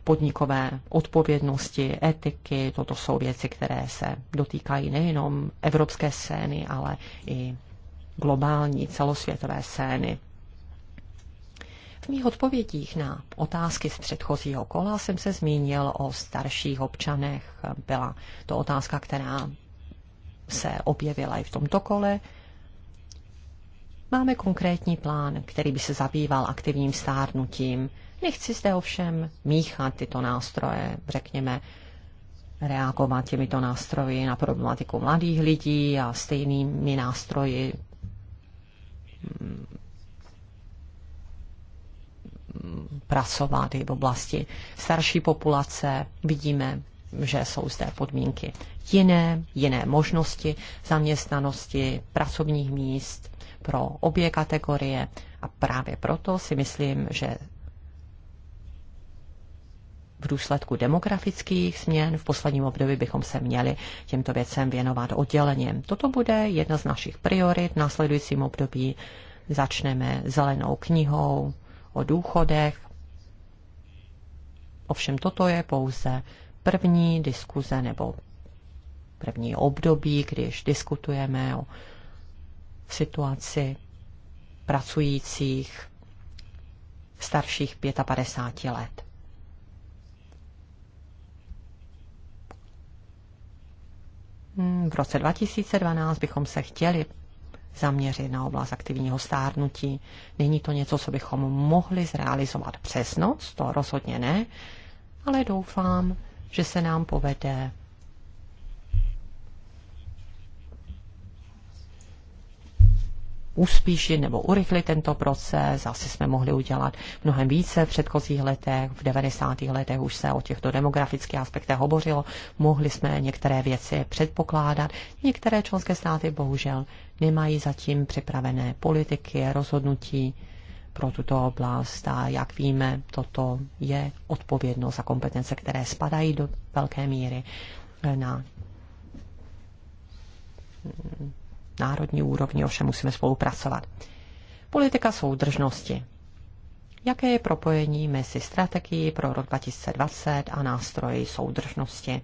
podnikové odpovědnosti, etiky. Toto jsou věci, které se dotýkají nejenom evropské scény, ale i globální celosvětové scény. V mých odpovědích na otázky z předchozího kola jsem se zmínil o starších občanech. Byla to otázka, která se objevila i v tomto kole. Máme konkrétní plán, který by se zabýval aktivním stárnutím. Nechci zde ovšem míchat tyto nástroje, řekněme, reagovat těmito nástroji na problematiku mladých lidí a stejnými nástroji mm, pracovat i v oblasti starší populace. Vidíme, že jsou zde podmínky jiné, jiné možnosti zaměstnanosti, pracovních míst pro obě kategorie a právě proto si myslím, že v důsledku demografických změn. V posledním období bychom se měli těmto věcem věnovat odděleněm. Toto bude jedna z našich priorit. V následujícím období začneme zelenou knihou o důchodech. Ovšem toto je pouze první diskuze nebo první období, když diskutujeme o situaci pracujících starších 55 let. Hmm, v roce 2012 bychom se chtěli zaměřit na oblast aktivního stárnutí. Není to něco, co bychom mohli zrealizovat přes noc, to rozhodně ne, ale doufám, že se nám povede uspíšit nebo urychlit tento proces. Asi jsme mohli udělat mnohem více v předchozích letech. V 90. letech už se o těchto demografických aspektech hovořilo. Mohli jsme některé věci předpokládat. Některé členské státy bohužel nemají zatím připravené politiky, rozhodnutí pro tuto oblast a jak víme, toto je odpovědnost a kompetence, které spadají do velké míry na národní úrovni ovšem musíme spolupracovat. Politika soudržnosti. Jaké je propojení mezi strategií pro rok 2020 a nástroji soudržnosti?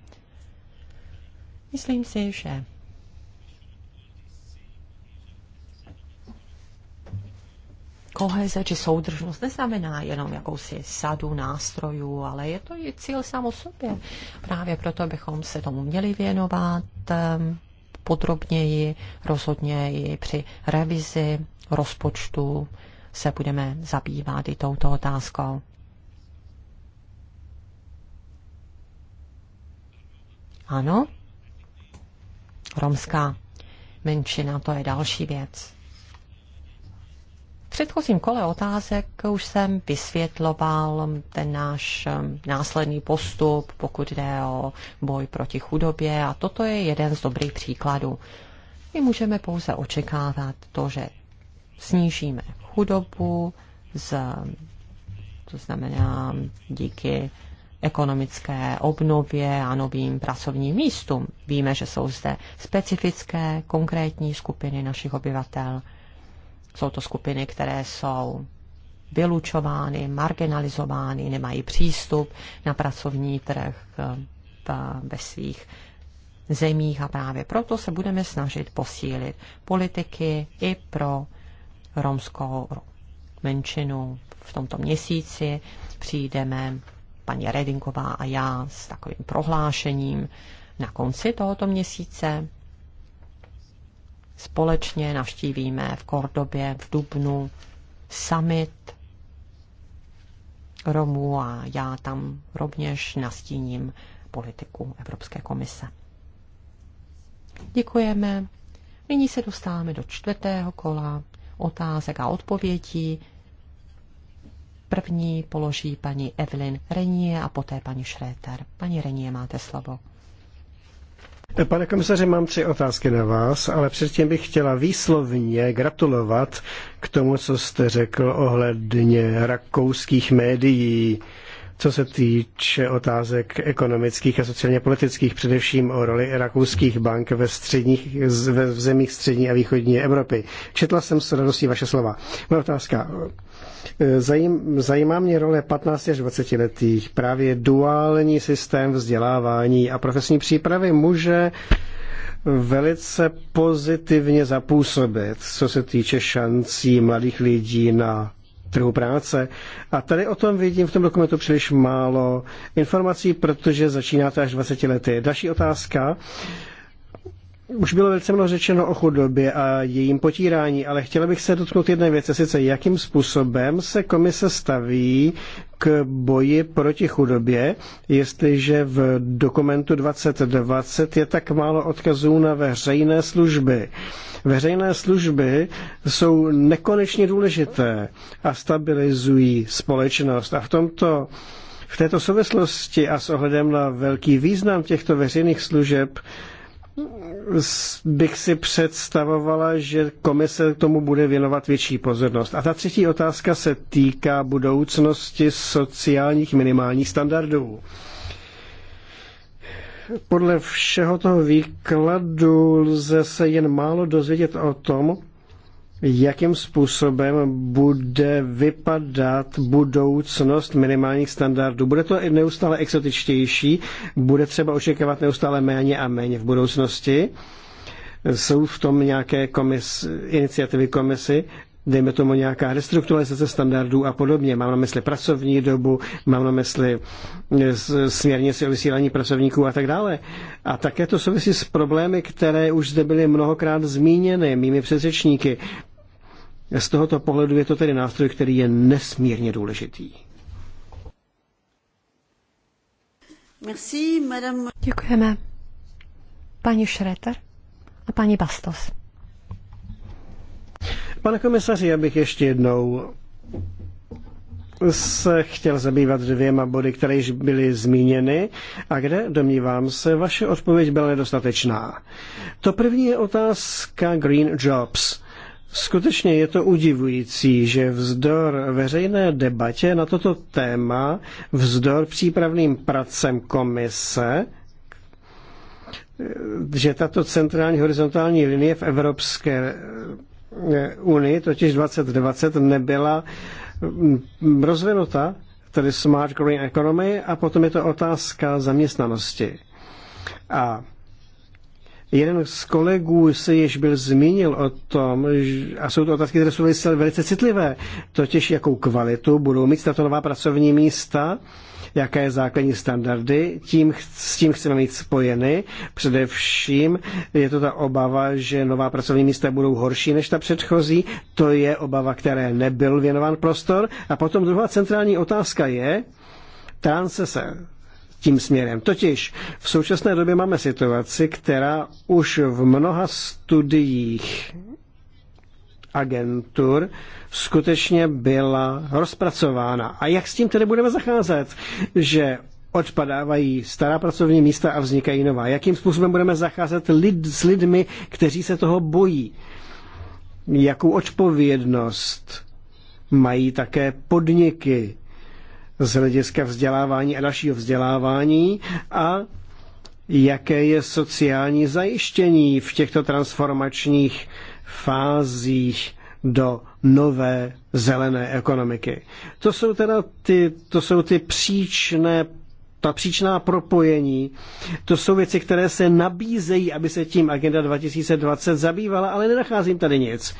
Myslím si, že koheze či soudržnost neznamená jenom jakousi sadu nástrojů, ale je to i cíl sám o sobě. Právě proto bychom se tomu měli věnovat, ehm, podrobněji, rozhodně i při revizi rozpočtu se budeme zabývat i touto otázkou. Ano, romská menšina, to je další věc předchozím kole otázek už jsem vysvětloval ten náš um, následný postup, pokud jde o boj proti chudobě a toto je jeden z dobrých příkladů. My můžeme pouze očekávat to, že snížíme chudobu, z, to znamená díky ekonomické obnově a novým pracovním místům. Víme, že jsou zde specifické, konkrétní skupiny našich obyvatel – jsou to skupiny, které jsou vylučovány, marginalizovány, nemají přístup na pracovní trh eh, ve svých zemích a právě proto se budeme snažit posílit politiky i pro romskou menšinu. V tomto měsíci přijdeme paní Redinková a já s takovým prohlášením na konci tohoto měsíce Společně navštívíme v Kordobě v Dubnu summit Romů a já tam rovněž nastíním politiku Evropské komise. Děkujeme. Nyní se dostáváme do čtvrtého kola otázek a odpovědí. První položí paní Evelyn Renie a poté paní Šréter. Paní Renie, máte slovo. Pane komisaři, mám tři otázky na vás, ale předtím bych chtěla výslovně gratulovat k tomu, co jste řekl ohledně rakouských médií co se týče otázek ekonomických a sociálně politických, především o roli rakouských bank ve, středních, ve v zemích střední a východní Evropy. Četla jsem s radostí vaše slova. Moje otázka. Zajím, zajímá mě role 15 až 20 letých. Právě duální systém vzdělávání a profesní přípravy může velice pozitivně zapůsobit, co se týče šancí mladých lidí na trhu práce. A tady o tom vidím v tom dokumentu příliš málo informací, protože začínáte až 20 lety. Další otázka už bylo velice mnoho řečeno o chudobě a jejím potírání, ale chtěla bych se dotknout jedné věci, sice jakým způsobem se komise staví k boji proti chudobě, jestliže v dokumentu 2020 je tak málo odkazů na veřejné služby. Veřejné služby jsou nekonečně důležité a stabilizují společnost. A v tomto v této souvislosti a s ohledem na velký význam těchto veřejných služeb bych si představovala, že komise tomu bude věnovat větší pozornost. A ta třetí otázka se týká budoucnosti sociálních minimálních standardů. Podle všeho toho výkladu lze se jen málo dozvědět o tom, jakým způsobem bude vypadat budoucnost minimálních standardů. Bude to neustále exotičtější, bude třeba očekávat neustále méně a méně v budoucnosti. Jsou v tom nějaké komis, iniciativy komisy, dejme tomu nějaká restrukturalizace standardů a podobně. Mám na mysli pracovní dobu, mám na mysli eh, směrnici o vysílání pracovníků a tak dále. A také to souvisí s problémy, které už zde byly mnohokrát zmíněny mými předřečníky. Z tohoto pohledu je to tedy nástroj, který je nesmírně důležitý. Merci, madame. Děkujeme. Pani Šreter a paní Bastos. Pane komisaři, já bych ještě jednou se chtěl zabývat dvěma body, které již byly zmíněny a kde, domnívám se, vaše odpověď byla nedostatečná. To první je otázka Green Jobs. Skutečně je to udivující, že vzdor veřejné debatě na toto téma, vzdor přípravným pracem komise, že tato centrální horizontální linie v Evropské eh, unii, totiž 2020, nebyla mm, rozvinuta, tedy Smart Green Economy, a potom je to otázka zaměstnanosti. A Jeden z kolegů se již byl zmínil o tom, a jsou to otázky, které jsou velice citlivé, totiž jakou kvalitu budou mít tato nová pracovní místa, jaké základní standardy tím, s tím chceme mít spojeny. Především je to ta obava, že nová pracovní místa budou horší než ta předchozí. To je obava, které nebyl věnován prostor. A potom druhá centrální otázka je, Tán se tím směrem. Totiž v současné době máme situaci, která už v mnoha studiích agentur skutečně byla rozpracována. A jak s tím tedy budeme zacházet, že odpadávají stará pracovní místa a vznikají nová? Jakým způsobem budeme zacházet lid, s lidmi, kteří se toho bojí? Jakou odpovědnost mají také podniky, z hlediska vzdělávání a dalšího vzdělávání a jaké je sociální zajištění v těchto transformačních fázích do nové zelené ekonomiky. To jsou teda ty, to jsou ty příčné ta příčná propojení, to jsou věci, které se nabízejí, aby se tím Agenda 2020 zabývala, ale nenacházím tady nic.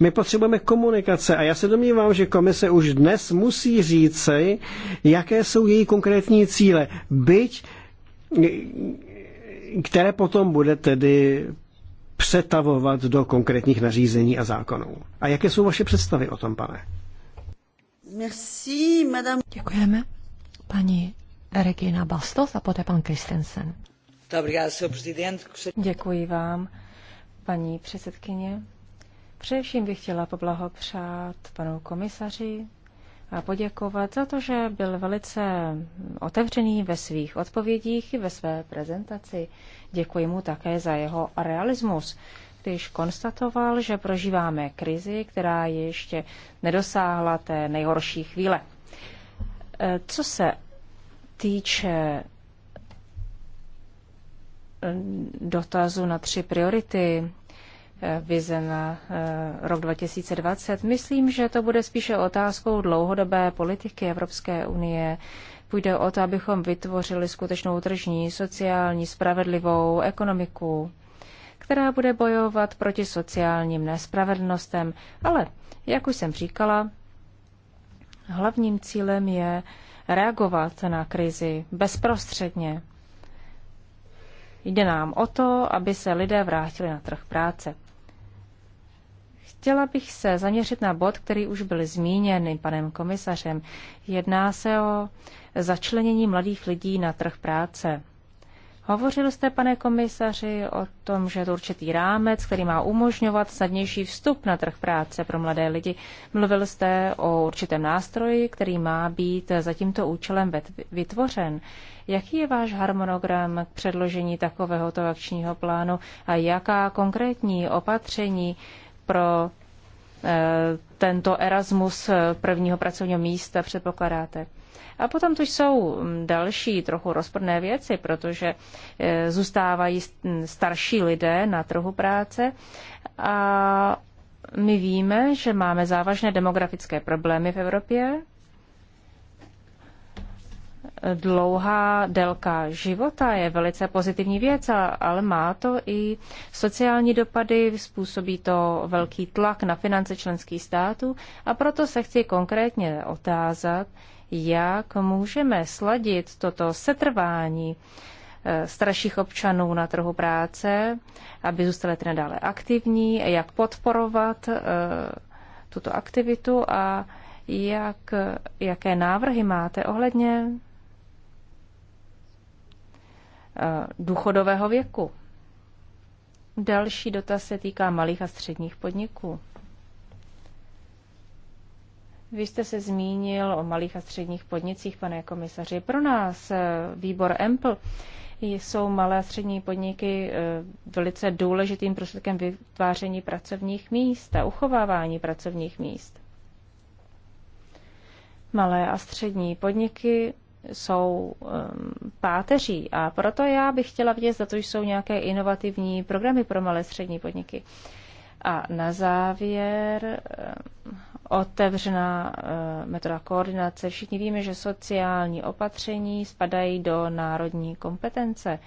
My potřebujeme komunikace a já se domnívám, že komise už dnes musí říci, jaké jsou její konkrétní cíle, byť které potom bude tedy přetavovat do konkrétních nařízení a zákonů. A jaké jsou vaše představy o tom, pane? Merci, madame. Děkujeme. Paní Regina Bastos a poté pan Kristensen. Děkuji vám, paní předsedkyně. Především bych chtěla poblahopřát panu komisaři a poděkovat za to, že byl velice otevřený ve svých odpovědích i ve své prezentaci. Děkuji mu také za jeho realismus, když konstatoval, že prožíváme krizi, která ještě nedosáhla té nejhorší chvíle. E, co se týče eh, dotazu na tři priority eh, vize na eh, rok 2020, myslím, že to bude spíše otázkou dlouhodobé politiky Evropské unie. Půjde o to, abychom vytvořili skutečnou tržní, sociální, spravedlivou ekonomiku, která bude bojovat proti sociálním nespravedlnostem. Ale, jak už jsem říkala, hlavním cílem je reagovat na krizi bezprostředně. Jde nám o to, aby se lidé vrátili na trh práce. Chtěla bych se zaměřit na bod, který už byl zmíněn panem komisařem. Jedná se o začlenění mladých lidí na trh práce. Hovořil jste, pane komisaři, o tom, že je to určitý rámec, který má umožňovat snadnější vstup na trh práce pro mladé lidi. Mluvil jste o určitém nástroji, který má být za tímto účelem vytvořen. Jaký je váš harmonogram k předložení takovéhoto akčního plánu a jaká konkrétní opatření pro eh, tento Erasmus prvního pracovního místa předpokládáte? A potom tu jsou mm, další trochu rozporné věci, protože eh, zůstávají mm, starší lidé na trhu práce a my víme, že máme závažné demografické problémy v Evropě. Dlouhá délka života je velice pozitivní věc, ale má to i sociální dopady, způsobí to velký tlak na finance členských států a proto se chci konkrétně otázat, jak můžeme sladit toto setrvání eh, starších občanů na trhu práce, aby zůstali tedy nadále aktivní, jak podporovat eh, tuto aktivitu a jak, jaké návrhy máte ohledně eh, důchodového věku. Další dotaz se týká malých a středních podniků. Vy jste se zmínil o malých a středních podnicích, pane komisaři. Pro nás eh, výbor EMPL jsou malé a střední podniky eh, velice důležitým prostředkem vytváření pracovních míst a uchovávání pracovních míst. Malé a střední podniky jsou ehm, páteří a proto já bych chtěla vědět, zda to jsou nějaké inovativní programy pro malé a střední podniky. A na závěr ehm, otevřená eh, metoda koordinace. Všichni víme, že sociální opatření spadají do národní kompetence.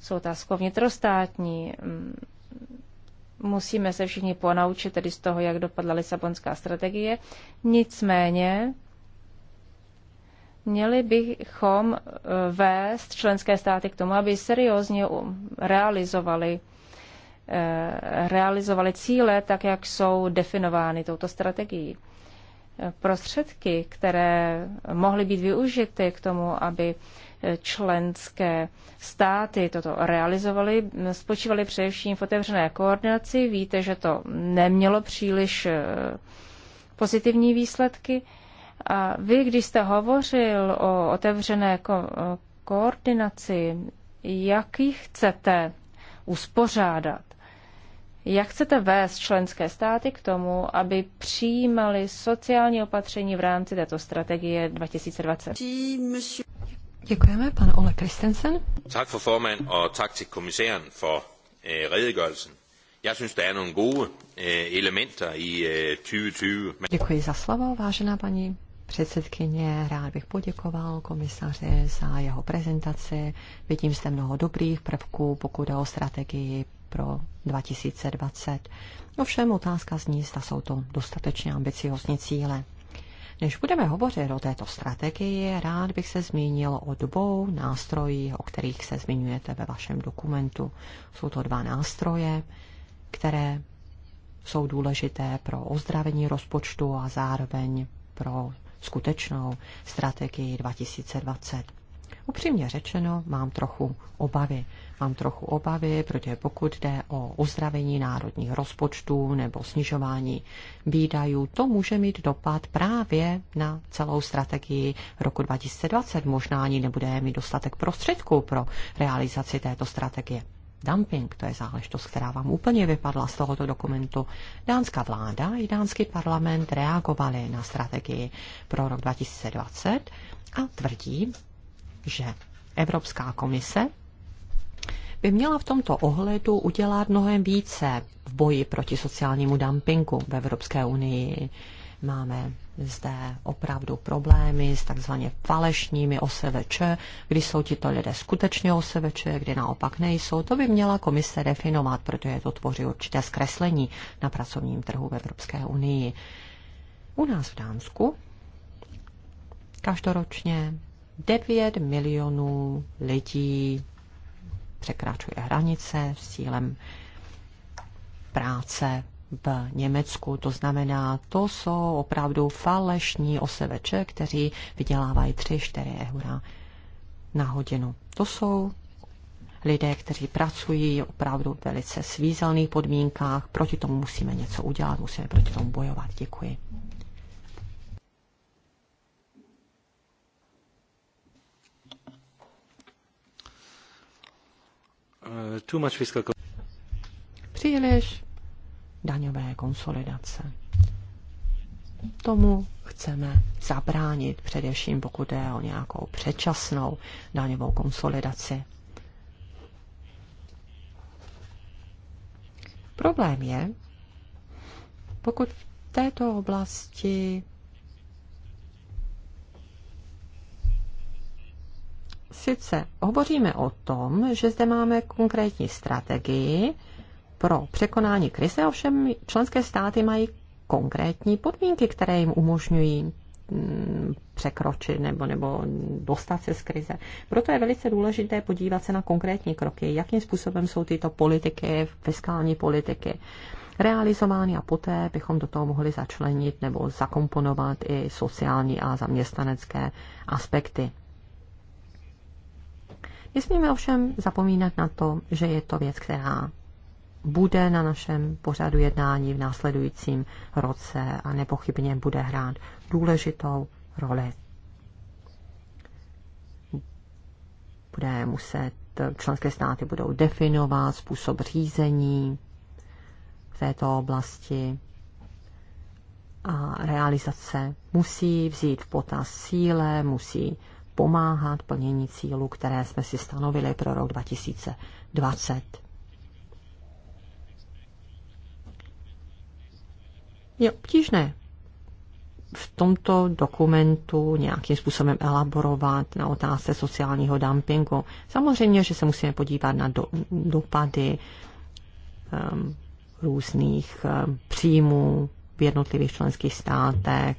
Jsou otázkou vnitrostátní. Mm, musíme se všichni ponaučit tedy z toho, jak dopadla Lisabonská strategie. Nicméně měli bychom eh, vést členské státy k tomu, aby seriózně realizovali realizovali cíle tak, jak jsou definovány touto strategií. Prostředky, které mohly být využity k tomu, aby členské státy toto realizovaly, spočívaly především v otevřené koordinaci. Víte, že to nemělo příliš eh, pozitivní výsledky. A vy, když jste hovořil o otevřené ko- eh, koordinaci, jak ji chcete uspořádat? Jak chcete vést členské státy k tomu, aby přijímali sociální opatření v rámci této strategie 2020? Děkujeme, pan Ole Kristensen. Tak for formand a tak til kommissæren for eh, redegørelsen. Já synes, der er nogle gode eh, elementer i eh, øh, 2020. Děkuji za slovo, vážená paní předsedkyně, rád bych poděkoval komisaři za jeho prezentaci. Vidím zde mnoho dobrých prvků, pokud je o strategii pro 2020. Ovšem otázka zní, zda jsou to dostatečně ambiciozní cíle. Než budeme hovořit o této strategii, rád bych se zmínil o dvou nástrojích, o kterých se zmiňujete ve vašem dokumentu. Jsou to dva nástroje, které jsou důležité pro ozdravení rozpočtu a zároveň pro skutečnou strategii 2020. Upřímně řečeno, mám trochu obavy. Mám trochu obavy, protože pokud jde o uzdravení národních rozpočtů nebo snižování výdajů, to může mít dopad právě na celou strategii roku 2020. Možná ani nebude mít dostatek prostředků pro realizaci této strategie. Dumping, to je záležitost, která vám úplně vypadla z tohoto dokumentu. Dánská vláda i dánský parlament reagovali na strategii pro rok 2020 a tvrdí, že Evropská komise by měla v tomto ohledu udělat mnohem více v boji proti sociálnímu dumpingu v Evropské unii. Máme zde opravdu problémy s takzvaně falešními OSVČ, kdy jsou tito lidé skutečně OSVČ, kdy naopak nejsou. To by měla komise definovat, protože to tvoří určité zkreslení na pracovním trhu v Evropské unii. U nás v Dánsku každoročně 9 milionů lidí překračuje hranice s cílem práce v Německu. To znamená, to jsou opravdu falešní oseveče, kteří vydělávají 3-4 eura na hodinu. To jsou lidé, kteří pracují opravdu v velice svízelných podmínkách. Proti tomu musíme něco udělat, musíme proti tomu bojovat. Děkuji. Eh, too much fiscal... Příliš daňové konsolidace. Tomu chceme zabránit, především pokud je o nějakou předčasnou daňovou konsolidaci. Problém je, pokud v této oblasti sice hovoříme o tom, že zde máme konkrétní strategii pro překonání krize, ovšem členské státy mají konkrétní podmínky, které jim umožňují mm, překročit nebo, nebo dostat se z krize. Proto je velice důležité podívat se na konkrétní kroky, jakým způsobem jsou tyto politiky, fiskální politiky realizovány a poté bychom do toho mohli začlenit nebo zakomponovat i sociální a zaměstnanecké aspekty. Nesmíme ovšem zapomínat na to, že je to věc, která bude na našem pořadu jednání v následujícím roce a nepochybně bude hrát důležitou roli. Bude muset, členské státy budou definovat způsob řízení v této oblasti a realizace musí vzít v potaz síle, musí pomáhat plnění cílů, které jsme si stanovili pro rok 2020. Je obtížné v tomto dokumentu nějakým způsobem elaborovat na otázce sociálního dumpingu. Samozřejmě, že se musíme podívat na do, dopady um, různých um, příjmů v jednotlivých členských státech,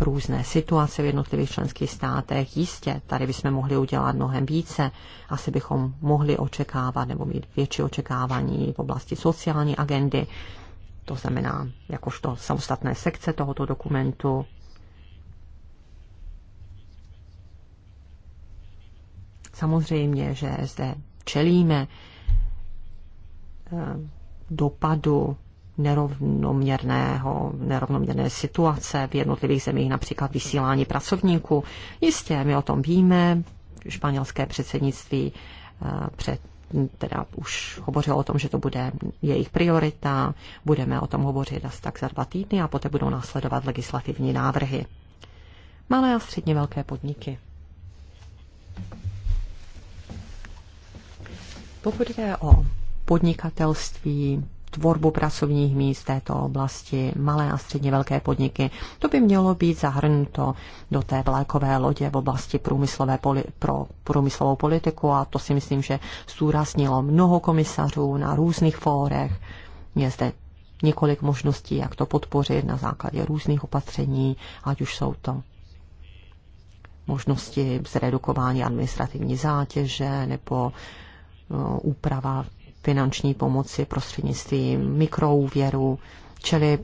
různé situace v jednotlivých členských státech. Jistě, tady bychom mohli udělat mnohem více. Asi bychom mohli očekávat nebo mít větší očekávání v oblasti sociální agendy. To znamená, jakožto samostatné sekce tohoto dokumentu, Samozřejmě, že zde čelíme eh, dopadu nerovnoměrného, nerovnoměrné situace v jednotlivých zemích, například vysílání pracovníků. Jistě, my o tom víme, španělské předsednictví eh, před teda už hovořil o tom, že to bude jejich priorita, budeme o tom hovořit asi tak za dva týdny a poté budou následovat legislativní návrhy. Malé a středně velké podniky. Pokud jde o podnikatelství, tvorbu pracovních míst v této oblasti, malé a středně velké podniky. To by mělo být zahrnuto do té vlékové lodě v oblasti průmyslové poli- pro průmyslovou politiku a to si myslím, že zúraznilo mnoho komisařů na různých fórech. Je zde několik možností, jak to podpořit na základě různých opatření, ať už jsou to možnosti zredukování administrativní zátěže nebo eh, úprava finanční pomoci prostřednictvím mikroúvěru, čili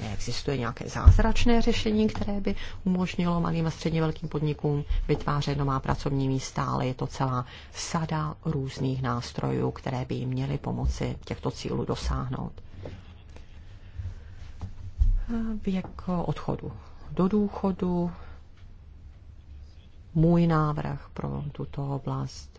neexistuje nějaké zázračné řešení, které by umožnilo malým a středně velkým podnikům vytvářet nová pracovní místa, ale je to celá sada různých nástrojů, které by jim měly pomoci těchto cílů dosáhnout. Věk jako odchodu do důchodu, můj návrh pro tuto oblast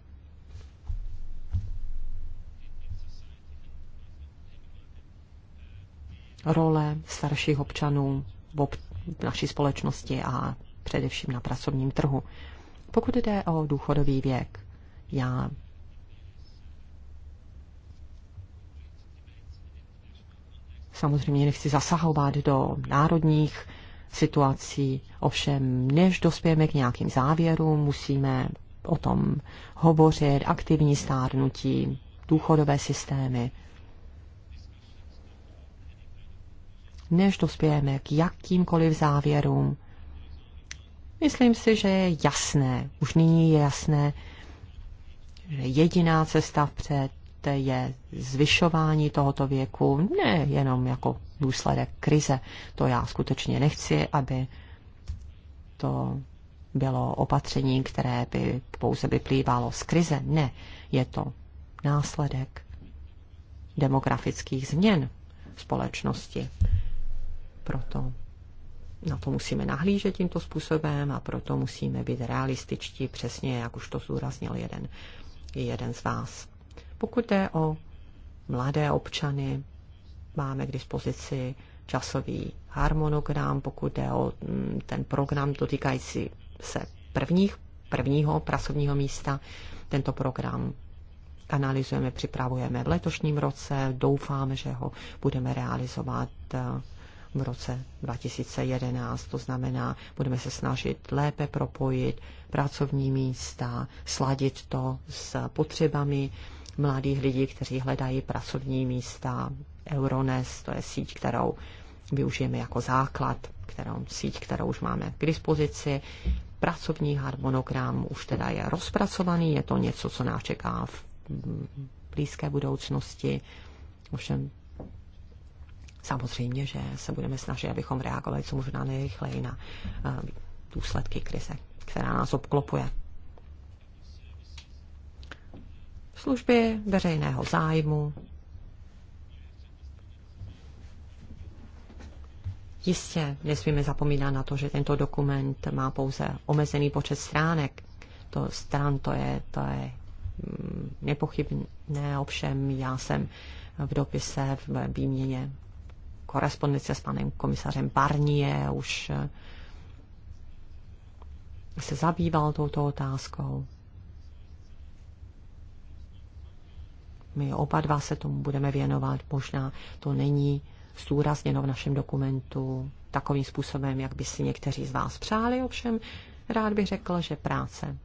role starších občanů v ob- naší společnosti a především na pracovním trhu. Pokud jde o důchodový věk, já samozřejmě nechci zasahovat do národních situací, ovšem než dospějeme k nějakým závěrům, musíme o tom hovořit, aktivní stárnutí, důchodové systémy, než dospějeme k jakýmkoliv závěrům. Myslím si, že je jasné, už nyní je jasné, že jediná cesta vpřed je zvyšování tohoto věku, ne jenom jako důsledek krize. To já skutečně nechci, aby to bylo opatření, které by pouze vyplývalo z krize. Ne, je to následek demografických změn společnosti proto na to musíme nahlížet tímto způsobem a proto musíme být realističtí, přesně jak už to zúraznil jeden, jeden z vás. Pokud jde o mladé občany, máme k dispozici časový harmonogram, pokud jde o mm, ten program dotýkající se prvních, prvního pracovního místa, tento program analyzujeme, připravujeme v letošním roce, doufáme, že ho budeme realizovat eh, v roce 2011. To znamená, budeme se snažit lépe propojit pracovní místa, sladit to s potřebami mladých lidí, kteří hledají pracovní místa. Eurones, to je síť, kterou využijeme jako základ, kterou, síť, kterou už máme k dispozici. Pracovní harmonogram už teda je rozpracovaný, je to něco, co nás čeká v blízké budoucnosti. Ovšem Samozřejmě, že se budeme snažit, abychom reagovali co možná nejrychleji na eh, důsledky krize, která nás obklopuje. Služby veřejného zájmu, Jistě nesmíme zapomínat na to, že tento dokument má pouze omezený počet stránek. To stran to je, to je mm, nepochybné, ovšem já jsem v dopise, v výměně korespondence s panem komisařem Barnie už eh, se zabýval touto otázkou. My oba dva se tomu budeme věnovat. Možná to není zdůrazněno v našem dokumentu takovým způsobem, jak by si někteří z vás přáli. Ovšem, rád bych řekl, že práce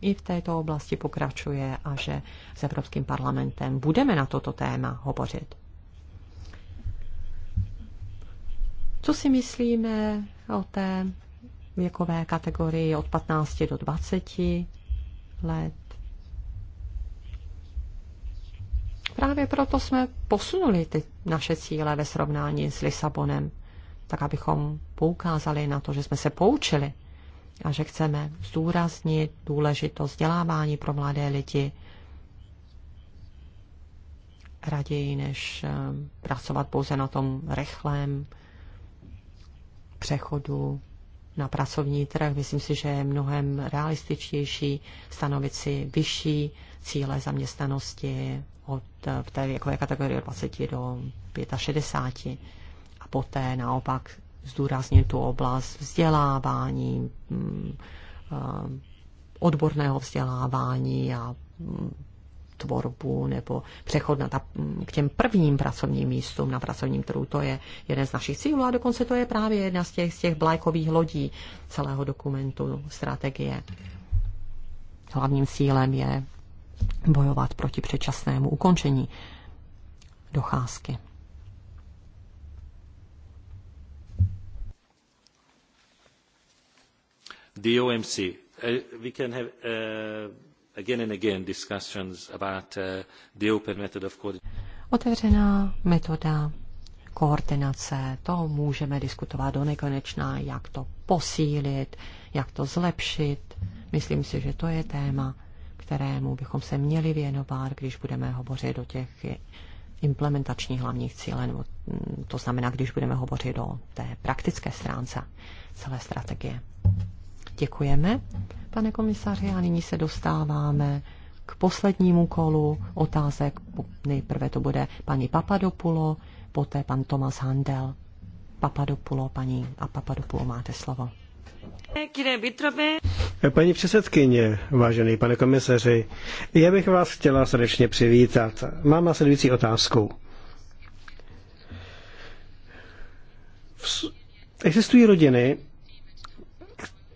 i v této oblasti pokračuje a že s Evropským parlamentem budeme na toto téma hovořit. Co si myslíme o té věkové kategorii od 15 do 20 let? Právě proto jsme posunuli ty naše cíle ve srovnání s Lisabonem, tak abychom poukázali na to, že jsme se poučili a že chceme zdůraznit důležitost vzdělávání pro mladé lidi raději, než eh, pracovat pouze na tom rychlém přechodu na pracovní trh. Myslím si, že je mnohem realističtější stanovit si vyšší cíle zaměstnanosti od, v té věkové kategorii 20 do 65 a poté naopak zdůraznit tu oblast vzdělávání, mm, eh, odborného vzdělávání a mm, tvorbu nebo přechod na ta, k těm prvním pracovním místům na pracovním trhu. To je jeden z našich cílů a dokonce to je právě jedna z těch, z těch blajkových lodí celého dokumentu strategie. Hlavním cílem je bojovat proti předčasnému ukončení docházky. DOMC. Uh, we can have, uh again and again discussions about uh, the open method of Otevřená metoda koordinace, to můžeme diskutovat do nekonečna, jak to posílit, jak to zlepšit. Myslím si, že to je téma, kterému bychom se měli věnovat, když budeme hovořit o těch implementačních hlavních cíle, nebo mm, to znamená, když budeme hovořit o té praktické stránce celé strategie. Děkujeme, pane komisaři, a nyní se dostáváme k poslednímu kolu otázek. Nejprve to bude paní Papadopulo, poté pan Tomas Handel. Papadopulo, paní a Papadopulo, máte slovo. Paní předsedkyně, vážený pane komisaři, já bych vás chtěla srdečně přivítat. Mám následující otázku. Existují rodiny,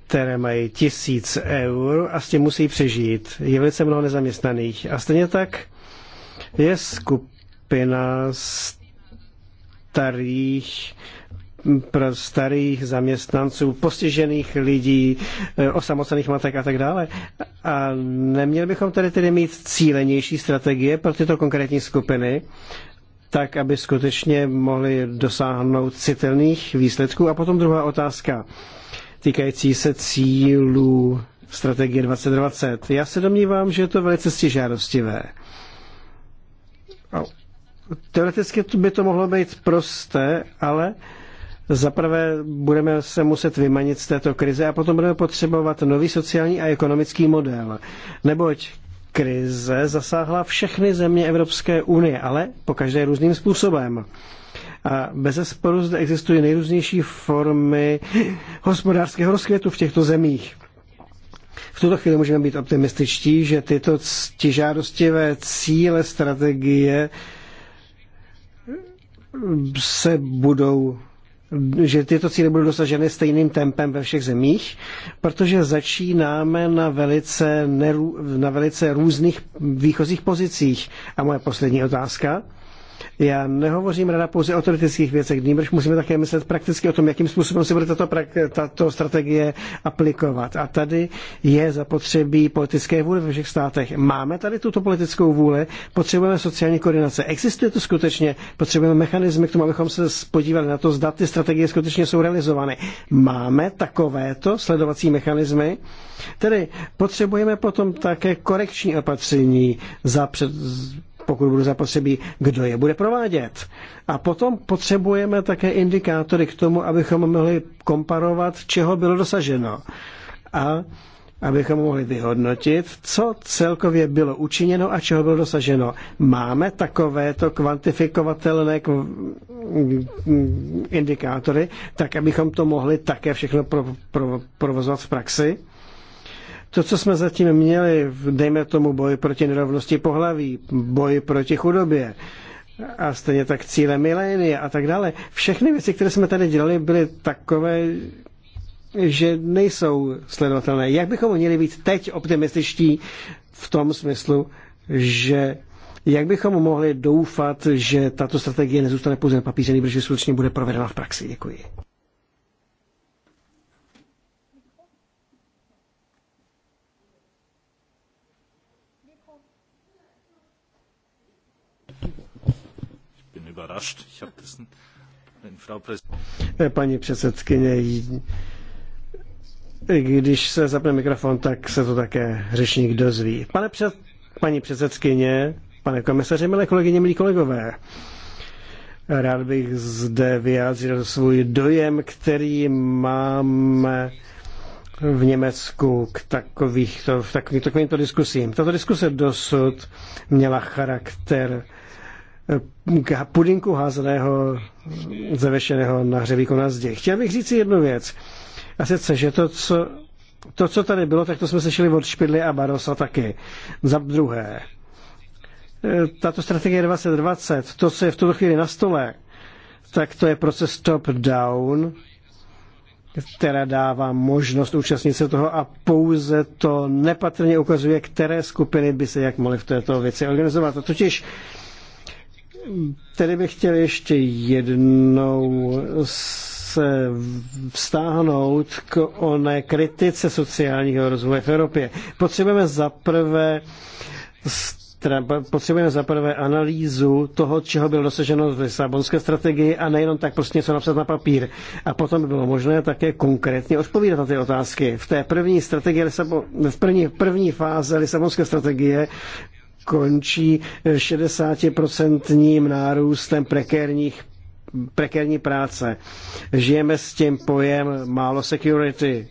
které mají tisíc eur a s tím musí přežít. Je velice mnoho nezaměstnaných. A stejně tak je skupina starých pro starých zaměstnanců, postižených lidí, e, osamocených matek a tak dále. A neměli bychom tedy tedy mít cílenější strategie pro tyto konkrétní skupiny, tak, aby skutečně mohli dosáhnout citelných výsledků. A potom druhá otázka týkající se cílů strategie 2020. Já se domnívám, že je to velice stěžádostivé. Teoreticky by to mohlo být prosté, ale zaprvé budeme se muset vymanit z této krize a potom budeme potřebovat nový sociální a ekonomický model. Neboť krize zasáhla všechny země Evropské unie, ale po každé různým způsobem. A bez zesporu zde existují nejrůznější formy hospodářského rozkvětu v těchto zemích. V tuto chvíli můžeme být optimističtí, že tyto ctižádostivé cíle strategie se budou že tyto cíle budou dosaženy stejným tempem ve všech zemích, protože začínáme na velice, neru, na velice různých výchozích pozicích. A moje poslední otázka já nehovořím rada pouze o teoretických věcech, nýbrž musíme také myslet prakticky o tom, jakým způsobem se bude tato, tato strategie aplikovat. A tady je zapotřebí politické vůle ve všech státech. Máme tady tuto politickou vůli, potřebujeme sociální koordinace. Existuje to skutečně, potřebujeme mechanizmy k tomu, abychom se podívali na to, zda ty strategie skutečně jsou realizovány. Máme takovéto sledovací mechanizmy. tedy potřebujeme potom také korekční opatření za před, pokud budou zapotřebí, kdo je bude provádět. A potom potřebujeme také indikátory k tomu, abychom mohli komparovat, čeho bylo dosaženo. A abychom mohli vyhodnotit, co celkově bylo učiněno a čeho bylo dosaženo. Máme takovéto kvantifikovatelné indikátory, tak abychom to mohli také všechno pro, pro, provozovat v praxi? To, co jsme zatím měli, dejme tomu boji proti nerovnosti pohlaví, boji proti chudobě, a stejně tak cíle milénie a tak dále. Všechny věci, které jsme tady dělali, byly takové, že nejsou sledovatelné. Jak bychom měli být teď optimističtí v tom smyslu, že jak bychom mohli doufat, že tato strategie nezůstane pouze na papíře, protože skutečně bude provedena v praxi? Děkuji. überrascht. Ich habe das. Frau Paní předsedkyně, když se zapne mikrofon, tak se to také řečník dozví. Pane před, paní předsedkyně, pane komisaři, milé kolegyně, milí kolegové, rád bych zde vyjádřil svůj dojem, který mám v Německu k takovýchto, takovým takovýmto diskusím. Tato diskuse dosud měla charakter Eh, pudinku házeného, zavešeného na hřebíku na zdi. Chtěl bych říct si jednu věc. A sice, že to, co, to, co tady bylo, tak to jsme slyšeli od Špidly a Barosa taky. Za druhé, eh, tato strategie 2020, to, co je v tuto chvíli na stole, tak to je proces top-down, která dává možnost účastnit se toho a pouze to nepatrně ukazuje, které skupiny by se jak mohly v této věci organizovat. A totiž Tedy bych chtěl ještě jednou se vztáhnout k oné kritice sociálního rozvoje v Evropě. Potřebujeme zaprvé potřebujeme zaprvé analýzu toho, čeho bylo dosaženo v Lisabonské strategii a nejenom tak prostě něco napsat na papír. A potom by bylo možné také konkrétně odpovídat na ty otázky. V té první strategie, v první, první fáze Lisabonské strategie končí 60% nárůstem prekérních prekérní práce. Žijeme s tím pojem málo security.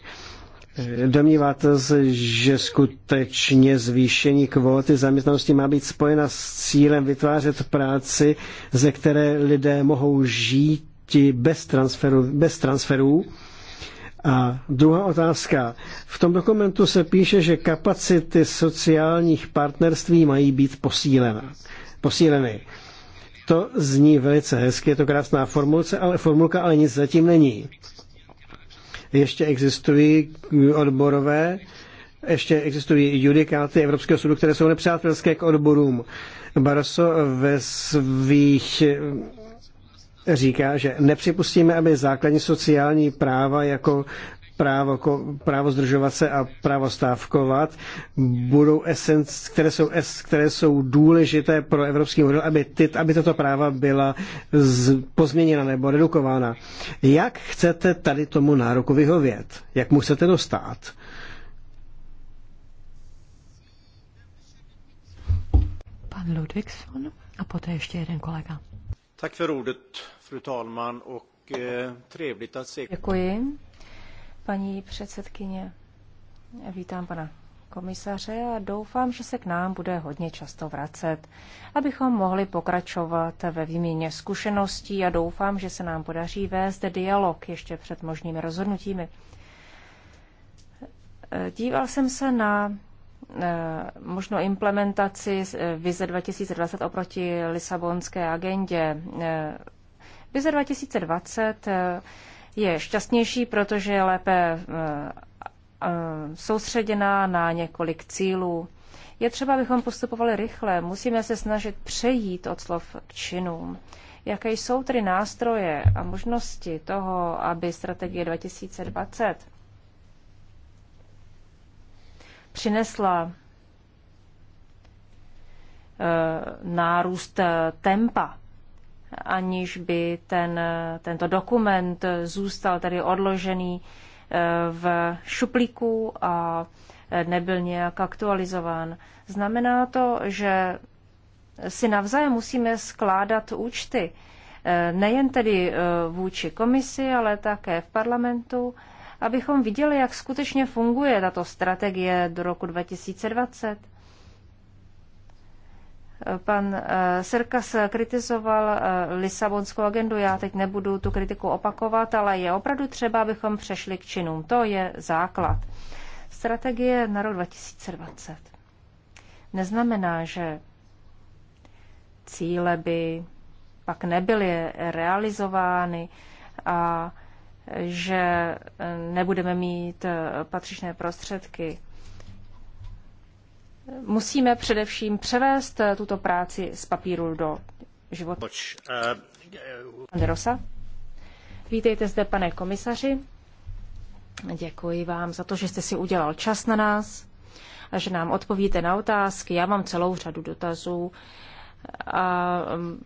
Domníváte se, že skutečně zvýšení kvóty zaměstnanosti má být spojena s cílem vytvářet práci, ze které lidé mohou žít bez, transferu, bez transferů? A druhá otázka. V tom dokumentu se píše, že kapacity sociálních partnerství mají být posílena, posíleny. To zní velice hezky, je to krásná formulce, ale formulka ale nic zatím není. Ještě existují odborové, ještě existují judikáty Evropského soudu, které jsou nepřátelské k odborům. Barso ve svých říká, že nepřipustíme, aby základní sociální práva jako právo, právo zdržovat se a právo stávkovat, budou esenc, které, jsou, které jsou důležité pro evropský model, aby, ty, aby tato práva byla z, pozměněna nebo redukována. Jak chcete tady tomu nároku vyhovět? Jak mu chcete dostat? Pan Ludvíkson a poté ještě jeden kolega. Tak för ordet, fru talman, och eh, trevligt att se... Děkuji, paní předsedkyně. Vítám pana komisaře a doufám, že se k nám bude hodně často vracet, abychom mohli pokračovat ve výměně zkušeností a doufám, že se nám podaří vést dialog ještě před možnými rozhodnutími. Díval jsem se na Eh, možno implementaci eh, vize 2020 oproti Lisabonské agendě. Eh, vize 2020 je šťastnější, protože je lépe soustředěná na několik cílů. Je třeba, abychom postupovali rychle, musíme se snažit přejít od slov k činům. Jaké jsou tedy nástroje a možnosti toho, aby strategie 2020 přinesla eh, nárůst eh, tempa, aniž by ten, eh, tento dokument zůstal tedy odložený v šuplíku a nebyl nějak aktualizován. Znamená to, že si navzájem musíme skládat účty, nejen tedy vůči komisi, ale také v parlamentu abychom viděli, jak skutečně funguje tato strategie do roku 2020. Pan eh, Serkas kritizoval eh, Lisabonskou agendu, já teď nebudu tu kritiku opakovat, ale je opravdu třeba, abychom přešli k činům. To je základ. Strategie na rok 2020 neznamená, že cíle by pak nebyly realizovány a že nebudeme mít eh, patřičné prostředky. Musíme především převést eh, tuto práci z papíru do života. uh, Rosa. Vítejte zde, pane komisaři. Děkuji vám za to, že jste si udělal čas na nás a že nám odpovíte na otázky. Já mám celou řadu dotazů. A mm,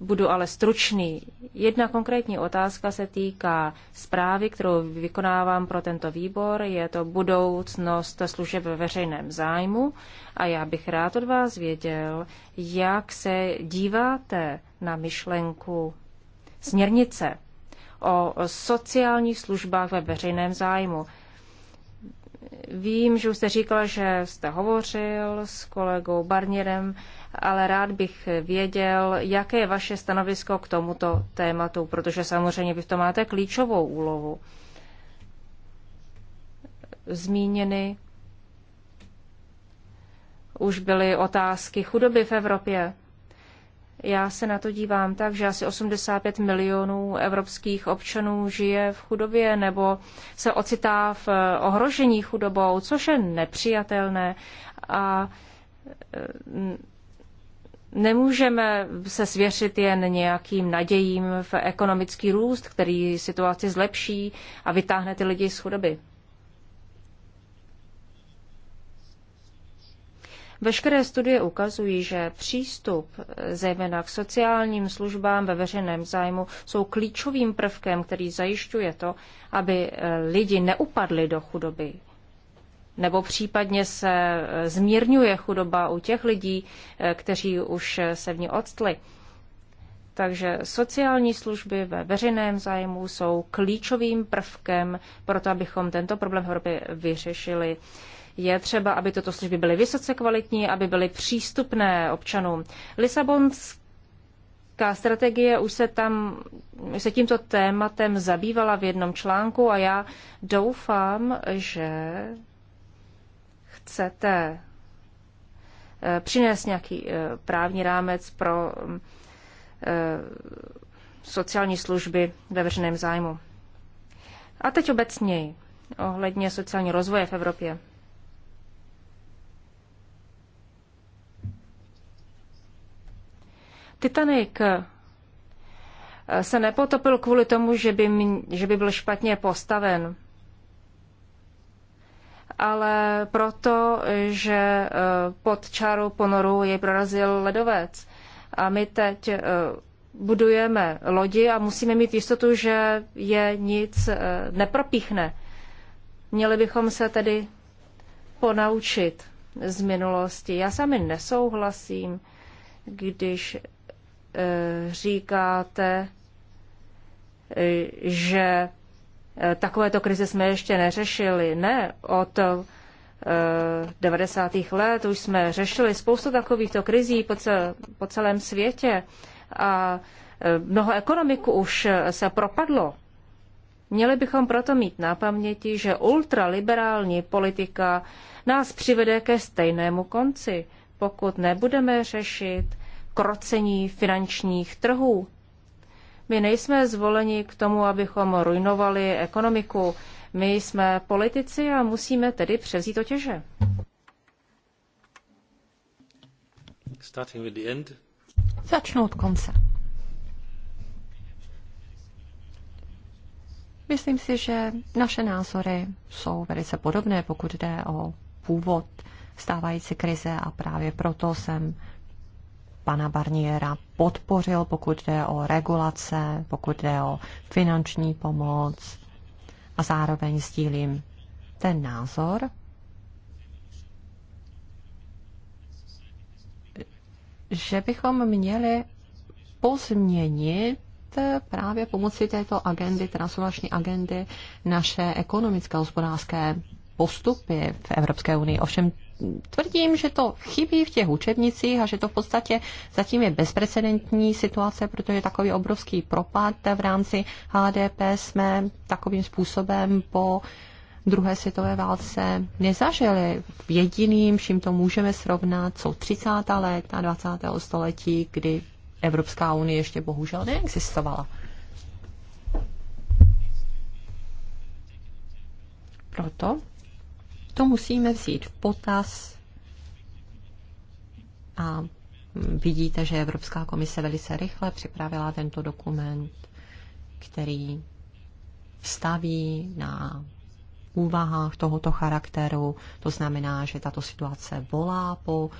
Budu ale stručný. Jedna konkrétní otázka se týká zprávy, kterou vykonávám pro tento výbor. Je to budoucnost služeb ve veřejném zájmu. A já bych rád od vás věděl, jak se díváte na myšlenku směrnice o sociálních službách ve veřejném zájmu. Vím, že už jste říkala, že jste hovořil s kolegou Barnierem ale rád bych věděl, jaké je vaše stanovisko k tomuto tématu, protože samozřejmě vy v tom máte klíčovou úlohu. Zmíněny už byly otázky chudoby v Evropě. Já se na to dívám tak, že asi 85 milionů evropských občanů žije v chudobě nebo se ocitá v eh, ohrožení chudobou, což je nepřijatelné. A eh, Nemůžeme se svěřit jen nějakým nadějím v ekonomický růst, který situaci zlepší a vytáhne ty lidi z chudoby. Veškeré studie ukazují, že přístup zejména k sociálním službám ve veřejném zájmu jsou klíčovým prvkem, který zajišťuje to, aby eh, lidi neupadli do chudoby, nebo případně se eh, zmírňuje chudoba u těch lidí, eh, kteří už eh, se v ní odstli. Takže sociální služby ve veřejném zájmu jsou klíčovým prvkem pro to, abychom tento problém v Evropě vyřešili. Je třeba, aby tyto služby byly vysoce kvalitní, aby byly přístupné občanům. Lisabonská strategie už se, tam, už se tímto tématem zabývala v jednom článku a já doufám, že chcete eh, přinést nějaký eh, právní rámec pro mm, eh, sociální služby ve veřejném zájmu. A teď obecněji ohledně sociální rozvoje v Evropě. Titanic se nepotopil kvůli tomu, že by, že by byl špatně postaven ale proto, že e, pod čárou ponoru jej prorazil ledovec. A my teď e, budujeme lodi a musíme mít jistotu, že je nic e, nepropíchne. Měli bychom se tedy ponaučit z minulosti. Já sami nesouhlasím, když říkáte, že Eh, takovéto krize jsme ještě neřešili. Ne, od 90. Eh, let už jsme řešili spoustu takovýchto krizí po, po celém světě a eh, mnoho ekonomiku už se propadlo. Měli bychom proto mít na paměti, že ultraliberální politika nás přivede ke stejnému konci, pokud nebudeme řešit krocení finančních trhů my nejsme zvoleni k tomu, abychom ruinovali ekonomiku. My jsme politici a musíme tedy převzít otěže. Starting with the end. Začnu od konce. Myslím si, že naše názory jsou velice podobné, pokud jde o původ stávající krize a právě proto jsem pana Barniera podpořil, pokud jde o regulace, pokud jde o finanční pomoc a zároveň sdílím ten názor, že bychom měli pozměnit právě pomocí této agendy, transformační agendy, naše ekonomické a hospodářské postupy v Evropské unii. Ovšem tvrdím, že to chybí v těch učebnicích a že to v podstatě zatím je bezprecedentní situace, protože takový obrovský propad v rámci HDP jsme takovým způsobem po druhé světové válce nezažili. Jediným, čím to můžeme srovnat, jsou 30. let a 20. století, kdy Evropská unie ještě bohužel neexistovala. Proto to musíme vzít v potaz a vidíte, že Evropská komise velice rychle připravila tento dokument, který staví na úvahách tohoto charakteru. To znamená, že tato situace volá po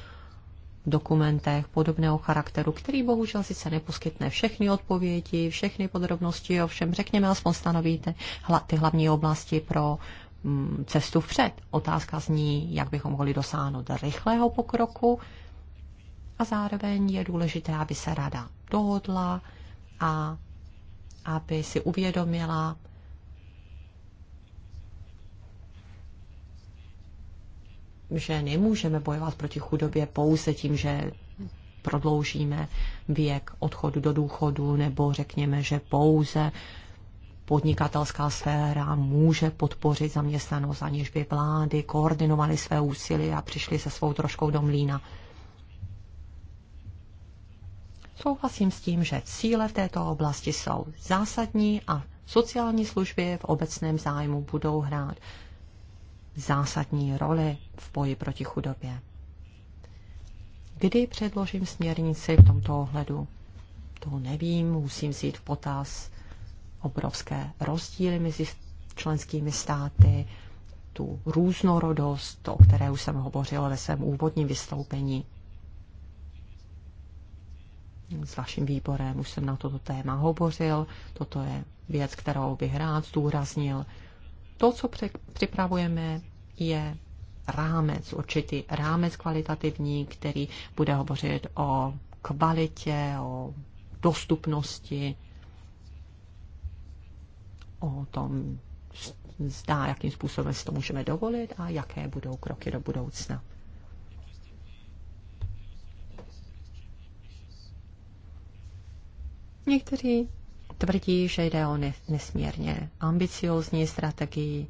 dokumentech podobného charakteru, který bohužel sice neposkytne všechny odpovědi, všechny podrobnosti, ovšem řekněme aspoň stanovíte ty hlavní oblasti pro Mm, cestu vpřed. Otázka zní, jak bychom mohli dosáhnout rychlého pokroku a zároveň je důležité, aby se rada dohodla a aby si uvědomila, že nemůžeme bojovat proti chudobě pouze tím, že prodloužíme věk odchodu do důchodu nebo řekněme, že pouze podnikatelská sféra může podpořit zaměstnanost, aniž by vlády koordinovaly své úsilí a přišly se svou troškou do mlína. Souhlasím s tím, že cíle v této oblasti jsou zásadní a sociální služby v obecném zájmu budou hrát zásadní roli v boji proti chudobě. Kdy předložím směrnici v tomto ohledu? To nevím, musím jít v potaz obrovské rozdíly mezi členskými státy, tu různorodost, o které už jsem hovořila ve svém úvodním vystoupení. S vaším výborem už jsem na toto téma hovořil. Toto je věc, kterou bych rád zdůraznil. To, co připravujeme, je rámec, určitý rámec kvalitativní, který bude hovořit o kvalitě, o dostupnosti o tom, zdá, jakým způsobem si to můžeme dovolit a jaké budou kroky do budoucna. Někteří tvrdí, že jde o nesmírně ambiciozní strategii,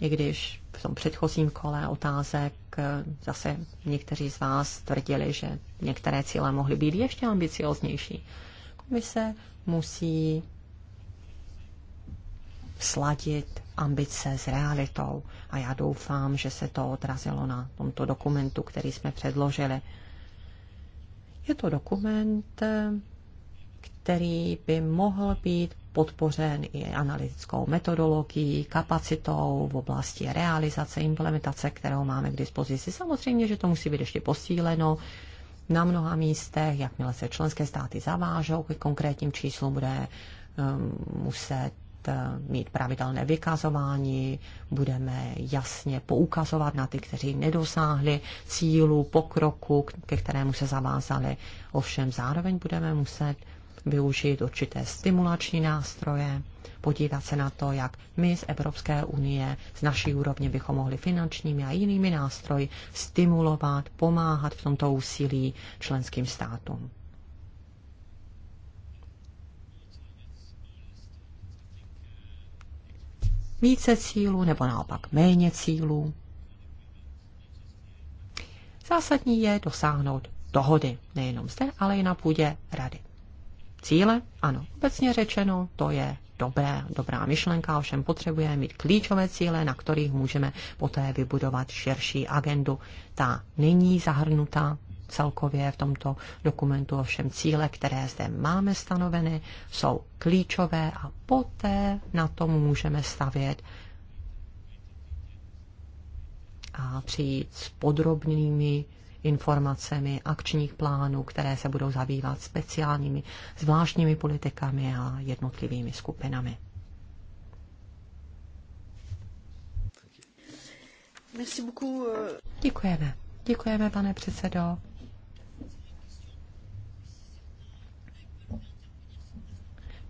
i když v tom předchozím kole otázek eh, zase někteří z vás tvrdili, že některé cíle mohly být ještě ambicioznější. Komise musí sladit ambice s realitou. A já doufám, že se to odrazilo na tomto dokumentu, který jsme předložili. Je to dokument, který by mohl být podpořen i analytickou metodologií, kapacitou v oblasti realizace, implementace, kterou máme k dispozici. Samozřejmě, že to musí být ještě posíleno na mnoha místech, jakmile se členské státy zavážou ke konkrétním číslům, bude um, muset Eh, mít pravidelné vykazování, budeme jasně poukazovat na ty, kteří nedosáhli cílu, pokroku, ke kterému se zavázali. Ovšem zároveň budeme muset využít určité stimulační nástroje, podívat se na to, jak my z Evropské unie, z naší úrovně bychom mohli finančními a jinými nástroji stimulovat, pomáhat v tomto úsilí členským státům. více cílů nebo naopak méně cílů. Zásadní je dosáhnout dohody, nejenom zde, ale i na půdě rady. Cíle? Ano, obecně řečeno, to je dobré, dobrá myšlenka, ovšem potřebujeme mít klíčové cíle, na kterých můžeme poté vybudovat širší agendu. Ta není zahrnutá celkově v tomto dokumentu. Ovšem cíle, které zde máme stanoveny, jsou klíčové a poté na tom můžeme stavět a přijít s podrobnými informacemi akčních plánů, které se budou zabývat speciálními zvláštními politikami a jednotlivými skupinami. Euh. Děkujeme. Děkujeme, pane předsedo.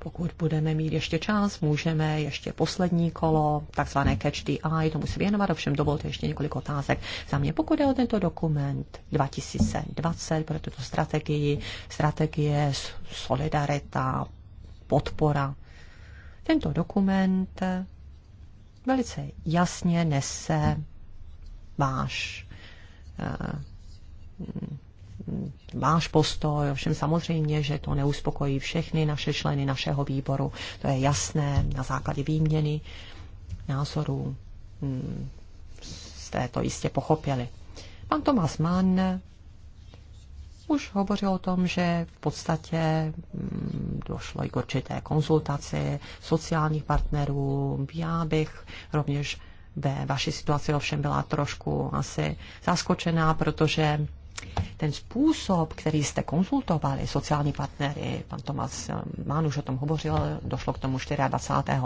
Pokud budeme mít ještě čas, můžeme ještě poslední kolo, takzvané catch the eye, tomu se věnovat, ovšem dovolte ještě několik otázek za mě. Pokud je o tento dokument 2020 pro tuto strategii, strategie solidarita, podpora, tento dokument velice jasně nese váš eh, váš postoj, ovšem samozřejmě, že to neuspokojí všechny naše členy našeho výboru, to je jasné na základě výměny názorů. Hmm, jste to jistě pochopili. Pan Tomas Mann už hovořil o tom, že v podstatě hmm, došlo i k určité konzultaci sociálních partnerů. Já bych rovněž ve vaší situaci ovšem byla trošku asi zaskočená, protože ten způsob, který jste konzultovali, sociální partnery, pan Tomas Mán už o tom hovořil, došlo k tomu 24.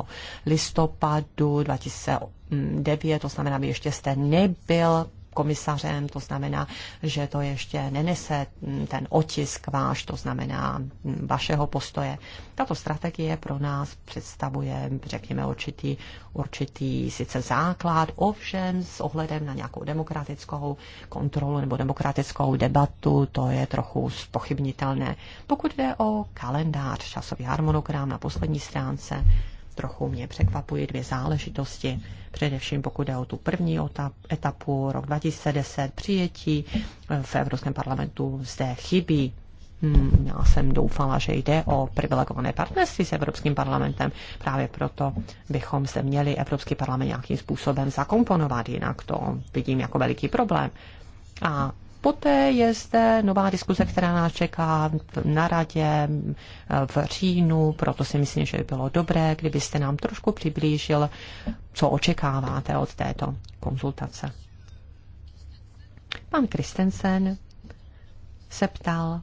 listopadu 2009, to znamená, že ještě jste nebyl komisařem, to znamená, že to ještě nenese ten otisk váš, to znamená vašeho postoje. Tato strategie pro nás představuje, řekněme, určitý, určitý sice základ, ovšem s ohledem na nějakou demokratickou kontrolu nebo demokratickou debatu, to je trochu spochybnitelné. Pokud jde o kalendář, časový harmonogram na poslední stránce, trochu mě překvapují dvě záležitosti. Především pokud jde o tu první etapu, rok 2010, přijetí eh, v Evropském parlamentu zde chybí. Hmm, já jsem doufala, že jde o privilegované partnerství s Evropským parlamentem. Právě proto bychom se měli Evropský parlament nějakým způsobem zakomponovat, jinak to vidím jako veliký problém. A Poté je zde nová diskuze, která nás čeká na radě v říjnu, proto si myslím, že by bylo dobré, kdybyste nám trošku přiblížil, co očekáváte od této konzultace. Pan Kristensen se ptal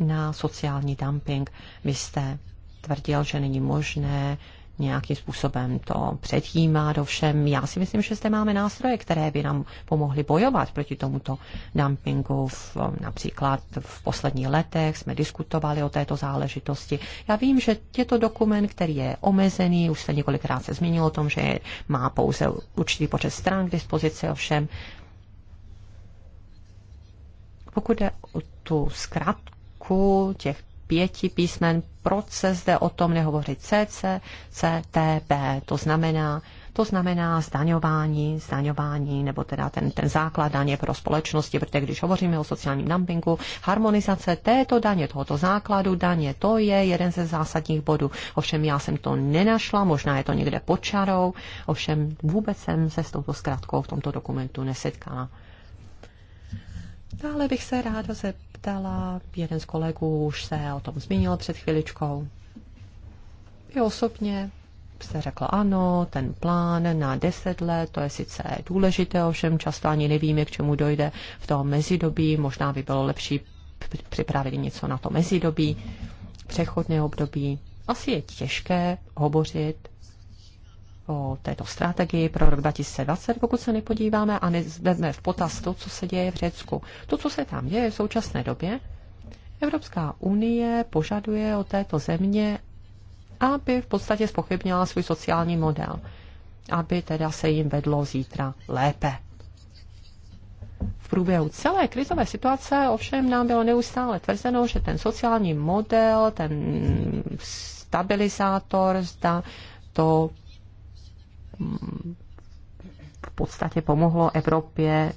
na sociální dumping. Vy jste tvrdil, že není možné nějakým způsobem to předjímá do všem. Já si myslím, že zde máme nástroje, které by nám pomohly bojovat proti tomuto dumpingu. V, například v posledních letech jsme diskutovali o této záležitosti. Já vím, že je to dokument, který je omezený, už se několikrát se zmínilo o tom, že má pouze určitý počet stran k dispozici, ovšem pokud je o tu zkratku těch pěti písmen, proč se zde o tom nehovoří CC, CTP, to znamená, to znamená zdaňování, zdaňování, nebo teda ten, ten základ daně pro společnosti, protože když hovoříme o sociálním dumpingu, harmonizace této daně, tohoto základu daně, to je jeden ze zásadních bodů. Ovšem já jsem to nenašla, možná je to někde pod čarou, ovšem vůbec jsem se s touto zkratkou v tomto dokumentu nesetkala. Dále bych se ráda zeptala, zeptala, jeden z kolegů už se o tom zmínil před chviličkou. I osobně se řekl ano, ten plán na deset let, to je sice důležité, ovšem často ani nevíme, k čemu dojde v tom mezidobí, možná by bylo lepší připravit něco na to mezidobí, přechodné období. Asi je těžké hovořit o této strategii pro rok 2020, pokud se nepodíváme a nezvedneme v potaz to, co se děje v Řecku. To, co se tam děje v současné době, Evropská unie požaduje od této země, aby v podstatě spochybnila svůj sociální model, aby teda se jim vedlo zítra lépe. V průběhu celé krizové situace ovšem nám bylo neustále tvrzeno, že ten sociální model, ten stabilizátor, zda to v podstatě pomohlo Evropě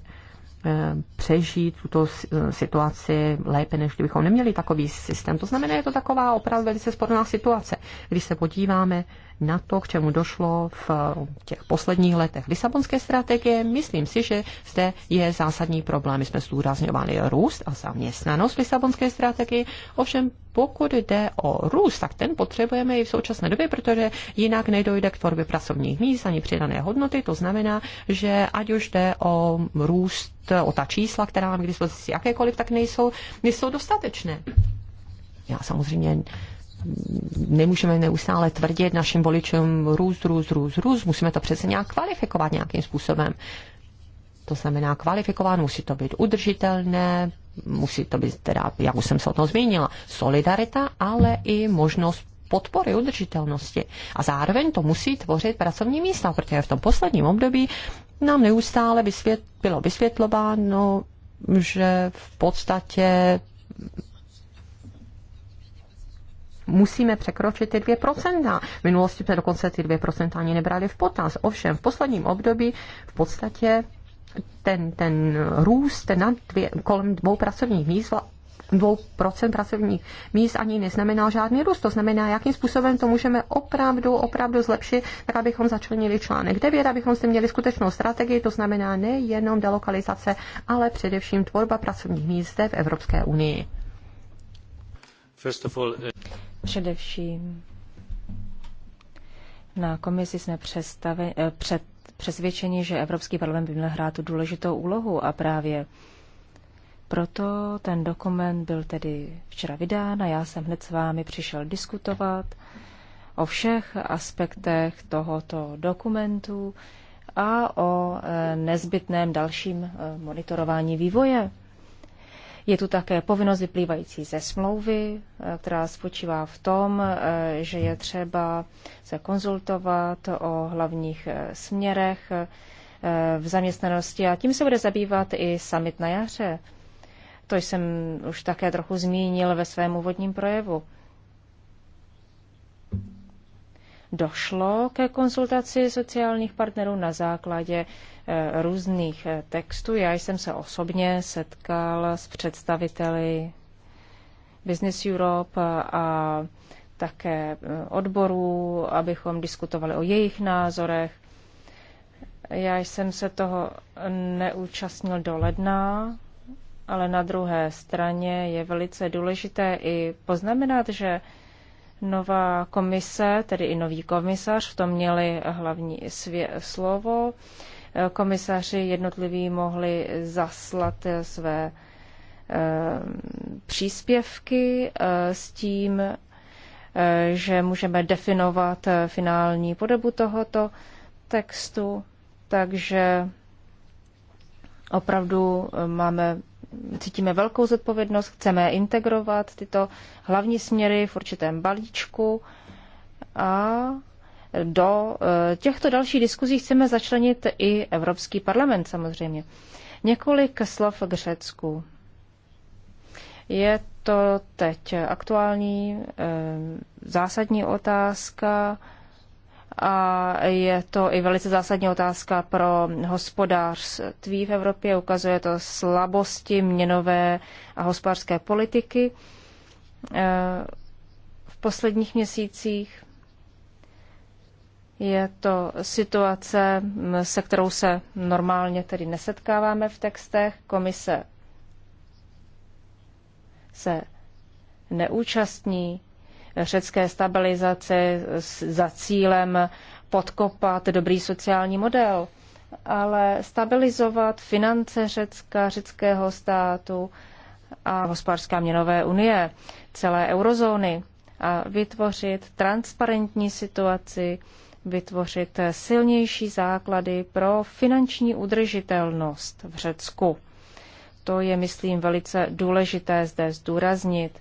eh, přežít tuto eh, situaci lépe, než kdybychom neměli takový systém. To znamená, je to taková opravdu velice sporná situace. Když se podíváme na to, k čemu došlo v eh, těch posledních letech Lisabonské strategie, myslím si, že zde je zásadní problém. My jsme zdůrazňovali růst a zaměstnanost Lisabonské strategie. ovšem pokud jde o růst, tak ten potřebujeme i v současné době, protože jinak nedojde k tvorbě pracovních míst ani přidané hodnoty. To znamená, že ať už jde o růst, o ta čísla, která mám k dispozici jakékoliv, tak nejsou, nejsou dostatečné. Já samozřejmě nemůžeme neustále tvrdit našim voličům růz růz růz růz. Musíme to přece nějak kvalifikovat nějakým způsobem. To znamená kvalifikovat, musí to být udržitelné, musí to být teda, jak už jsem se o tom zmínila, solidarita, ale i možnost podpory udržitelnosti. A zároveň to musí tvořit pracovní místa, protože v tom posledním období nám neustále vysvět, bylo vysvětlováno, že v podstatě musíme překročit ty 2%. V minulosti jsme dokonce ty 2% ani nebrali v potaz. Ovšem, v posledním období v podstatě ten, ten růst nad dvě, kolem dvou pracovních míst 2% pracovních míst ani neznamená žádný růst. To znamená, jakým způsobem to můžeme opravdu, opravdu zlepšit, tak abychom začlenili článek 9, abychom si měli skutečnou strategii, to znamená nejenom delokalizace, ale především tvorba pracovních míst zde v Evropské unii. All, uh... Především na komisi jsme eh, před, přesvědčeni, že Evropský parlament by měl hrát tu důležitou úlohu a právě proto ten dokument byl tedy včera vydán a já jsem hned s vámi přišel diskutovat o všech aspektech tohoto dokumentu a o eh, nezbytném dalším eh, monitorování vývoje. Je tu také povinnost vyplývající ze smlouvy, eh, která spočívá v tom, eh, že je třeba se konzultovat o hlavních eh, směrech v zaměstnanosti a tím se bude zabývat i summit na jaře. To jsem už také trochu zmínil ve svém úvodním projevu. Došlo ke konzultaci sociálních partnerů na základě Eh, různých eh, textů. Já jsem se osobně setkal s představiteli Business Europe a také eh, odborů, abychom diskutovali o jejich názorech. Já jsem se toho neúčastnil do ledna, ale na druhé straně je velice důležité i poznamenat, že nová komise, tedy i nový komisař, v tom měli hlavní svě- slovo komisaři jednotliví mohli zaslat eh, své eh, příspěvky eh, s tím, že můžeme definovat finální podobu tohoto textu, takže opravdu máme, cítíme velkou zodpovědnost, chceme integrovat tyto hlavní směry v určitém balíčku a do eh, těchto dalších diskuzí chceme začlenit i Evropský parlament samozřejmě. Několik slov k Řecku. Je to teď aktuální eh, zásadní otázka a je to i velice zásadní otázka pro hospodářství v Evropě. Ukazuje to slabosti měnové a hospodářské politiky eh, v posledních měsících. Je to situace, se kterou se normálně tedy nesetkáváme v textech. Komise se neúčastní řecké stabilizaci za cílem podkopat dobrý sociální model, ale stabilizovat finance Řecka, řeckého státu a hospodářská měnové unie, celé eurozóny a vytvořit transparentní situaci, vytvořit silnější základy pro finanční udržitelnost v Řecku. To je, myslím, velice důležité zde zdůraznit.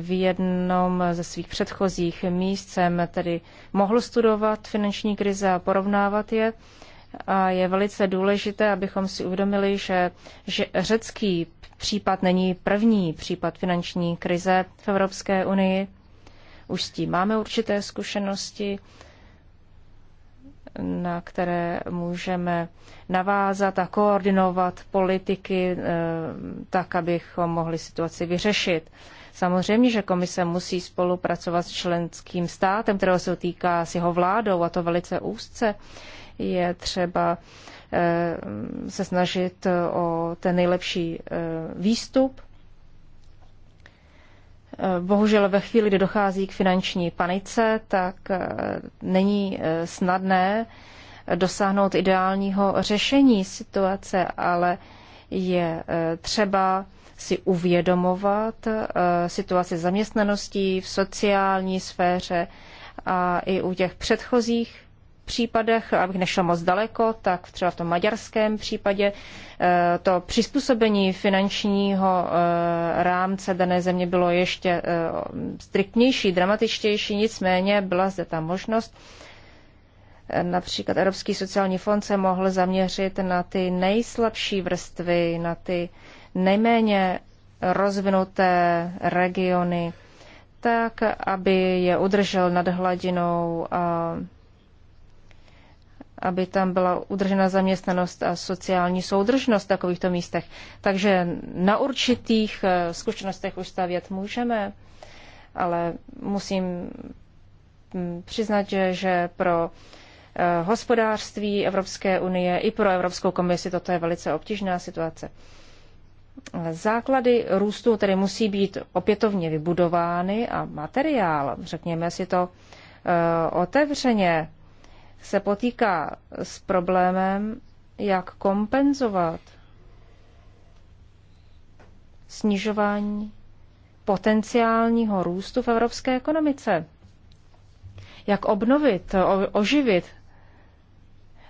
V jednom ze svých předchozích míst jsem tedy mohl studovat finanční krize a porovnávat je. A je velice důležité, abychom si uvědomili, že, že řecký případ není první případ finanční krize v Evropské unii. Už s tím máme určité zkušenosti na které můžeme navázat a koordinovat politiky eh, tak, abychom mohli situaci vyřešit. Samozřejmě, že komise musí spolupracovat s členským státem, kterého se týká s jeho vládou a to velice úzce. Je třeba eh, se snažit o ten nejlepší eh, výstup Eh, bohužel ve chvíli, kdy dochází k finanční panice, tak eh, není eh, snadné dosáhnout ideálního řešení situace, ale je třeba si uvědomovat situaci zaměstnanosti v sociální sféře a i u těch předchozích případech, abych nešel moc daleko, tak třeba v tom maďarském případě eh, to přizpůsobení finančního eh, rámce dané země bylo ještě eh, striktnější, dramatičtější, nicméně byla zde ta možnost. Například Evropský sociální fond se mohl zaměřit na ty nejslabší vrstvy, na ty nejméně rozvinuté regiony, tak, aby je udržel nad hladinou a aby tam byla udržena zaměstnanost a sociální soudržnost v takovýchto místech. Takže na určitých eh, zkušenostech už stavět můžeme, ale musím mm, přiznat, že, že pro eh, hospodářství Evropské unie i pro Evropskou komisi toto je velice obtížná situace. Základy růstu tedy musí být opětovně vybudovány a materiál, řekněme si to eh, otevřeně, se potýká s problémem, jak kompenzovat snižování potenciálního růstu v evropské ekonomice. Jak obnovit, oživit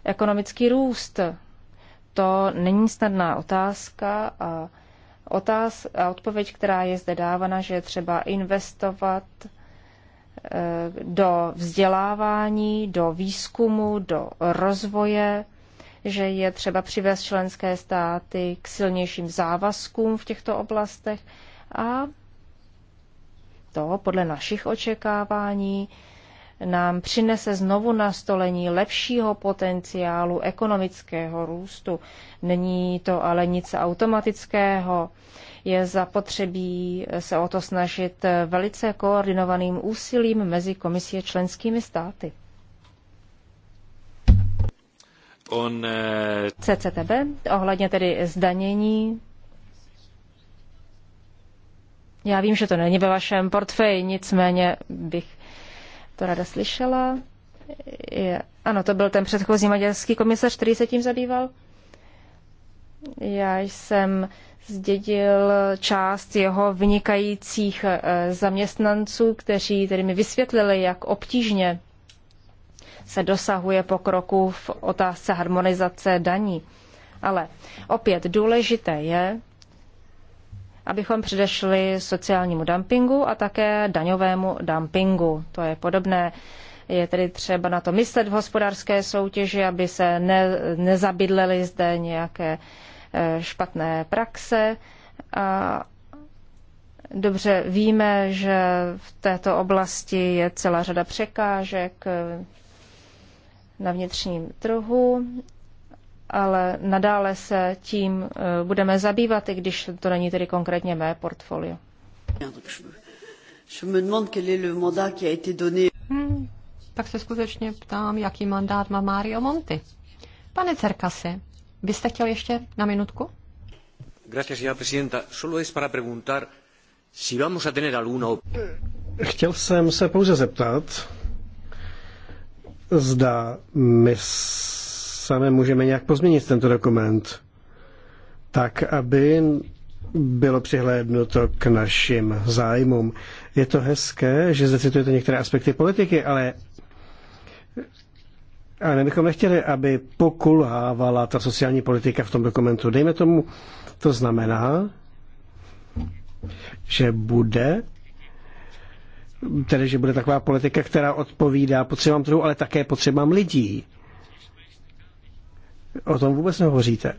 ekonomický růst. To není snadná otázka a, otáz, a odpověď, která je zde dávána, že je třeba investovat Eh, do vzdělávání, do výzkumu, do rozvoje, že je třeba přivést členské státy k silnějším závazkům v těchto oblastech a to podle našich očekávání nám přinese znovu nastolení lepšího potenciálu ekonomického růstu. Není to ale nic automatického je zapotřebí se o to snažit velice koordinovaným úsilím mezi komisí a členskými státy. On, uh... Eh, CCTB, ohledně tedy zdanění. Já vím, že to není ve vašem portfeji, nicméně bych to rada slyšela. Je, ano, to byl ten předchozí maďarský komisař, který se tím zabýval. Já jsem zdědil část jeho vynikajících eh, zaměstnanců, kteří tedy mi vysvětlili, jak obtížně se dosahuje pokroku v otázce harmonizace daní. Ale opět důležité je, abychom předešli sociálnímu dumpingu a také daňovému dumpingu. To je podobné. Je tedy třeba na to myslet v hospodářské soutěži, aby se ne, nezabydleli zde nějaké uh, Eh, špatné praxe. A dobře víme, že v této oblasti je celá řada překážek eh, na vnitřním trhu, ale nadále se tím eh, budeme zabývat, i když to není tedy konkrétně mé portfolio. Hmm, tak se skutečně ptám, jaký mandát má Mario Monti. Pane Cerkasi, vy jste chtěl ještě na minutku? Gracias, señora presidenta. Solo es para preguntar si vamos a tener alguno. Chtěl jsem se pouze zeptat, zda my sami můžeme nějak pozměnit tento dokument, tak aby bylo přihlédnuto k našim zájmům. Je to hezké, že zde citujete některé aspekty politiky, ale a my bychom nechtěli, aby pokulhávala ta sociální politika v tom dokumentu. Dejme tomu, to znamená, že bude tedy, že bude taková politika, která odpovídá potřebám trhu, ale také potřebám lidí. O tom vůbec nehovoříte.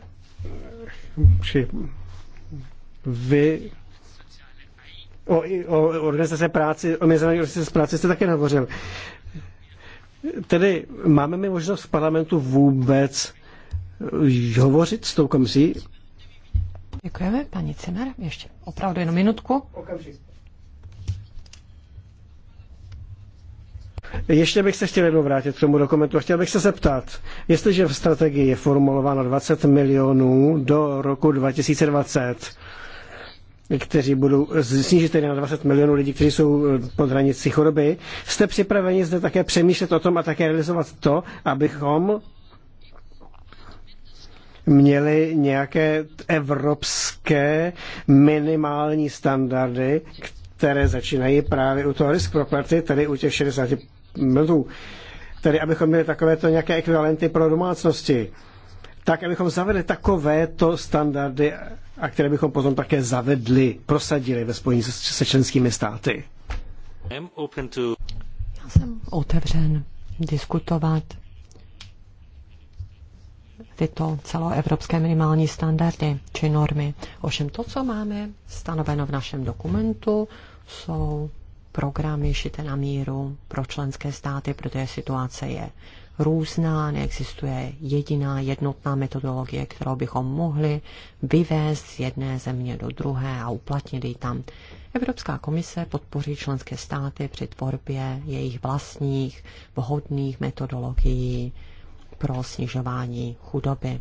Či vy o, o organizace práce, o organizace práce jste také hovořil. Tedy máme mi možnost v parlamentu vůbec eh, hovořit s tou komisí? Děkujeme, paní Cimer. Ještě opravdu jenom minutku. Okamžik. Ještě bych se chtěl jednou vrátit k tomu dokumentu a chtěl bych se zeptat, jestliže v strategii je formulováno 20 milionů do roku 2020, kteří budou snížit tedy na 20 milionů lidí, kteří jsou eh, pod hranicí choroby. Jste připraveni zde také přemýšlet o tom a také realizovat to, abychom měli nějaké evropské minimální standardy, které začínají právě u toho risk property, tedy u těch 60 milionů. Tedy abychom měli takovéto nějaké ekvivalenty pro domácnosti tak abychom zavedli takovéto standardy, a které bychom potom také zavedli, prosadili ve spojení se, se členskými státy. Já jsem otevřen diskutovat tyto celoevropské minimální standardy či normy. Ovšem to, co máme stanoveno v našem dokumentu, jsou programy šité na míru pro členské státy, protože situace je různá, neexistuje jediná jednotná metodologie, kterou bychom mohli vyvést z jedné země do druhé a uplatnit ji tam. Evropská komise podpoří členské státy při tvorbě jejich vlastních vhodných metodologií pro snižování chudoby,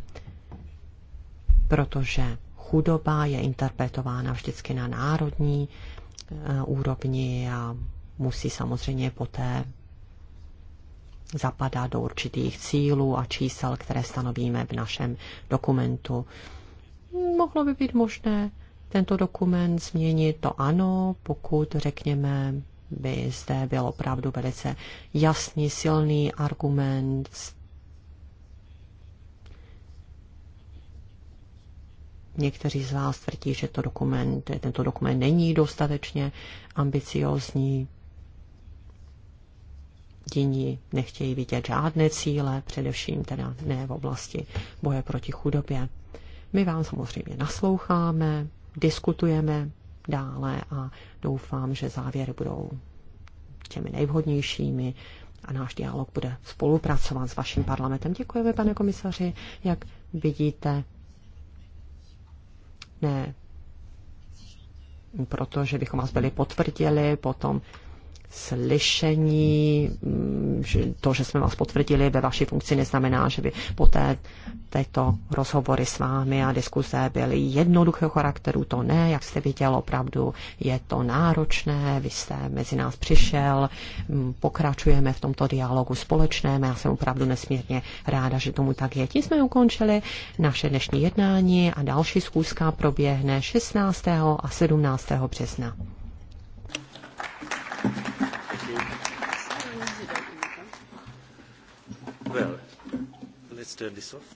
protože chudoba je interpretována vždycky na národní eh, úrovni a musí samozřejmě poté zapadá do určitých cílů a čísel, které stanovíme v našem dokumentu. Mohlo by být možné tento dokument změnit, to ano, pokud řekněme, by zde byl opravdu velice jasný, silný argument Někteří z vás tvrdí, že to dokument, tento dokument není dostatečně ambiciózní jiní nechtějí vidět žádné cíle, především teda ne v oblasti boje proti chudobě. My vám samozřejmě nasloucháme, diskutujeme dále a doufám, že závěry budou těmi nejvhodnějšími a náš dialog bude spolupracovat s vaším parlamentem. Děkujeme, pane komisaři. Jak vidíte, ne, protože bychom vás byli potvrdili, potom slyšení, mm, že to, že jsme vás potvrdili ve vaší funkci, neznamená, že by poté tyto rozhovory s vámi a diskuze byly jednoduchého charakteru. To ne, jak jste viděl, opravdu je to náročné. Vy jste mezi nás přišel, mm, pokračujeme v tomto dialogu společném. Já jsem opravdu nesmírně ráda, že tomu tak je. Tím jsme ukončili naše dnešní jednání a další schůzka proběhne 16. a 17. března. Well, let's turn this off.